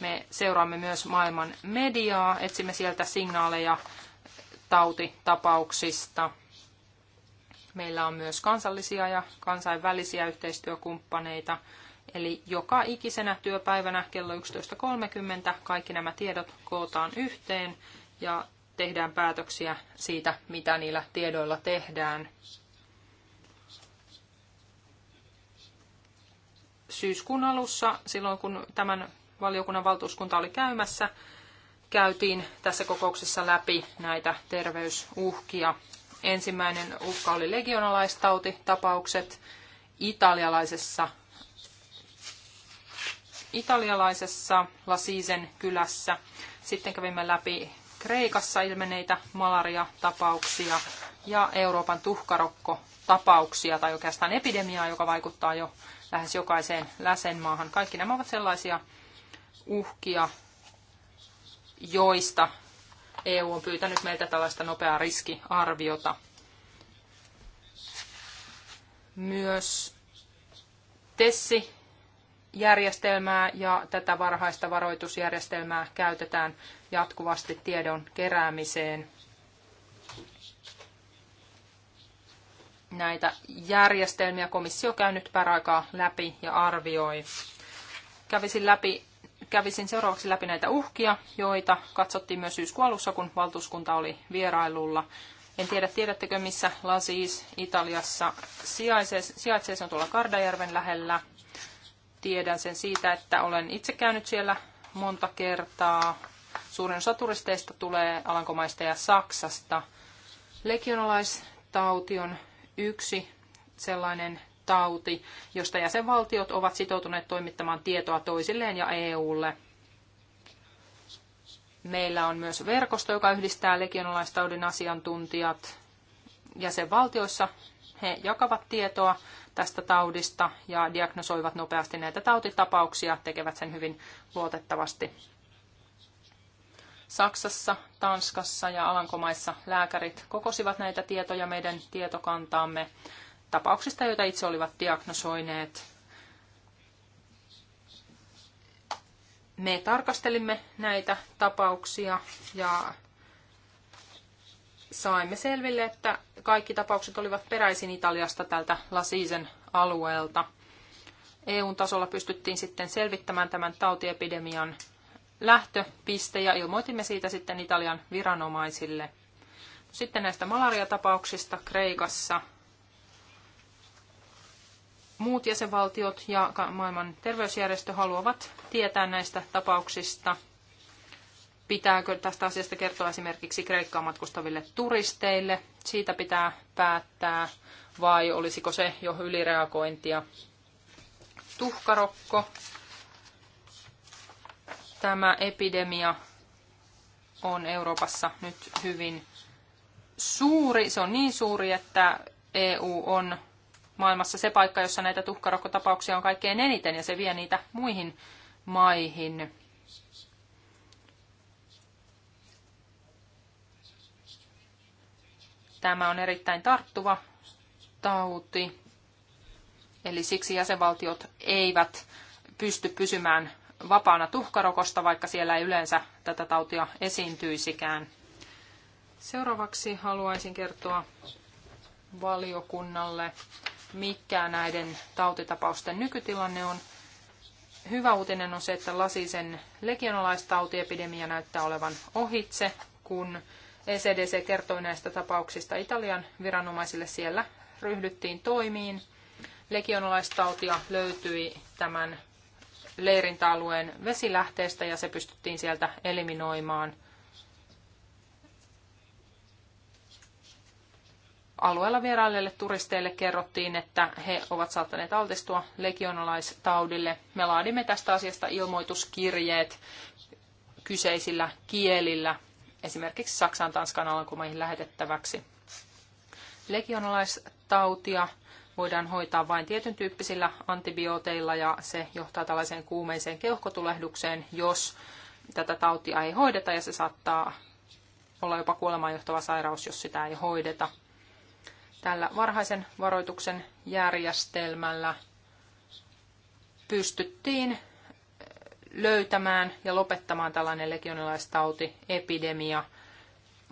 Me seuraamme myös maailman mediaa, etsimme sieltä signaaleja tautitapauksista – Meillä on myös kansallisia ja kansainvälisiä yhteistyökumppaneita, eli joka ikisenä työpäivänä kello 11.30 kaikki nämä tiedot kootaan yhteen ja tehdään päätöksiä siitä, mitä niillä tiedoilla tehdään. Syyskuun alussa, silloin kun tämän valiokunnan valtuuskunta oli käymässä, käytiin tässä kokouksessa läpi näitä terveysuhkia Ensimmäinen uhka oli legionalaistautitapaukset italialaisessa, italialaisessa Lasisen kylässä. Sitten kävimme läpi Kreikassa ilmeneitä malaria tapauksia ja Euroopan tuhkarokko tapauksia tai oikeastaan epidemiaa, joka vaikuttaa jo lähes jokaiseen läsenmaahan. Kaikki nämä ovat sellaisia uhkia, joista EU on pyytänyt meiltä tällaista nopeaa riskiarviota. Myös Tessi järjestelmää ja tätä varhaista varoitusjärjestelmää käytetään jatkuvasti tiedon keräämiseen. Näitä järjestelmiä komissio käy nyt paraikaa läpi ja arvioi. Kävisin läpi kävisin seuraavaksi läpi näitä uhkia, joita katsottiin myös syyskuun alussa, kun valtuuskunta oli vierailulla. En tiedä, tiedättekö missä Lasis Italiassa sijaitsee, sijaitsee se on tuolla Kardajärven lähellä. Tiedän sen siitä, että olen itse käynyt siellä monta kertaa. Suurin osa turisteista tulee Alankomaista ja Saksasta. Legionalaistauti on yksi sellainen tauti, josta jäsenvaltiot ovat sitoutuneet toimittamaan tietoa toisilleen ja EUlle. Meillä on myös verkosto, joka yhdistää legionalaistaudin asiantuntijat jäsenvaltioissa. He jakavat tietoa tästä taudista ja diagnosoivat nopeasti näitä tautitapauksia, tekevät sen hyvin luotettavasti. Saksassa, Tanskassa ja Alankomaissa lääkärit kokosivat näitä tietoja meidän tietokantaamme tapauksista, joita itse olivat diagnosoineet. Me tarkastelimme näitä tapauksia ja saimme selville, että kaikki tapaukset olivat peräisin Italiasta tältä Lasisen alueelta. EUn tasolla pystyttiin sitten selvittämään tämän tautiepidemian lähtöpiste ja ilmoitimme siitä sitten Italian viranomaisille. Sitten näistä malariatapauksista Kreikassa – muut jäsenvaltiot ja maailman terveysjärjestö haluavat tietää näistä tapauksista. Pitääkö tästä asiasta kertoa esimerkiksi Kreikkaan matkustaville turisteille? Siitä pitää päättää, vai olisiko se jo ylireagointia? Tuhkarokko. Tämä epidemia on Euroopassa nyt hyvin suuri. Se on niin suuri, että EU on maailmassa se paikka, jossa näitä tuhkarokkotapauksia on kaikkein eniten ja se vie niitä muihin maihin. Tämä on erittäin tarttuva tauti, eli siksi jäsenvaltiot eivät pysty pysymään vapaana tuhkarokosta, vaikka siellä ei yleensä tätä tautia esiintyisikään. Seuraavaksi haluaisin kertoa valiokunnalle mikä näiden tautitapausten nykytilanne on. Hyvä uutinen on se, että lasisen legionalaistautiepidemia näyttää olevan ohitse, kun ECDC kertoi näistä tapauksista Italian viranomaisille. Siellä ryhdyttiin toimiin. Legionalaistautia löytyi tämän leirintäalueen vesilähteestä ja se pystyttiin sieltä eliminoimaan – alueella vierailleille turisteille kerrottiin, että he ovat saattaneet altistua legionalaistaudille. Me laadimme tästä asiasta ilmoituskirjeet kyseisillä kielillä, esimerkiksi Saksan, Tanskan, Alankomaihin lähetettäväksi. Legionalaistautia voidaan hoitaa vain tietyn tyyppisillä antibiooteilla ja se johtaa tällaiseen kuumeiseen keuhkotulehdukseen, jos tätä tautia ei hoideta ja se saattaa olla jopa kuolemaan johtava sairaus, jos sitä ei hoideta. Tällä varhaisen varoituksen järjestelmällä pystyttiin eh, löytämään ja lopettamaan tällainen legionalaistauti, epidemia.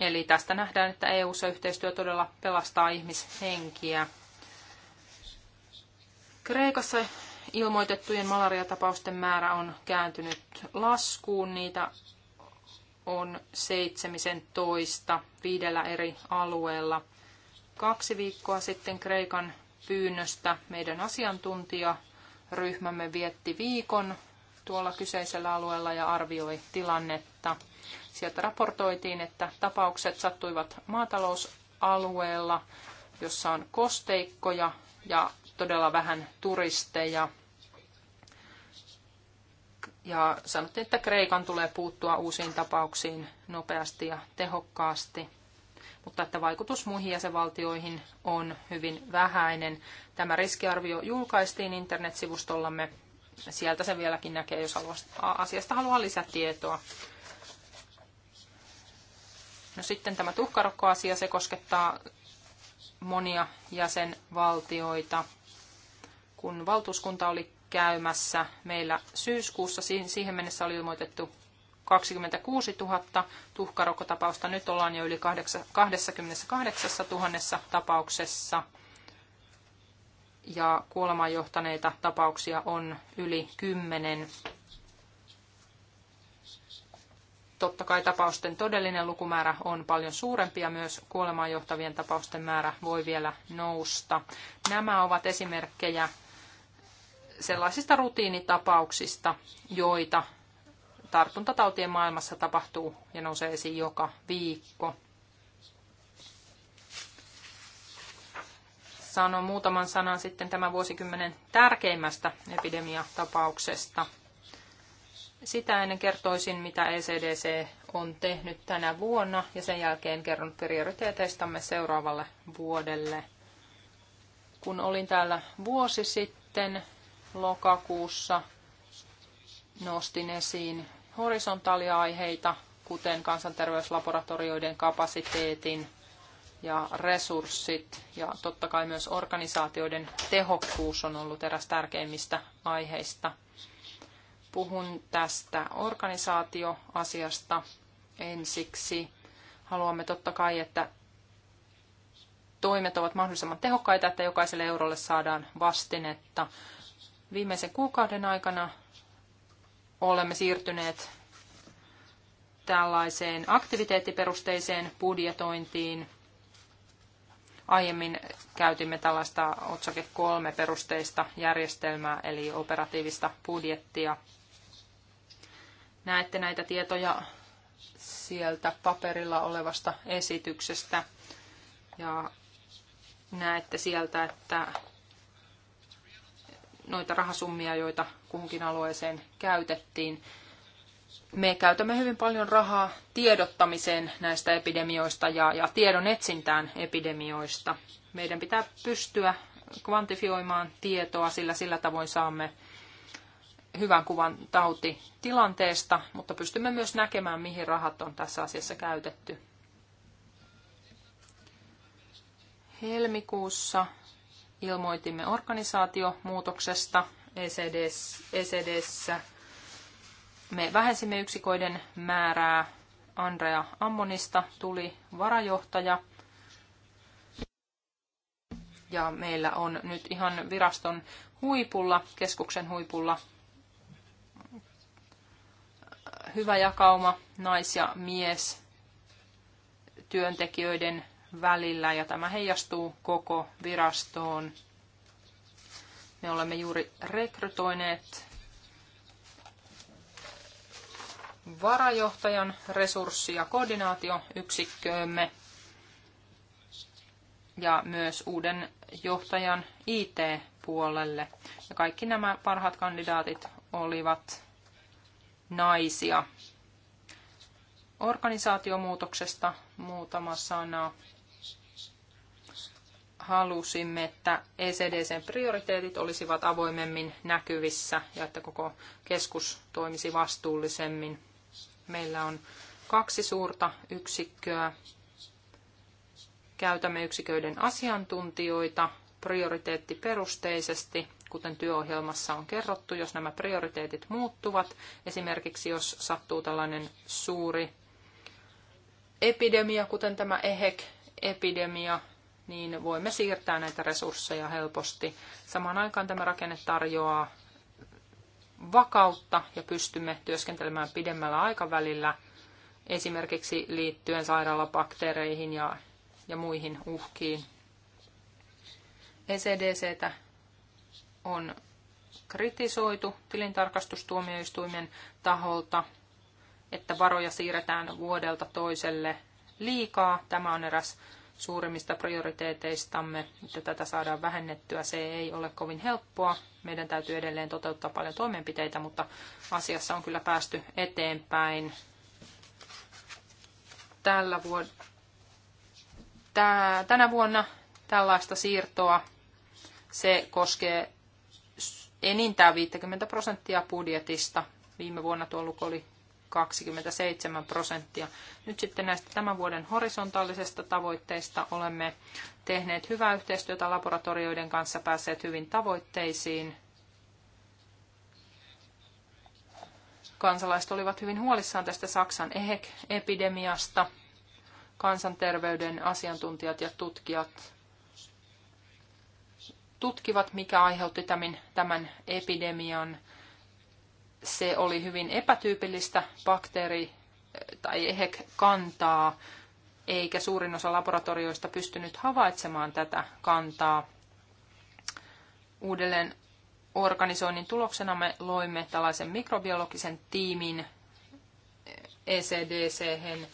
Eli tästä nähdään, että EU-ssa yhteistyö todella pelastaa ihmishenkiä. Kreikassa ilmoitettujen malariatapausten määrä on kääntynyt laskuun. Niitä on 17 viidellä eri alueella – Kaksi viikkoa sitten Kreikan pyynnöstä meidän asiantuntijaryhmämme vietti viikon tuolla kyseisellä alueella ja arvioi tilannetta. Sieltä raportoitiin, että tapaukset sattuivat maatalousalueella, jossa on kosteikkoja ja todella vähän turisteja. Ja sanottiin, että Kreikan tulee puuttua uusiin tapauksiin nopeasti ja tehokkaasti mutta että vaikutus muihin jäsenvaltioihin on hyvin vähäinen. Tämä riskiarvio julkaistiin internetsivustollamme. Sieltä se vieläkin näkee, jos asiasta haluaa lisätietoa. No sitten tämä tuhkarokkoasia, se koskettaa monia jäsenvaltioita. Kun valtuuskunta oli käymässä meillä syyskuussa, siihen mennessä oli ilmoitettu 26 000 tuhkarokkotapausta. Nyt ollaan jo yli 28 000 tapauksessa ja kuolemaan johtaneita tapauksia on yli 10. Totta kai tapausten todellinen lukumäärä on paljon suurempi ja myös kuolemaan johtavien tapausten määrä voi vielä nousta. Nämä ovat esimerkkejä sellaisista rutiinitapauksista, joita tartuntatautien maailmassa tapahtuu ja nousee esiin joka viikko. Sanon muutaman sanan sitten tämän vuosikymmenen tärkeimmästä epidemiatapauksesta. Sitä ennen kertoisin, mitä ECDC on tehnyt tänä vuonna ja sen jälkeen kerron prioriteeteistamme seuraavalle vuodelle. Kun olin täällä vuosi sitten lokakuussa, nostin esiin horisontaalia aiheita, kuten kansanterveyslaboratorioiden kapasiteetin ja resurssit ja totta kai myös organisaatioiden tehokkuus on ollut eräs tärkeimmistä aiheista. Puhun tästä organisaatioasiasta ensiksi. Haluamme totta kai, että toimet ovat mahdollisimman tehokkaita, että jokaiselle eurolle saadaan vastinetta. Viimeisen kuukauden aikana olemme siirtyneet tällaiseen aktiviteettiperusteiseen budjetointiin. Aiemmin käytimme tällaista otsake kolme perusteista järjestelmää, eli operatiivista budjettia. Näette näitä tietoja sieltä paperilla olevasta esityksestä ja näette sieltä, että noita rahasummia, joita kuhunkin alueeseen käytettiin. Me käytämme hyvin paljon rahaa tiedottamiseen näistä epidemioista ja, ja tiedon etsintään epidemioista. Meidän pitää pystyä kvantifioimaan tietoa, sillä sillä tavoin saamme hyvän kuvan tautitilanteesta, mutta pystymme myös näkemään, mihin rahat on tässä asiassa käytetty. Helmikuussa ilmoitimme organisaatiomuutoksesta ECDs, ssä Me vähensimme yksiköiden määrää. Andrea Ammonista tuli varajohtaja. Ja meillä on nyt ihan viraston huipulla, keskuksen huipulla hyvä jakauma nais- ja mies työntekijöiden välillä ja tämä heijastuu koko virastoon. Me olemme juuri rekrytoineet varajohtajan resurssi- ja koordinaatioyksikköömme ja myös uuden johtajan IT-puolelle. Ja kaikki nämä parhaat kandidaatit olivat naisia. Organisaatiomuutoksesta muutama sana halusimme, että ECDCn prioriteetit olisivat avoimemmin näkyvissä ja että koko keskus toimisi vastuullisemmin. Meillä on kaksi suurta yksikköä. Käytämme yksiköiden asiantuntijoita prioriteettiperusteisesti, kuten työohjelmassa on kerrottu, jos nämä prioriteetit muuttuvat. Esimerkiksi jos sattuu tällainen suuri epidemia, kuten tämä EHEC-epidemia, niin voimme siirtää näitä resursseja helposti. Samaan aikaan tämä rakenne tarjoaa vakautta ja pystymme työskentelemään pidemmällä aikavälillä esimerkiksi liittyen sairaalabakteereihin ja, ja muihin uhkiin. ECDCtä on kritisoitu tilintarkastustuomioistuimen taholta, että varoja siirretään vuodelta toiselle liikaa. Tämä on eräs suurimmista prioriteeteistamme, että tätä saadaan vähennettyä. Se ei ole kovin helppoa. Meidän täytyy edelleen toteuttaa paljon toimenpiteitä, mutta asiassa on kyllä päästy eteenpäin. Tällä vuod- tänä vuonna tällaista siirtoa se koskee enintään 50 prosenttia budjetista. Viime vuonna tuo luku oli 27 prosenttia. Nyt sitten näistä tämän vuoden horisontaalisesta tavoitteista olemme tehneet hyvää yhteistyötä laboratorioiden kanssa, päässeet hyvin tavoitteisiin. Kansalaiset olivat hyvin huolissaan tästä Saksan EHEC-epidemiasta. Kansanterveyden asiantuntijat ja tutkijat tutkivat, mikä aiheutti tämän, tämän epidemian se oli hyvin epätyypillistä bakteeri- eh, tai EHEC-kantaa, eikä suurin osa laboratorioista pystynyt havaitsemaan tätä kantaa. Uudelleen organisoinnin tuloksena me loimme tällaisen mikrobiologisen tiimin ECDC. Eh, e -hen.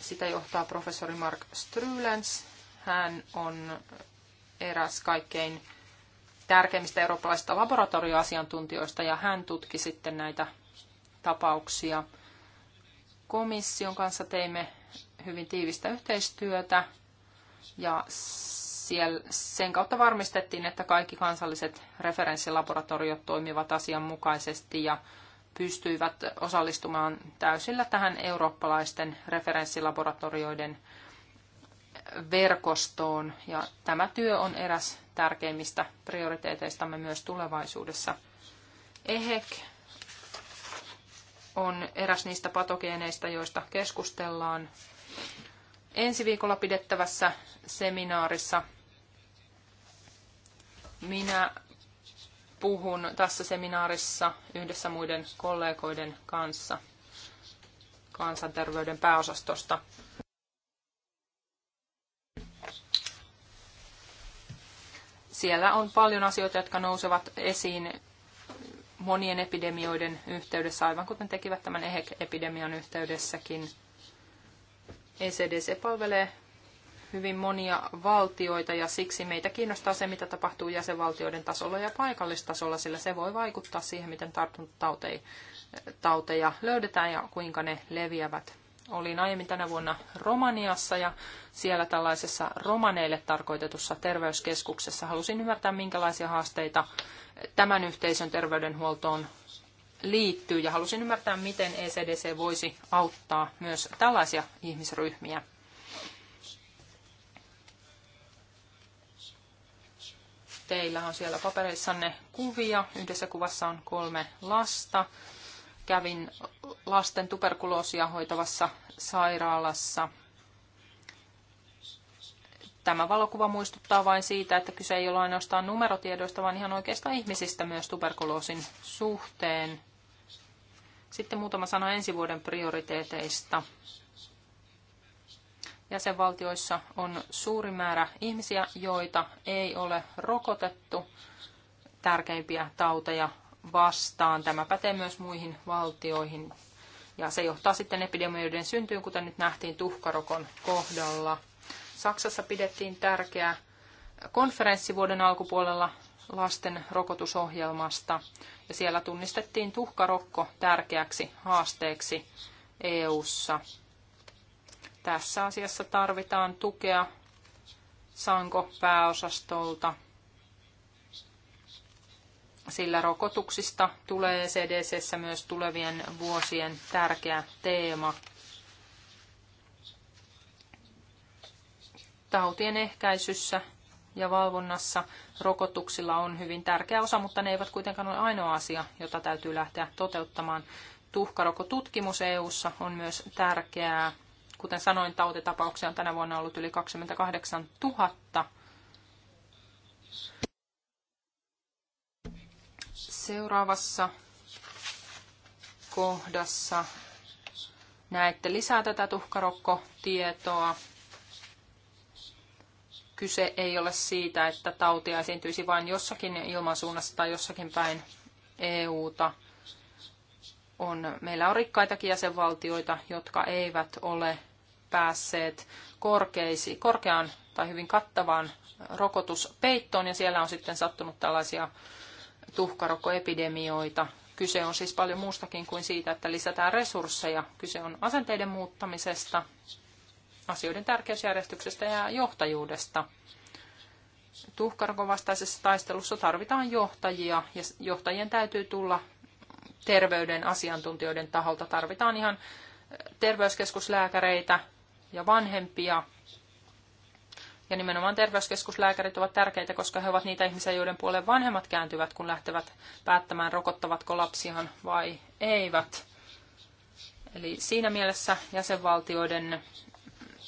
Sitä johtaa professori Mark Strylens. Hän on eräs kaikkein tärkeimmistä eurooppalaisista laboratorioasiantuntijoista ja hän tutki sitten näitä tapauksia. Komission kanssa teimme hyvin tiivistä yhteistyötä ja siellä, sen kautta varmistettiin, että kaikki kansalliset referenssilaboratoriot toimivat asianmukaisesti ja pystyivät osallistumaan täysillä tähän eurooppalaisten referenssilaboratorioiden verkostoon. Ja tämä työ on eräs tärkeimmistä prioriteeteistamme myös tulevaisuudessa. EHEC on eräs niistä patogeeneista, joista keskustellaan ensi viikolla pidettävässä seminaarissa. Minä puhun tässä seminaarissa yhdessä muiden kollegoiden kanssa kansanterveyden pääosastosta. Siellä on paljon asioita, jotka nousevat esiin monien epidemioiden yhteydessä, aivan kuten tekivät tämän EHEC-epidemian yhteydessäkin. ECDC palvelee hyvin monia valtioita ja siksi meitä kiinnostaa se, mitä tapahtuu jäsenvaltioiden tasolla ja paikallistasolla, sillä se voi vaikuttaa siihen, miten tartuntatauteja löydetään ja kuinka ne leviävät. Olin aiemmin tänä vuonna Romaniassa ja siellä tällaisessa romaneille tarkoitetussa terveyskeskuksessa halusin ymmärtää, minkälaisia haasteita tämän yhteisön terveydenhuoltoon liittyy ja halusin ymmärtää, miten ECDC voisi auttaa myös tällaisia ihmisryhmiä. Teillä on siellä papereissanne kuvia. Yhdessä kuvassa on kolme lasta kävin lasten tuberkuloosia hoitavassa sairaalassa. Tämä valokuva muistuttaa vain siitä, että kyse ei ole ainoastaan numerotiedoista, vaan ihan oikeasta ihmisistä myös tuberkuloosin suhteen. Sitten muutama sana ensi vuoden prioriteeteista. Jäsenvaltioissa on suuri määrä ihmisiä, joita ei ole rokotettu tärkeimpiä tauteja vastaan. Tämä pätee myös muihin valtioihin. Ja se johtaa sitten epidemioiden syntyyn, kuten nyt nähtiin tuhkarokon kohdalla. Saksassa pidettiin tärkeä konferenssi vuoden alkupuolella lasten rokotusohjelmasta, ja siellä tunnistettiin tuhkarokko tärkeäksi haasteeksi EU:ssa. Tässä asiassa tarvitaan tukea Sanko pääosastolta sillä rokotuksista tulee CDCssä myös tulevien vuosien tärkeä teema. Tautien ehkäisyssä ja valvonnassa rokotuksilla on hyvin tärkeä osa, mutta ne eivät kuitenkaan ole ainoa asia, jota täytyy lähteä toteuttamaan. Tuhkarokotutkimus EU:ssa on myös tärkeää. Kuten sanoin, tautitapauksia on tänä vuonna ollut yli 28 000 Seuraavassa kohdassa näette lisää tätä tuhkarokkotietoa. Kyse ei ole siitä, että tautia esiintyisi vain jossakin ilmansuunnassa tai jossakin päin EUta. On, meillä on rikkaitakin jäsenvaltioita, jotka eivät ole päässeet korkeisi, korkeaan tai hyvin kattavaan rokotuspeittoon, ja siellä on sitten sattunut tällaisia tuhkarokkoepidemioita. Kyse on siis paljon muustakin kuin siitä, että lisätään resursseja. Kyse on asenteiden muuttamisesta, asioiden tärkeysjärjestyksestä ja johtajuudesta. Tuhkarokon vastaisessa taistelussa tarvitaan johtajia ja johtajien täytyy tulla terveyden asiantuntijoiden taholta. Tarvitaan ihan terveyskeskuslääkäreitä ja vanhempia ja nimenomaan terveyskeskuslääkärit ovat tärkeitä, koska he ovat niitä ihmisiä, joiden puoleen vanhemmat kääntyvät, kun lähtevät päättämään, rokottavatko lapsiaan vai eivät. Eli siinä mielessä jäsenvaltioiden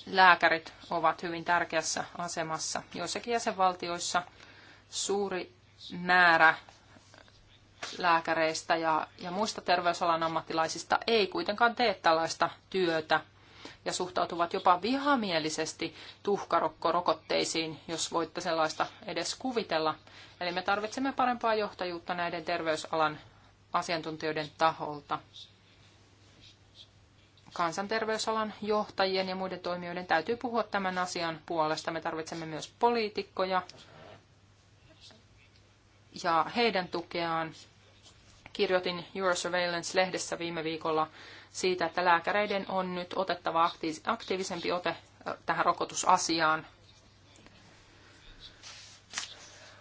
lääkärit ovat hyvin tärkeässä asemassa. Joissakin jäsenvaltioissa suuri määrä lääkäreistä ja, ja muista terveysalan ammattilaisista ei kuitenkaan tee tällaista työtä ja suhtautuvat jopa vihamielisesti tuhkarokkorokotteisiin, jos voitte sellaista edes kuvitella. Eli me tarvitsemme parempaa johtajuutta näiden terveysalan asiantuntijoiden taholta. Kansanterveysalan johtajien ja muiden toimijoiden täytyy puhua tämän asian puolesta. Me tarvitsemme myös poliitikkoja ja heidän tukeaan kirjoitin Eurosurveillance-lehdessä viime viikolla siitä, että lääkäreiden on nyt otettava aktiivisempi ote tähän rokotusasiaan.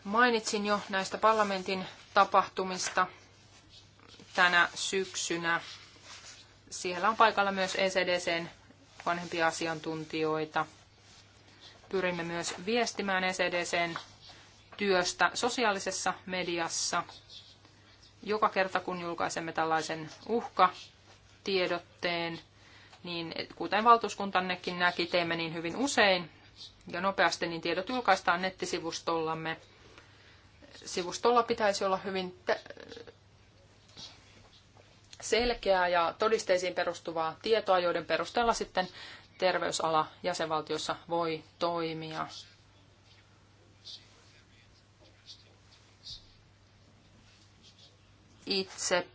Mainitsin jo näistä parlamentin tapahtumista tänä syksynä. Siellä on paikalla myös ECDCn vanhempia asiantuntijoita. Pyrimme myös viestimään ECDCn työstä sosiaalisessa mediassa. Joka kerta kun julkaisemme tällaisen uhka tiedotteen, niin kuten valtuuskuntannekin näki, teemme niin hyvin usein ja nopeasti, niin tiedot julkaistaan nettisivustollamme. Sivustolla pitäisi olla hyvin selkeää ja todisteisiin perustuvaa tietoa, joiden perusteella sitten terveysala jäsenvaltiossa voi toimia. Itse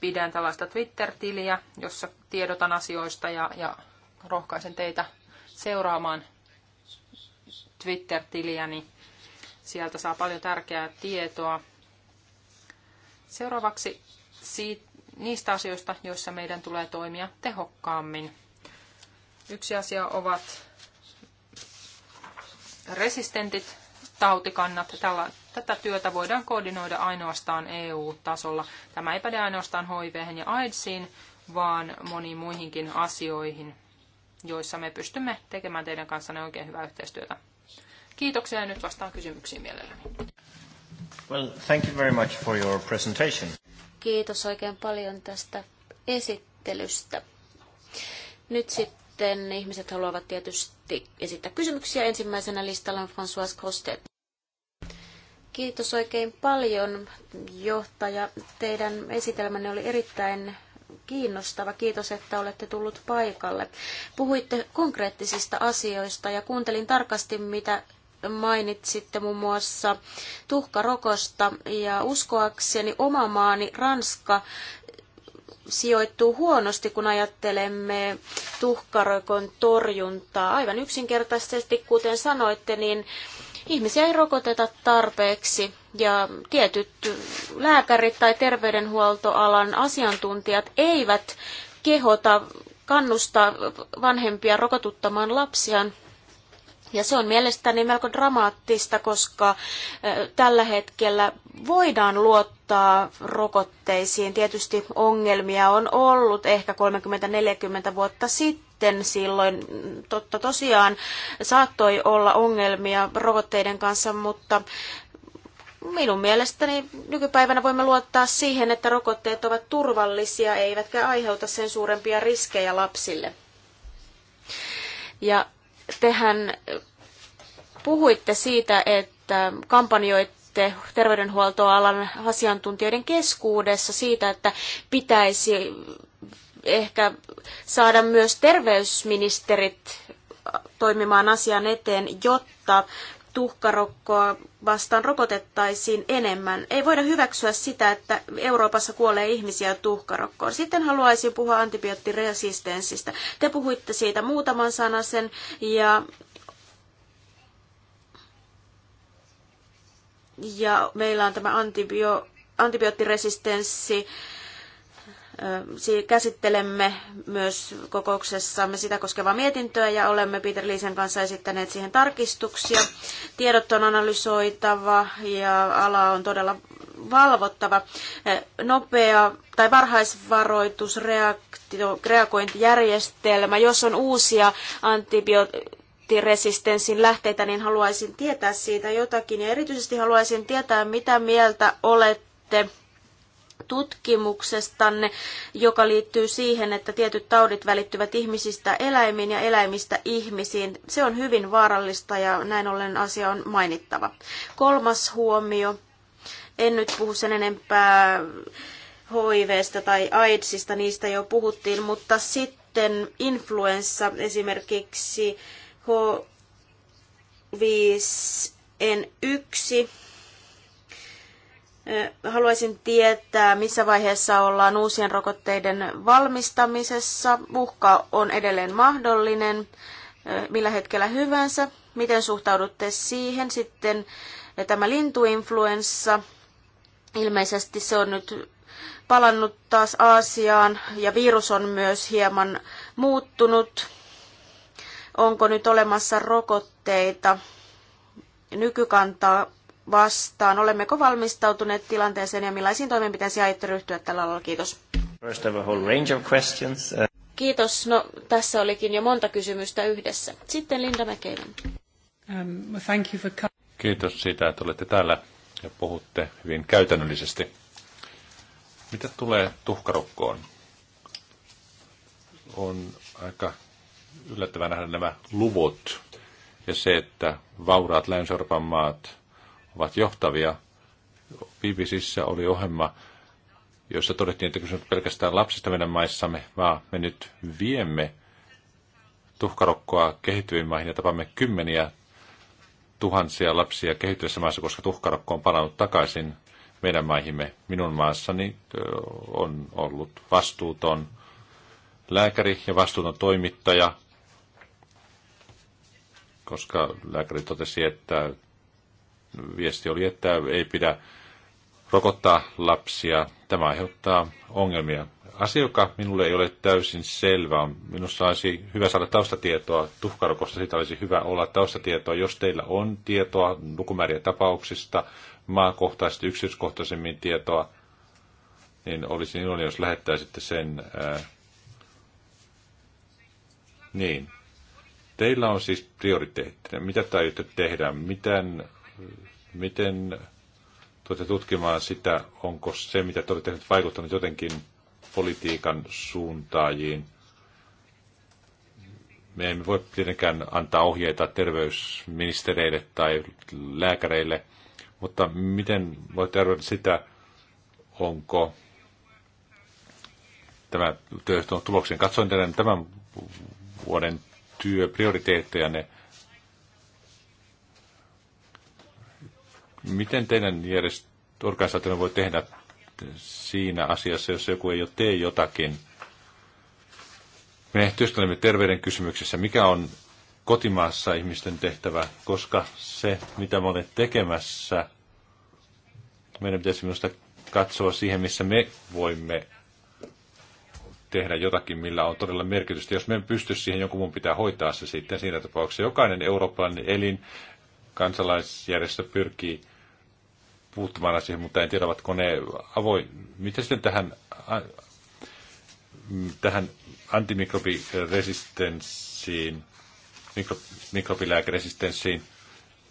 pidän tällaista Twitter-tiliä, jossa tiedotan asioista ja, ja rohkaisen teitä seuraamaan Twitter-tiliäni. Niin sieltä saa paljon tärkeää tietoa. Seuraavaksi siitä, niistä asioista, joissa meidän tulee toimia tehokkaammin. Yksi asia ovat resistentit tautikannat. Tällä, tätä työtä voidaan koordinoida ainoastaan EU-tasolla. Tämä ei päde ainoastaan HIV ja AIDSiin, vaan moniin muihinkin asioihin, joissa me pystymme tekemään teidän kanssanne oikein hyvää yhteistyötä. Kiitoksia ja nyt vastaan kysymyksiin mielelläni. Well, thank you very much for your presentation. Kiitos oikein paljon tästä esittelystä. Nyt sitten sitten ihmiset haluavat tietysti esittää kysymyksiä. Ensimmäisenä listalla on François Costet. Kiitos oikein paljon, johtaja. Teidän esitelmänne oli erittäin kiinnostava. Kiitos, että olette tullut paikalle. Puhuitte konkreettisista asioista ja kuuntelin tarkasti, mitä mainitsitte muun muassa tuhkarokosta ja uskoakseni oma maani Ranska sijoittuu huonosti, kun ajattelemme tuhkarokon torjuntaa. Aivan yksinkertaisesti, kuten sanoitte, niin ihmisiä ei rokoteta tarpeeksi ja tietyt lääkärit tai terveydenhuoltoalan asiantuntijat eivät kehota kannustaa vanhempia rokotuttamaan lapsiaan ja se on mielestäni melko dramaattista, koska tällä hetkellä voidaan luottaa rokotteisiin. Tietysti ongelmia on ollut ehkä 30-40 vuotta sitten. Silloin totta tosiaan saattoi olla ongelmia rokotteiden kanssa, mutta minun mielestäni nykypäivänä voimme luottaa siihen, että rokotteet ovat turvallisia eivätkä aiheuta sen suurempia riskejä lapsille. Ja tehän puhuitte siitä, että kampanjoitte terveydenhuoltoalan asiantuntijoiden keskuudessa siitä, että pitäisi ehkä saada myös terveysministerit toimimaan asian eteen, jotta tuhkarokkoa vastaan rokotettaisiin enemmän. Ei voida hyväksyä sitä, että Euroopassa kuolee ihmisiä tuhkarokkoon. Sitten haluaisin puhua antibioottiresistenssistä. Te puhuitte siitä muutaman sanasen ja ja meillä on tämä antibio, antibioottiresistenssi Käsittelemme myös kokouksessamme sitä koskevaa mietintöä ja olemme Peter Liisen kanssa esittäneet siihen tarkistuksia. Tiedot on analysoitava ja ala on todella valvottava. Nopea tai varhaisvaroitusreagointijärjestelmä, jos on uusia antibiootikkoja, resistenssin lähteitä, niin haluaisin tietää siitä jotakin. Ja erityisesti haluaisin tietää, mitä mieltä olette tutkimuksestanne, joka liittyy siihen, että tietyt taudit välittyvät ihmisistä eläimiin ja eläimistä ihmisiin. Se on hyvin vaarallista ja näin ollen asia on mainittava. Kolmas huomio. En nyt puhu sen enempää HIVstä tai AIDSista, niistä jo puhuttiin, mutta sitten influenssa esimerkiksi H5N1 Haluaisin tietää, missä vaiheessa ollaan uusien rokotteiden valmistamisessa. Uhka on edelleen mahdollinen, millä hetkellä hyvänsä. Miten suhtaudutte siihen sitten? Tämä lintuinfluenssa, ilmeisesti se on nyt palannut taas Aasiaan ja virus on myös hieman muuttunut. Onko nyt olemassa rokotteita nykykantaa vastaan? Olemmeko valmistautuneet tilanteeseen ja millaisiin toimenpiteisiin aiotte ryhtyä tällä alalla? Kiitos. Uh, Kiitos. No, tässä olikin jo monta kysymystä yhdessä. Sitten Linda McKeven. Um, thank you for... Kiitos siitä, että olette täällä ja puhutte hyvin käytännöllisesti. Mitä tulee tuhkarukkoon? On aika yllättävää nähdä nämä luvut ja se, että vauraat Länsi-Euroopan maat ovat johtavia. BBCissä oli ohjelma, jossa todettiin, että kysymys pelkästään lapsista meidän maissamme, vaan me nyt viemme tuhkarokkoa kehittyviin maihin ja tapamme kymmeniä tuhansia lapsia kehittyvissä maissa, koska tuhkarokko on palannut takaisin meidän maihimme. Minun maassani on ollut vastuuton lääkäri ja vastuuton toimittaja, koska lääkäri totesi, että viesti oli, että ei pidä rokottaa lapsia. Tämä aiheuttaa ongelmia. Asia, joka minulle ei ole täysin selvä, on minusta olisi hyvä saada taustatietoa tuhkarokosta. Siitä olisi hyvä olla taustatietoa, jos teillä on tietoa lukumääriä tapauksista, maakohtaisesti yksityiskohtaisemmin tietoa, niin olisi iloinen, jos lähettäisitte sen. Ää, niin. Teillä on siis prioriteetti. Mitä te aiotte tehdä? Miten miten tuotte tutkimaan sitä, onko se, mitä te olette tehneet, vaikuttanut jotenkin politiikan suuntaajiin? Me emme voi tietenkään antaa ohjeita terveysministereille tai lääkäreille, mutta miten voitte arvioida sitä, onko tämä työhön tuloksen. Katsoin tämän vuoden ne Miten teidän järjest- voi tehdä siinä asiassa, jos joku ei ole tee jotakin? Me työskentelemme terveyden kysymyksessä. Mikä on kotimaassa ihmisten tehtävä, koska se, mitä me olemme tekemässä, meidän pitäisi minusta katsoa siihen, missä me voimme tehdä jotakin, millä on todella merkitystä. Jos me emme pysty siihen, jonkun mun pitää hoitaa se sitten siinä tapauksessa. Jokainen eurooppalainen elin, kansalaisjärjestö pyrkii puuttumaan asioihin, mutta en tiedä, ovatko ne avoin. Miten sitten tähän, tähän antimikrobiresistenssiin, mikro, mikrobilääkeresistenssiin?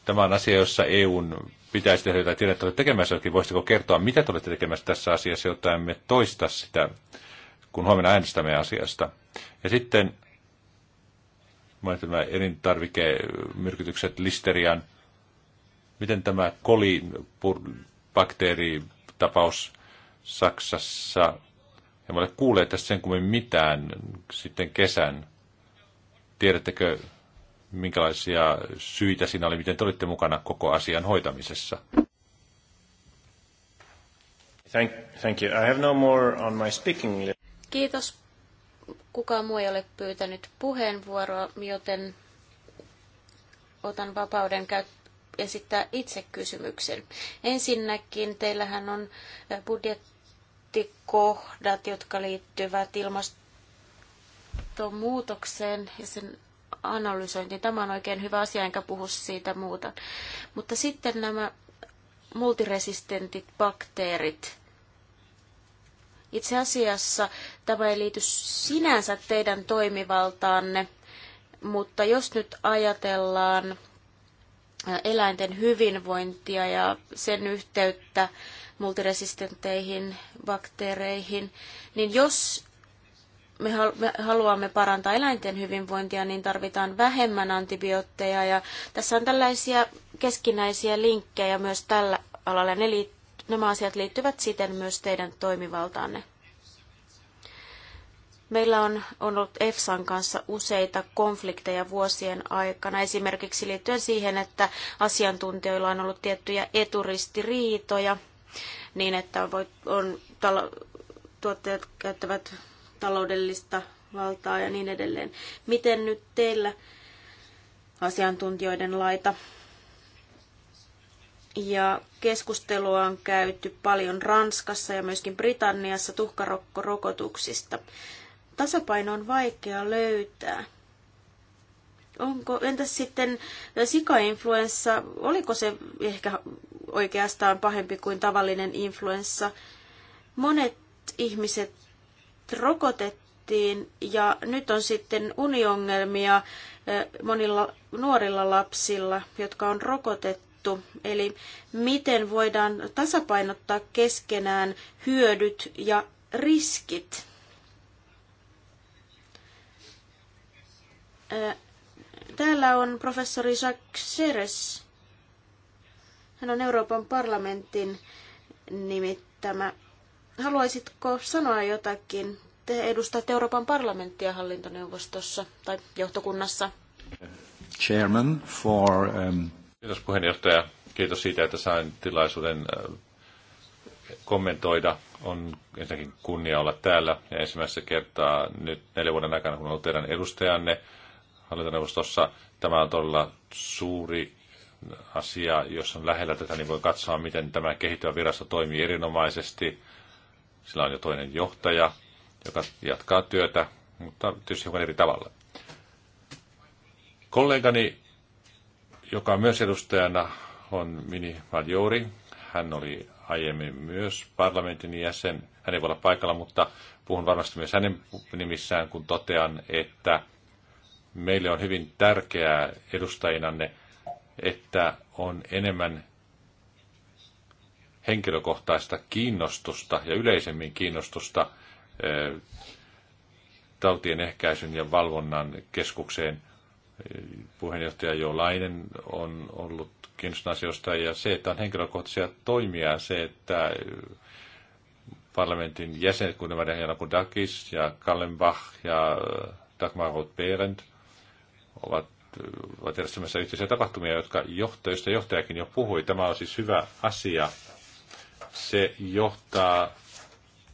Tämä on asia, jossa EUn pitäisi tehdä jotain. Tiedän, että tekemässä jokin. Voisitko kertoa, mitä te olette tekemässä tässä asiassa, jotta emme toista sitä, kun huomenna äänestämme asiasta? Ja sitten mainitsin elintarvikemyrkytykset listerian – Miten tämä kolibakteeritapaus Saksassa, en ole kuulleet tässä sen kummin mitään sitten kesän. Tiedättekö, minkälaisia syitä siinä oli, miten te olitte mukana koko asian hoitamisessa? Thank, thank you. I have no more on my speaking list. Kiitos. Kukaan muu ei ole pyytänyt puheenvuoroa, joten otan vapauden käyttöön esittää itse kysymyksen. Ensinnäkin teillähän on budjettikohdat, jotka liittyvät ilmastonmuutokseen ja sen analysointiin. Tämä on oikein hyvä asia, enkä puhu siitä muuta. Mutta sitten nämä multiresistentit bakteerit, itse asiassa tämä ei liity sinänsä teidän toimivaltaanne, mutta jos nyt ajatellaan eläinten hyvinvointia ja sen yhteyttä multiresistenteihin bakteereihin, niin jos me haluamme parantaa eläinten hyvinvointia, niin tarvitaan vähemmän antibiootteja. Ja tässä on tällaisia keskinäisiä linkkejä myös tällä alalla. Ne liitt- nämä asiat liittyvät siten myös teidän toimivaltaanne. Meillä on, on ollut EFSAn kanssa useita konflikteja vuosien aikana, esimerkiksi liittyen siihen, että asiantuntijoilla on ollut tiettyjä eturistiriitoja, niin että on, on, talo, tuottajat käyttävät taloudellista valtaa ja niin edelleen. Miten nyt teillä asiantuntijoiden laita? Ja keskustelua on käyty paljon Ranskassa ja myöskin Britanniassa tuhkarokkorokotuksista tasapaino on vaikea löytää. Onko, entäs sitten sikainfluenssa, oliko se ehkä oikeastaan pahempi kuin tavallinen influenssa? Monet ihmiset rokotettiin ja nyt on sitten uniongelmia monilla nuorilla lapsilla, jotka on rokotettu. Eli miten voidaan tasapainottaa keskenään hyödyt ja riskit? Äh, täällä on professori Jacques Seres. Hän on Euroopan parlamentin nimittämä. Haluaisitko sanoa jotakin? Te edustatte Euroopan parlamenttia hallintoneuvostossa tai johtokunnassa. Chairman for, um... Kiitos puheenjohtaja. Kiitos siitä, että sain tilaisuuden äh, kommentoida. On ensinnäkin kunnia olla täällä ja ensimmäistä kertaa nyt neljän vuoden aikana, kun olen ollut teidän edustajanne hallintoneuvostossa. Tämä on todella suuri asia, jos on lähellä tätä, niin voi katsoa, miten tämä kehittyvä virasto toimii erinomaisesti. Sillä on jo toinen johtaja, joka jatkaa työtä, mutta tietysti hiukan eri tavalla. Kollegani, joka on myös edustajana, on Mini Majori. Hän oli aiemmin myös parlamentin jäsen. Hän ei voi olla paikalla, mutta puhun varmasti myös hänen nimissään, kun totean, että Meille on hyvin tärkeää edustajinanne, että on enemmän henkilökohtaista kiinnostusta ja yleisemmin kiinnostusta tautien ehkäisyn ja valvonnan keskukseen. Puheenjohtaja Jo Lainen on ollut kiinnostunut asioista ja se, että on henkilökohtaisia toimia, se, että parlamentin jäsenet, kuten Maria ja Kallenbach ja Dagmar roth behrendt ovat, ovat järjestämässä yhteisiä tapahtumia, jotka johto, joista johtajakin jo puhui. Tämä on siis hyvä asia. Se johtaa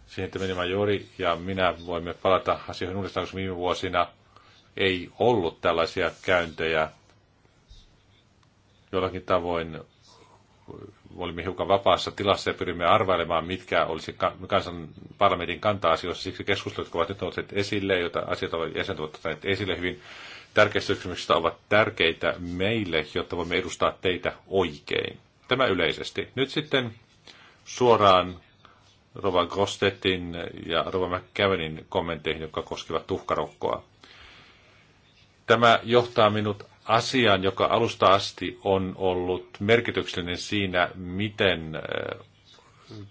siihen, että menemään Majori ja minä voimme palata asioihin uudestaan, koska viime vuosina ei ollut tällaisia käyntejä. Jollakin tavoin olimme hiukan vapaassa tilassa ja pyrimme arvailemaan, mitkä olisi kansan parlamentin kanta-asioissa. Siksi keskustelut, jotka ovat nyt nousseet esille, joita asiat ovat jäsenet ovat esille hyvin tärkeistä kysymyksistä ovat tärkeitä meille, jotta voimme edustaa teitä oikein. Tämä yleisesti. Nyt sitten suoraan Rova Gostettin ja Rova McCavenin kommentteihin, jotka koskevat tuhkarokkoa. Tämä johtaa minut asiaan, joka alusta asti on ollut merkityksellinen siinä, miten äh,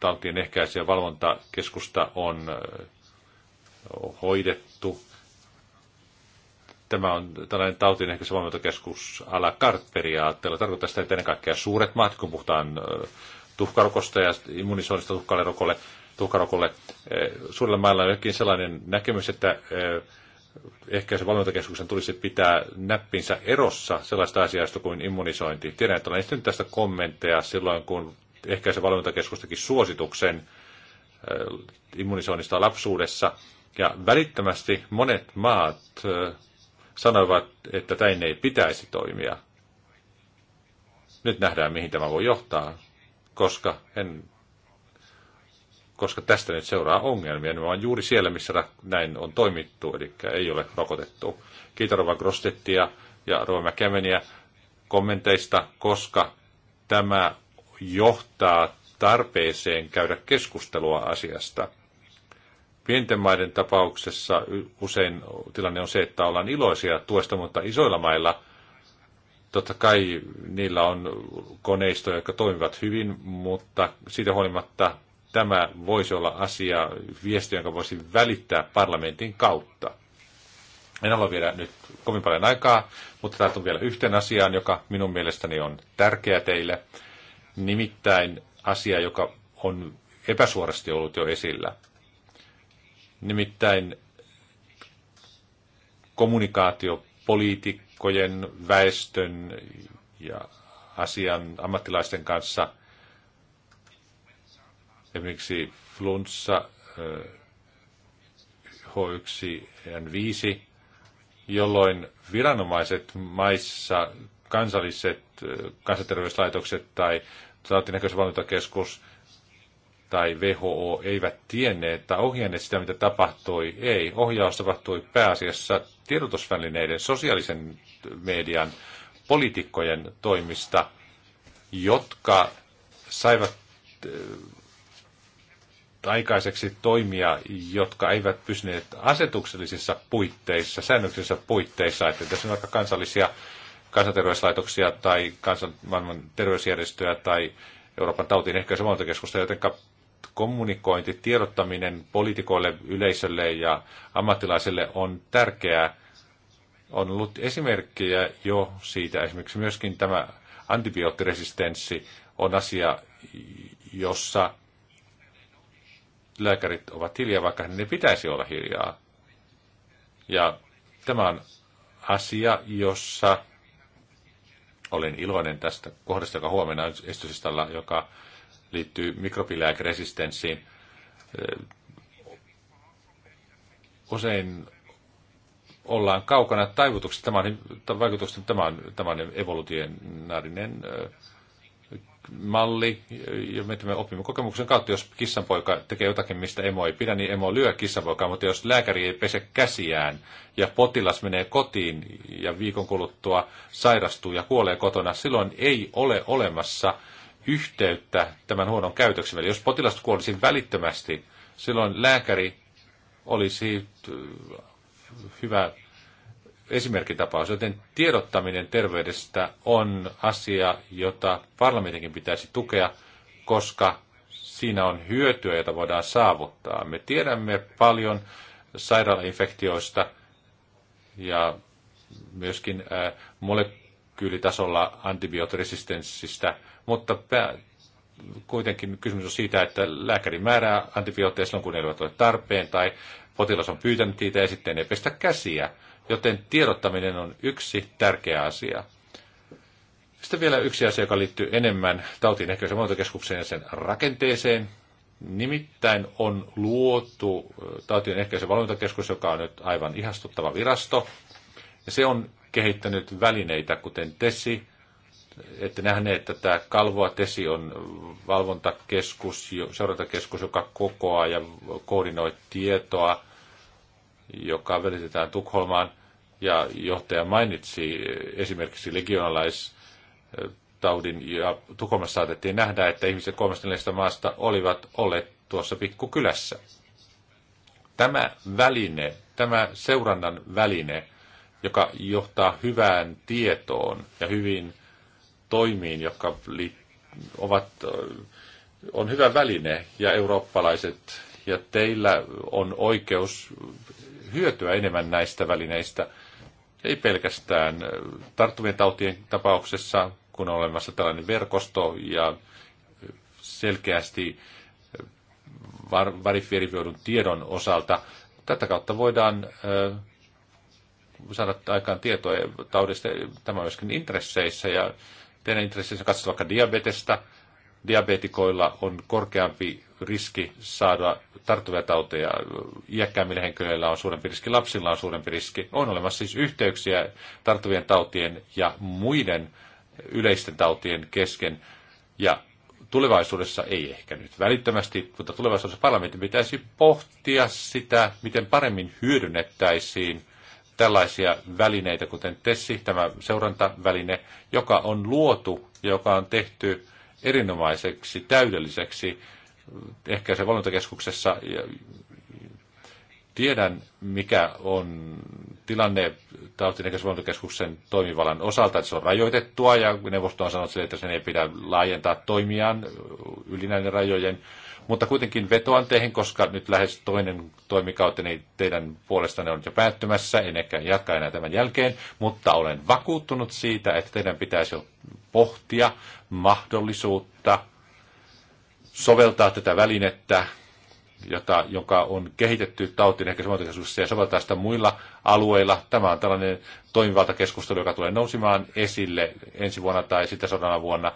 tautien ehkäisy- ja valvontakeskusta on äh, hoidettu tämä on tällainen tautin ehkä se valmentokeskus a la carte periaatteella. Tarkoittaa sitä, että ennen kaikkea suuret maat, kun puhutaan tuhkarokosta ja immunisoinnista tuhkarokolle, tuhkarokolle suurilla mailla on jokin sellainen näkemys, että ehkä se valmentakeskuksen tulisi pitää näppinsä erossa sellaista asiasta kuin immunisointi. Tiedän, että olen esittänyt tästä kommentteja silloin, kun ehkä se valmentakeskus teki suosituksen immunisoinnista lapsuudessa. Ja välittömästi monet maat sanoivat, että näin ei pitäisi toimia. Nyt nähdään, mihin tämä voi johtaa, koska, en, koska tästä nyt seuraa ongelmia. Ne on juuri siellä, missä näin on toimittu, eli ei ole rokotettu. Kiitos Rova Grostettia ja Rova McCammenia kommenteista, koska tämä johtaa tarpeeseen käydä keskustelua asiasta – Pienten maiden tapauksessa usein tilanne on se, että ollaan iloisia tuosta, mutta isoilla mailla totta kai niillä on koneistoja, jotka toimivat hyvin, mutta siitä huolimatta tämä voisi olla asia, viesti, jonka voisi välittää parlamentin kautta. En halua viedä nyt kovin paljon aikaa, mutta tämä on vielä yhteen asiaan, joka minun mielestäni on tärkeä teille. Nimittäin asia, joka on epäsuorasti ollut jo esillä nimittäin kommunikaatiopoliitikkojen, väestön ja asian ammattilaisten kanssa. Esimerkiksi flunssa H1N5, eh, jolloin viranomaiset maissa, kansalliset eh, kansanterveyslaitokset tai tautinäköisvalvontakeskus tai WHO eivät tienneet että ohjanneet sitä, mitä tapahtui. Ei, ohjaus tapahtui pääasiassa tiedotusvälineiden, sosiaalisen median, poliitikkojen toimista, jotka saivat äh, aikaiseksi toimia, jotka eivät pysyneet asetuksellisissa puitteissa, säännöksissä puitteissa, että tässä on vaikka kansallisia kansanterveyslaitoksia tai kansan, maailman terveysjärjestöä tai Euroopan tautiin keskusta, jotenka kommunikointi, tiedottaminen poliitikoille, yleisölle ja ammattilaisille on tärkeää. On ollut esimerkkejä jo siitä, esimerkiksi myöskin tämä antibioottiresistenssi on asia, jossa lääkärit ovat hiljaa, vaikka ne pitäisi olla hiljaa. Ja tämä on asia, jossa olen iloinen tästä kohdasta, joka huomenna on estysistalla, joka liittyy mikrobilääkeresistenssiin. Usein ollaan kaukana taivutuksesta. Tämä on, vaikutuksesta, tämä on, tämä on evolutionaarinen malli, ja me opimme kokemuksen kautta, jos kissanpoika tekee jotakin, mistä emo ei pidä, niin emo lyö kissanpoikaa, mutta jos lääkäri ei pese käsiään ja potilas menee kotiin ja viikon kuluttua sairastuu ja kuolee kotona, silloin ei ole olemassa yhteyttä tämän huonon käytöksen välillä. Jos potilas kuolisi välittömästi, silloin lääkäri olisi äh, hyvä esimerkkitapaus, joten tiedottaminen terveydestä on asia, jota parlamentinkin pitäisi tukea, koska siinä on hyötyä, jota voidaan saavuttaa. Me tiedämme paljon sairaalainfektioista ja myöskin äh, molekyylitasolla antibioottiresistenssistä – mutta pää, kuitenkin kysymys on siitä, että lääkäri määrää antibiootteja silloin, kun ne eivät ole tarpeen, tai potilas on pyytänyt niitä ja sitten ei pestä käsiä. Joten tiedottaminen on yksi tärkeä asia. Sitten vielä yksi asia, joka liittyy enemmän tautiin se muotokeskukseen ja sen rakenteeseen. Nimittäin on luotu tautien ehkäisen valvontakeskus, joka on nyt aivan ihastuttava virasto. Ja se on kehittänyt välineitä, kuten TESI, ette nähneet tämä Kalvoa Tesi on valvontakeskus, seurantakeskus, joka kokoaa ja koordinoi tietoa, joka välitetään Tukholmaan. Ja johtaja mainitsi esimerkiksi legionalaistaudin ja Tukholmassa saatettiin nähdä, että ihmiset kolmesta maasta olivat olleet tuossa pikkukylässä. Tämä väline, tämä seurannan väline, joka johtaa hyvään tietoon ja hyvin toimiin, jotka ovat, on hyvä väline ja eurooppalaiset ja teillä on oikeus hyötyä enemmän näistä välineistä. Ei pelkästään tarttuvien tautien tapauksessa, kun on olemassa tällainen verkosto ja selkeästi varifierivioidun tiedon osalta. Tätä kautta voidaan saada aikaan tietoa taudista, tämä on myöskin intresseissä ja Teidän intressissä katsoa vaikka diabetesta. Diabetikoilla on korkeampi riski saada tarttuvia tauteja. Iäkkäämmillä henkilöillä on suurempi riski, lapsilla on suurempi riski. On olemassa siis yhteyksiä tarttuvien tautien ja muiden yleisten tautien kesken. Ja tulevaisuudessa, ei ehkä nyt välittömästi, mutta tulevaisuudessa parlamentin pitäisi pohtia sitä, miten paremmin hyödynnettäisiin tällaisia välineitä, kuten TESSI, tämä seurantaväline, joka on luotu ja joka on tehty erinomaiseksi, täydelliseksi, ehkä se valintakeskuksessa. Tiedän, mikä on tilanne tautinäköisen valvontakeskuksen toimivallan osalta, että se on rajoitettua ja neuvosto on sanonut sille, että sen ei pidä laajentaa toimiaan yli näiden rajojen. Mutta kuitenkin vetoan teihin, koska nyt lähes toinen toimikauteni teidän puolestanne on jo päättymässä, en ehkä jatka enää tämän jälkeen, mutta olen vakuuttunut siitä, että teidän pitäisi pohtia mahdollisuutta soveltaa tätä välinettä jota, joka on kehitetty tautin ehkä samantaikaisuudessa ja soveltaa sitä muilla alueilla. Tämä on tällainen toimivaltakeskustelu, joka tulee nousimaan esille ensi vuonna tai sitä sodana vuonna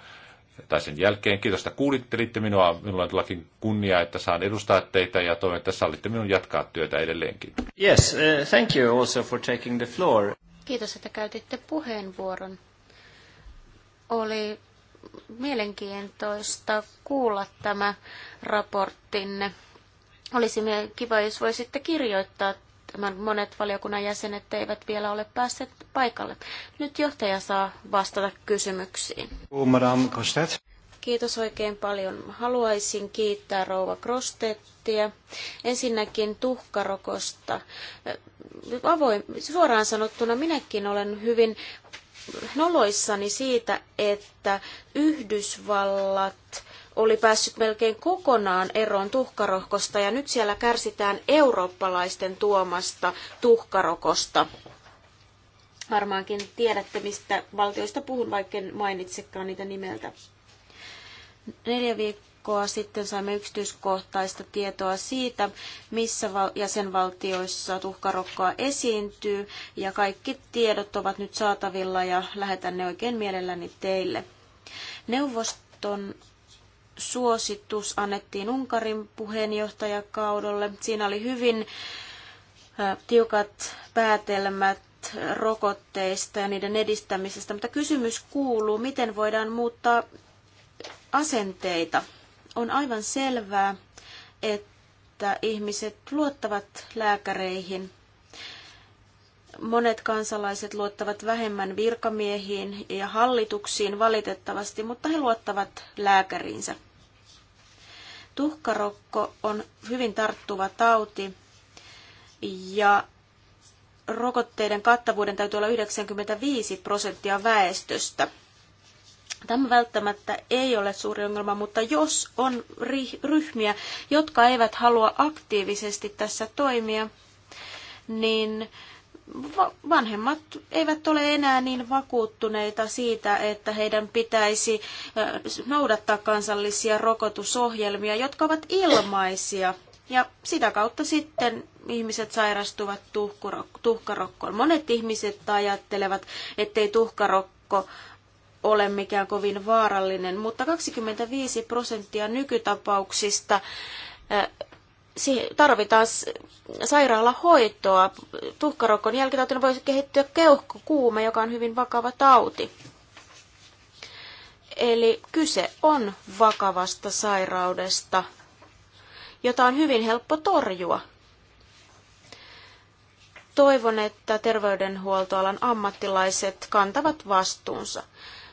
tai sen jälkeen. Kiitos, että kuulittelitte minua. Minulla on tullakin kunnia, että saan edustaa teitä ja toivon, että sallitte minun jatkaa työtä edelleenkin. Yes, uh, thank you also for taking the floor. Kiitos, että käytitte puheenvuoron. Oli mielenkiintoista kuulla tämä raporttinne. Olisi kiva, jos voisitte kirjoittaa tämän monet valiokunnan jäsenet eivät vielä ole päässeet paikalle. Nyt johtaja saa vastata kysymyksiin. Oh, Kiitos oikein paljon. Haluaisin kiittää rouva Krostettia. Ensinnäkin tuhkarokosta. Avoin, suoraan sanottuna minäkin olen hyvin noloissani siitä, että Yhdysvallat oli päässyt melkein kokonaan eroon tuhkarohkosta ja nyt siellä kärsitään eurooppalaisten tuomasta tuhkarokosta. Varmaankin tiedätte, mistä valtioista puhun, vaikka en mainitsekaan niitä nimeltä. Neljä viikkoa sitten saimme yksityiskohtaista tietoa siitä, missä jäsenvaltioissa tuhkarokkoa esiintyy, ja kaikki tiedot ovat nyt saatavilla ja lähetän ne oikein mielelläni teille. Neuvoston suositus annettiin Unkarin puheenjohtajakaudolle. Siinä oli hyvin tiukat päätelmät rokotteista ja niiden edistämisestä, mutta kysymys kuuluu, miten voidaan muuttaa asenteita. On aivan selvää, että ihmiset luottavat lääkäreihin Monet kansalaiset luottavat vähemmän virkamiehiin ja hallituksiin valitettavasti, mutta he luottavat lääkäriinsä. Tuhkarokko on hyvin tarttuva tauti ja rokotteiden kattavuuden täytyy olla 95 prosenttia väestöstä. Tämä välttämättä ei ole suuri ongelma, mutta jos on ryhmiä, jotka eivät halua aktiivisesti tässä toimia, niin vanhemmat eivät ole enää niin vakuuttuneita siitä, että heidän pitäisi noudattaa kansallisia rokotusohjelmia, jotka ovat ilmaisia. Ja sitä kautta sitten ihmiset sairastuvat tuhkarokkoon. Monet ihmiset ajattelevat, ettei tuhkarokko ole mikään kovin vaarallinen, mutta 25 prosenttia nykytapauksista tarvitaan sairaalahoitoa. Tuhkarokon jälkitautina voisi kehittyä keuhkokuume, joka on hyvin vakava tauti. Eli kyse on vakavasta sairaudesta, jota on hyvin helppo torjua. Toivon, että terveydenhuoltoalan ammattilaiset kantavat vastuunsa.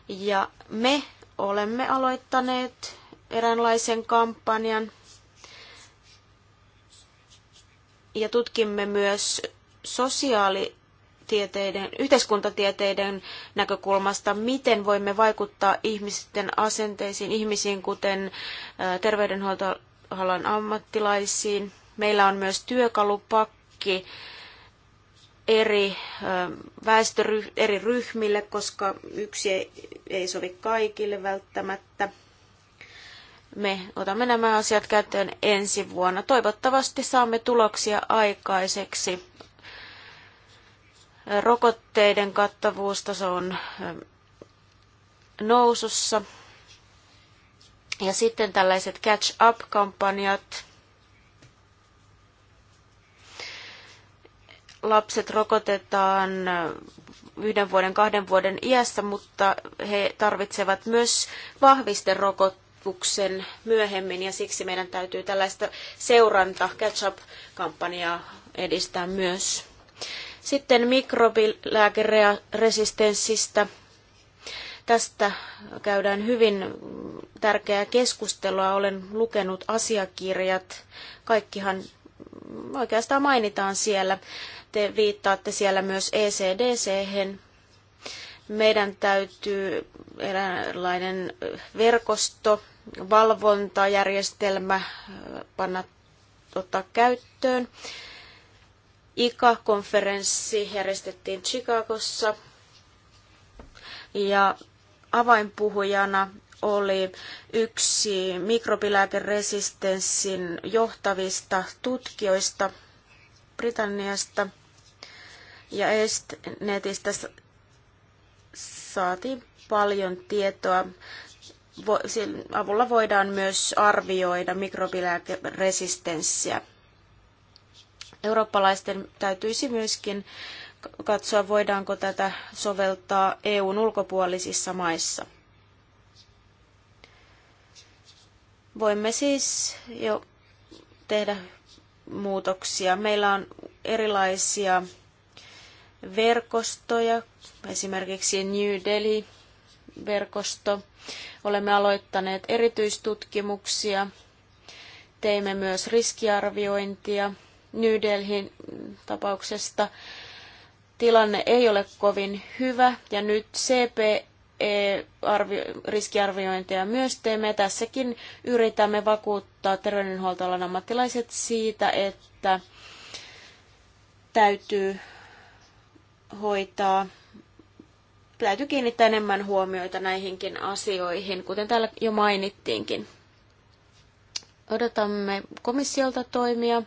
Ja me olemme aloittaneet eräänlaisen kampanjan ja tutkimme myös sosiaalitieteiden, yhteiskuntatieteiden näkökulmasta, miten voimme vaikuttaa ihmisten asenteisiin, ihmisiin kuten terveydenhuoltoalan ammattilaisiin. Meillä on myös työkalupakki eri väestöryhmille, eri koska yksi ei, ei sovi kaikille välttämättä. Me otamme nämä asiat käyttöön ensi vuonna. Toivottavasti saamme tuloksia aikaiseksi. Rokotteiden kattavuustaso on ähm, nousussa. Ja sitten tällaiset catch-up-kampanjat. Lapset rokotetaan äh, yhden vuoden, kahden vuoden iässä, mutta he tarvitsevat myös rokotteita sopimuksen myöhemmin ja siksi meidän täytyy tällaista seuranta, catch-up-kampanjaa edistää myös. Sitten mikrobilääkeresistenssistä. Tästä käydään hyvin tärkeää keskustelua. Olen lukenut asiakirjat. Kaikkihan oikeastaan mainitaan siellä. Te viittaatte siellä myös ECDC, -hen meidän täytyy eräänlainen verkosto, valvontajärjestelmä äh, panna ottaa käyttöön. ICA-konferenssi järjestettiin Chicagossa ja avainpuhujana oli yksi mikrobilääkeresistenssin johtavista tutkijoista Britanniasta ja Estnetistä saatiin paljon tietoa. Sen avulla voidaan myös arvioida mikrobilääkeresistenssiä. Eurooppalaisten täytyisi myöskin katsoa, voidaanko tätä soveltaa EUn ulkopuolisissa maissa. Voimme siis jo tehdä muutoksia. Meillä on erilaisia verkostoja, esimerkiksi New Delhi-verkosto. Olemme aloittaneet erityistutkimuksia, teimme myös riskiarviointia New Delhin tapauksesta. Tilanne ei ole kovin hyvä ja nyt CP e riskiarviointeja myös teemme. Tässäkin yritämme vakuuttaa terveydenhuoltoalan ammattilaiset siitä, että täytyy hoitaa. Täytyy kiinnittää enemmän huomioita näihinkin asioihin, kuten täällä jo mainittiinkin. Odotamme komissiolta toimia,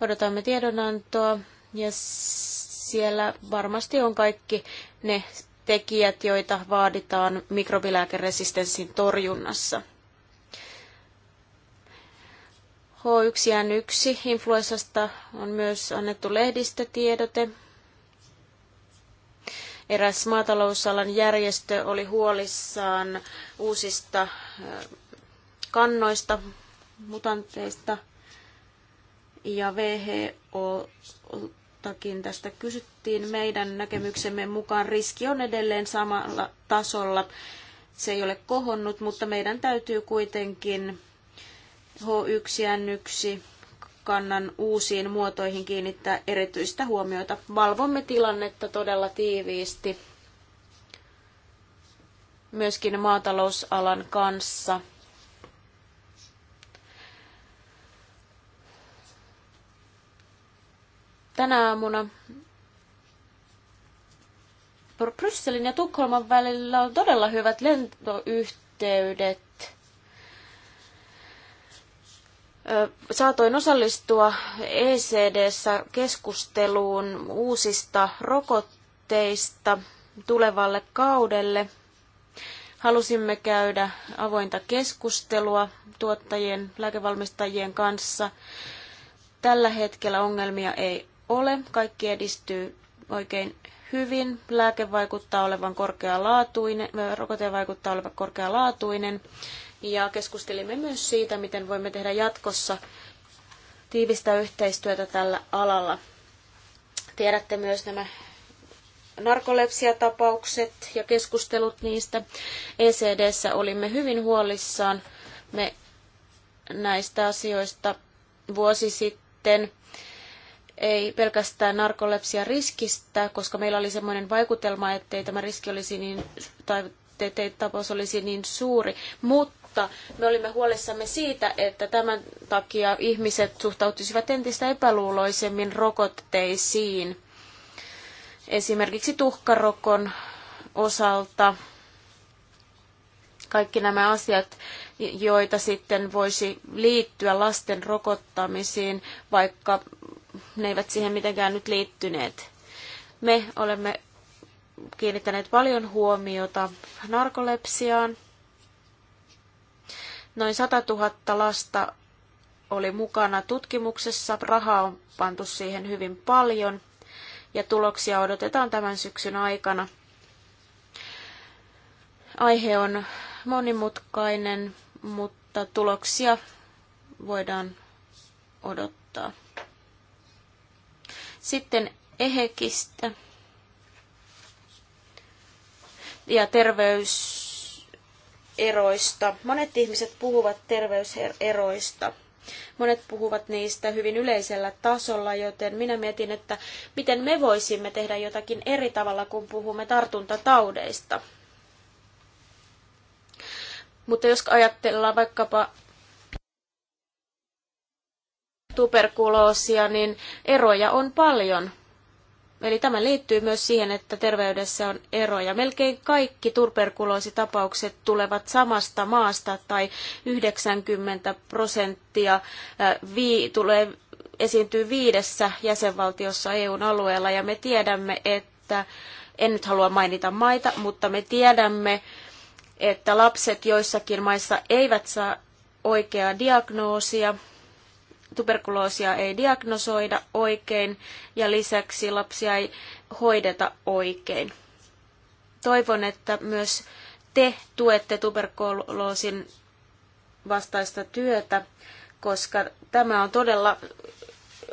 odotamme tiedonantoa ja siellä varmasti on kaikki ne tekijät, joita vaaditaan mikrobilääkeresistenssin torjunnassa. H1N1 influenssasta on myös annettu lehdistötiedote Eräs maatalousalan järjestö oli huolissaan uusista kannoista, mutanteista, ja WHO takin tästä kysyttiin. Meidän näkemyksemme mukaan riski on edelleen samalla tasolla. Se ei ole kohonnut, mutta meidän täytyy kuitenkin H1N1 kannan uusiin muotoihin kiinnittää erityistä huomiota. Valvomme tilannetta todella tiiviisti myöskin maatalousalan kanssa. Tänä aamuna Brysselin ja Tukholman välillä on todella hyvät lentoyhteydet. Saatoin osallistua ECDssä keskusteluun uusista rokotteista tulevalle kaudelle. Halusimme käydä avointa keskustelua tuottajien, lääkevalmistajien kanssa. Tällä hetkellä ongelmia ei ole. Kaikki edistyy oikein hyvin. Lääke vaikuttaa olevan korkealaatuinen, rokote vaikuttaa olevan korkealaatuinen. laatuinen ja keskustelimme myös siitä, miten voimme tehdä jatkossa tiivistä yhteistyötä tällä alalla. Tiedätte myös nämä narkolepsiatapaukset ja keskustelut niistä. ECDssä olimme hyvin huolissaan me näistä asioista vuosi sitten. Ei pelkästään narkolepsia riskistä, koska meillä oli semmoinen vaikutelma, ettei tämä riski olisi niin, tai ettei tapaus olisi niin suuri, mutta mutta me olimme huolissamme siitä, että tämän takia ihmiset suhtautuisivat entistä epäluuloisemmin rokotteisiin. Esimerkiksi tuhkarokon osalta kaikki nämä asiat, joita sitten voisi liittyä lasten rokottamisiin, vaikka ne eivät siihen mitenkään nyt liittyneet. Me olemme kiinnittäneet paljon huomiota narkolepsiaan Noin 100 000 lasta oli mukana tutkimuksessa. Rahaa on pantu siihen hyvin paljon ja tuloksia odotetaan tämän syksyn aikana. Aihe on monimutkainen, mutta tuloksia voidaan odottaa. Sitten ehekistä ja terveys eroista. Monet ihmiset puhuvat terveyseroista. Monet puhuvat niistä hyvin yleisellä tasolla, joten minä mietin, että miten me voisimme tehdä jotakin eri tavalla, kun puhumme tartuntataudeista. Mutta jos ajatellaan vaikkapa tuberkuloosia, niin eroja on paljon. Eli tämä liittyy myös siihen, että terveydessä on eroja. Melkein kaikki turperkuloositapaukset tulevat samasta maasta tai 90 prosenttia vii, tulee, esiintyy viidessä jäsenvaltiossa EUn alueella ja me tiedämme, että en nyt halua mainita maita, mutta me tiedämme, että lapset joissakin maissa eivät saa oikeaa diagnoosia tuberkuloosia ei diagnosoida oikein ja lisäksi lapsia ei hoideta oikein. Toivon, että myös te tuette tuberkuloosin vastaista työtä, koska tämä on todella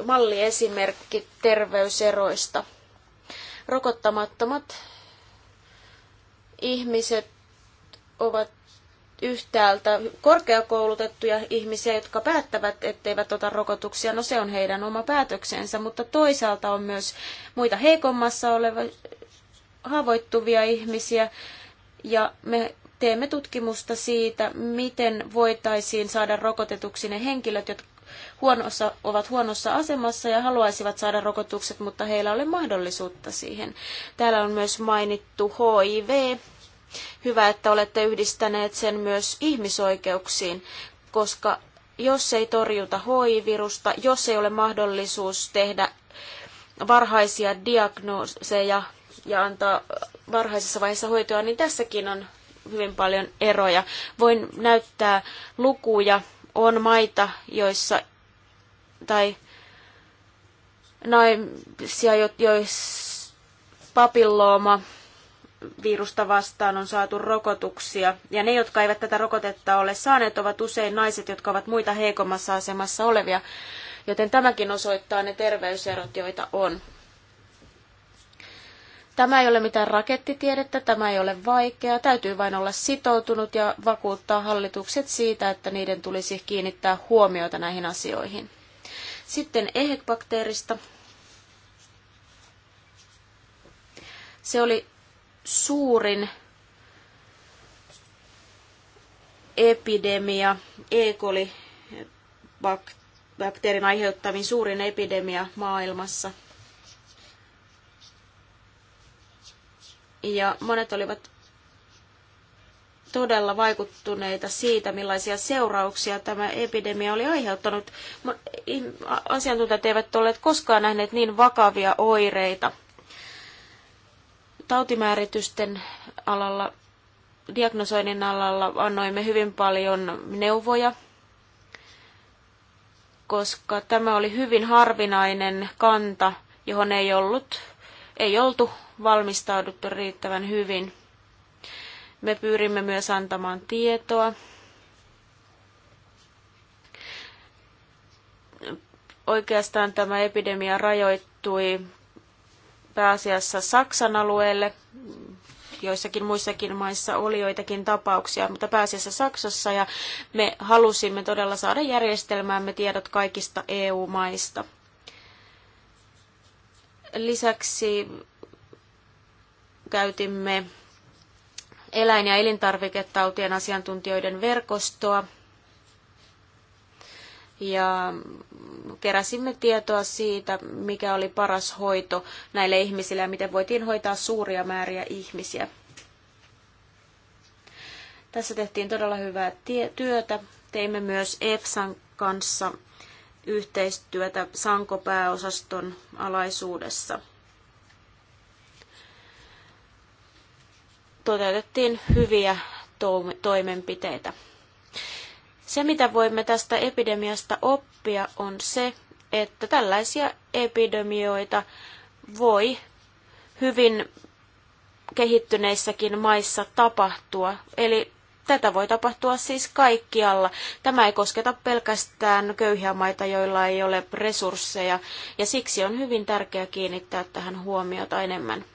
malliesimerkki terveyseroista. Rokottamattomat ihmiset ovat yhtäältä korkeakoulutettuja ihmisiä, jotka päättävät, etteivät ota rokotuksia, no se on heidän oma päätöksensä, mutta toisaalta on myös muita heikommassa oleva haavoittuvia ihmisiä, ja me teemme tutkimusta siitä, miten voitaisiin saada rokotetuksi ne henkilöt, jotka huonossa, ovat huonossa asemassa ja haluaisivat saada rokotukset, mutta heillä ei ole mahdollisuutta siihen. Täällä on myös mainittu HIV, Hyvä, että olette yhdistäneet sen myös ihmisoikeuksiin, koska jos ei torjuta HIV-virusta, jos ei ole mahdollisuus tehdä varhaisia diagnooseja ja antaa varhaisessa vaiheessa hoitoa, niin tässäkin on hyvin paljon eroja. Voin näyttää lukuja. On maita, joissa tai naisia, joissa papillooma virusta vastaan on saatu rokotuksia. Ja ne, jotka eivät tätä rokotetta ole saaneet, ovat usein naiset, jotka ovat muita heikommassa asemassa olevia. Joten tämäkin osoittaa ne terveyserot, joita on. Tämä ei ole mitään rakettitiedettä, tämä ei ole vaikeaa. Täytyy vain olla sitoutunut ja vakuuttaa hallitukset siitä, että niiden tulisi kiinnittää huomiota näihin asioihin. Sitten ehekbakteerista. Se oli suurin epidemia, E. coli bakteerin aiheuttamin suurin epidemia maailmassa. Ja monet olivat todella vaikuttuneita siitä, millaisia seurauksia tämä epidemia oli aiheuttanut. Asiantuntijat eivät olleet koskaan nähneet niin vakavia oireita – tautimääritysten alalla, diagnosoinnin alalla annoimme hyvin paljon neuvoja, koska tämä oli hyvin harvinainen kanta, johon ei ollut, ei oltu valmistauduttu riittävän hyvin. Me pyrimme myös antamaan tietoa. Oikeastaan tämä epidemia rajoittui pääasiassa Saksan alueelle. Joissakin muissakin maissa oli joitakin tapauksia, mutta pääasiassa Saksassa ja me halusimme todella saada järjestelmäämme tiedot kaikista EU-maista. Lisäksi käytimme eläin- ja elintarviketautien asiantuntijoiden verkostoa ja keräsimme tietoa siitä, mikä oli paras hoito näille ihmisille ja miten voitiin hoitaa suuria määriä ihmisiä. Tässä tehtiin todella hyvää työtä. Teimme myös EFSAn kanssa yhteistyötä Sankopääosaston alaisuudessa. Toteutettiin hyviä toimenpiteitä. Se, mitä voimme tästä epidemiasta oppia, on se, että tällaisia epidemioita voi hyvin kehittyneissäkin maissa tapahtua. Eli tätä voi tapahtua siis kaikkialla. Tämä ei kosketa pelkästään köyhiä maita, joilla ei ole resursseja, ja siksi on hyvin tärkeää kiinnittää tähän huomiota enemmän.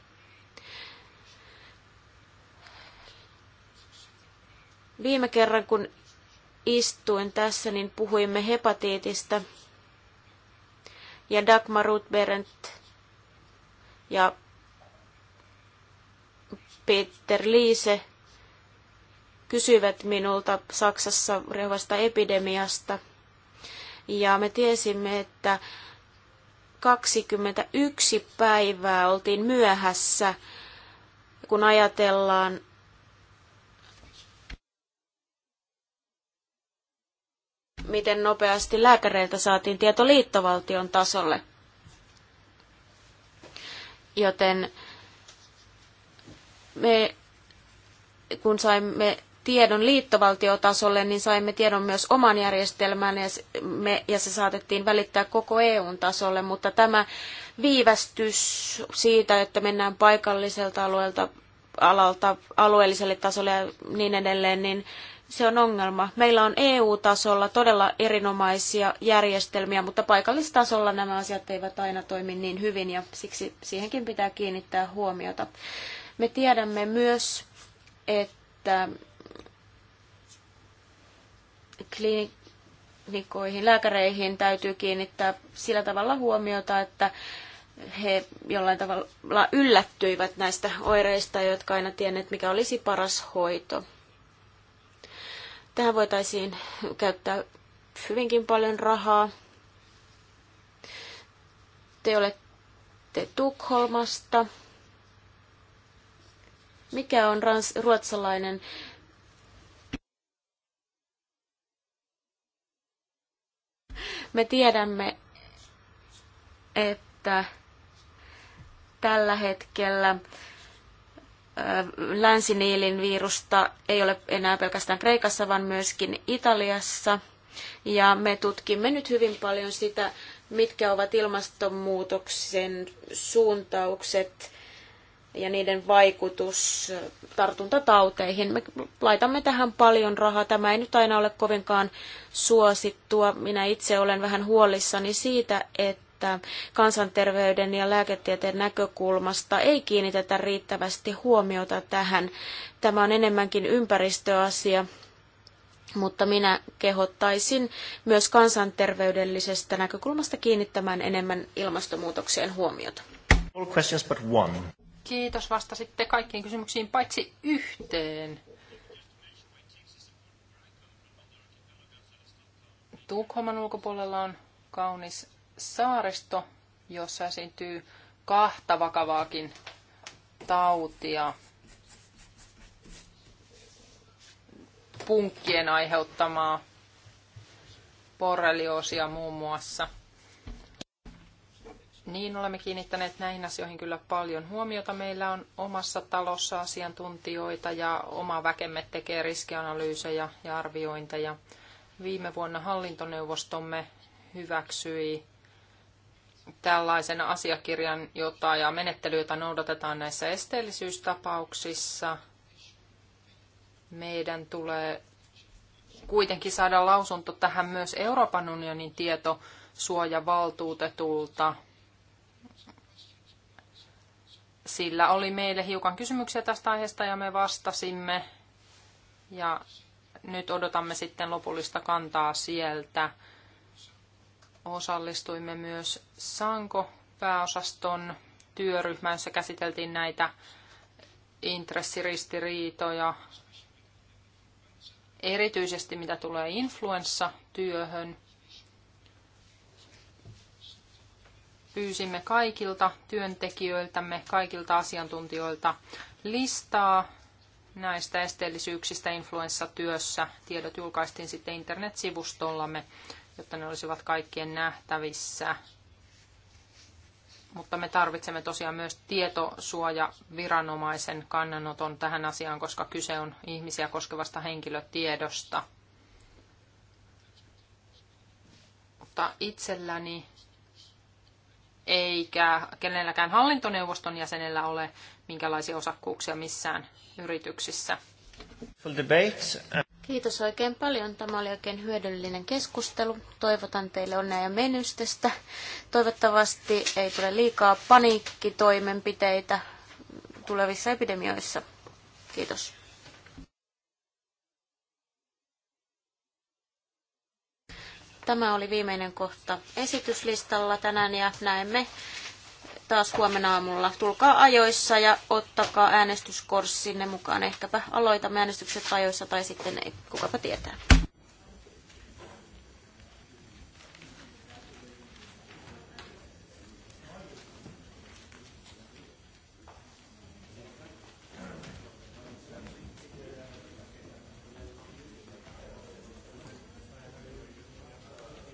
Viime kerran, kun istuin tässä, niin puhuimme hepatiitista. Ja Dagmar Rutberent ja Peter Liise kysyivät minulta Saksassa rehvasta epidemiasta. Ja me tiesimme, että 21 päivää oltiin myöhässä, kun ajatellaan miten nopeasti lääkäreiltä saatiin tieto liittovaltion tasolle. Joten me, kun saimme tiedon liittovaltiotasolle, niin saimme tiedon myös oman järjestelmään ja, me, ja se saatettiin välittää koko EUn tasolle, mutta tämä viivästys siitä, että mennään paikalliselta alueelta, alalta alueelliselle tasolle ja niin edelleen, niin se on ongelma. Meillä on EU-tasolla todella erinomaisia järjestelmiä, mutta paikallistasolla nämä asiat eivät aina toimi niin hyvin ja siksi siihenkin pitää kiinnittää huomiota. Me tiedämme myös, että klinikoihin, lääkäreihin täytyy kiinnittää sillä tavalla huomiota, että he jollain tavalla yllättyivät näistä oireista, jotka aina tienneet, mikä olisi paras hoito. Tähän voitaisiin käyttää hyvinkin paljon rahaa. Te olette Tukholmasta. Mikä on rans- ruotsalainen me tiedämme, että tällä hetkellä länsiniilin virusta ei ole enää pelkästään Kreikassa, vaan myöskin Italiassa. Ja me tutkimme nyt hyvin paljon sitä, mitkä ovat ilmastonmuutoksen suuntaukset ja niiden vaikutus tartuntatauteihin. Me laitamme tähän paljon rahaa. Tämä ei nyt aina ole kovinkaan suosittua. Minä itse olen vähän huolissani siitä, että että kansanterveyden ja lääketieteen näkökulmasta ei kiinnitetä riittävästi huomiota tähän. Tämä on enemmänkin ympäristöasia, mutta minä kehottaisin myös kansanterveydellisestä näkökulmasta kiinnittämään enemmän ilmastonmuutokseen huomiota. Kiitos, vastasitte kaikkiin kysymyksiin paitsi yhteen. Tukholman ulkopuolella on kaunis saaristo, jossa esiintyy kahta vakavaakin tautia. Punkkien aiheuttamaa porrelioosia muun muassa. Niin olemme kiinnittäneet näihin asioihin kyllä paljon huomiota. Meillä on omassa talossa asiantuntijoita ja oma väkemme tekee riskianalyysejä ja arviointeja. Viime vuonna hallintoneuvostomme hyväksyi tällaisen asiakirjan, jota ja menettely, jota noudatetaan näissä esteellisyystapauksissa, meidän tulee kuitenkin saada lausunto tähän myös Euroopan unionin tietosuojavaltuutetulta, sillä oli meille hiukan kysymyksiä tästä aiheesta ja me vastasimme. Ja nyt odotamme sitten lopullista kantaa sieltä osallistuimme myös Sanko-pääosaston työryhmään, jossa käsiteltiin näitä intressiristiriitoja, erityisesti mitä tulee influenssatyöhön. Pyysimme kaikilta työntekijöiltämme, kaikilta asiantuntijoilta listaa näistä esteellisyyksistä influenssatyössä. Tiedot julkaistiin sitten internetsivustollamme jotta ne olisivat kaikkien nähtävissä. Mutta me tarvitsemme tosiaan myös tietosuojaviranomaisen kannanoton tähän asiaan, koska kyse on ihmisiä koskevasta henkilötiedosta. Mutta itselläni eikä kenelläkään hallintoneuvoston jäsenellä ole minkälaisia osakkuuksia missään yrityksissä. Kiitos oikein paljon. Tämä oli oikein hyödyllinen keskustelu. Toivotan teille onnea ja menystystä. Toivottavasti ei tule liikaa paniikkitoimenpiteitä tulevissa epidemioissa. Kiitos. Tämä oli viimeinen kohta esityslistalla tänään ja näemme taas huomenna aamulla. Tulkaa ajoissa ja ottakaa äänestyskorsi sinne mukaan. Ehkäpä aloitamme äänestykset ajoissa tai sitten ei, kukapa tietää.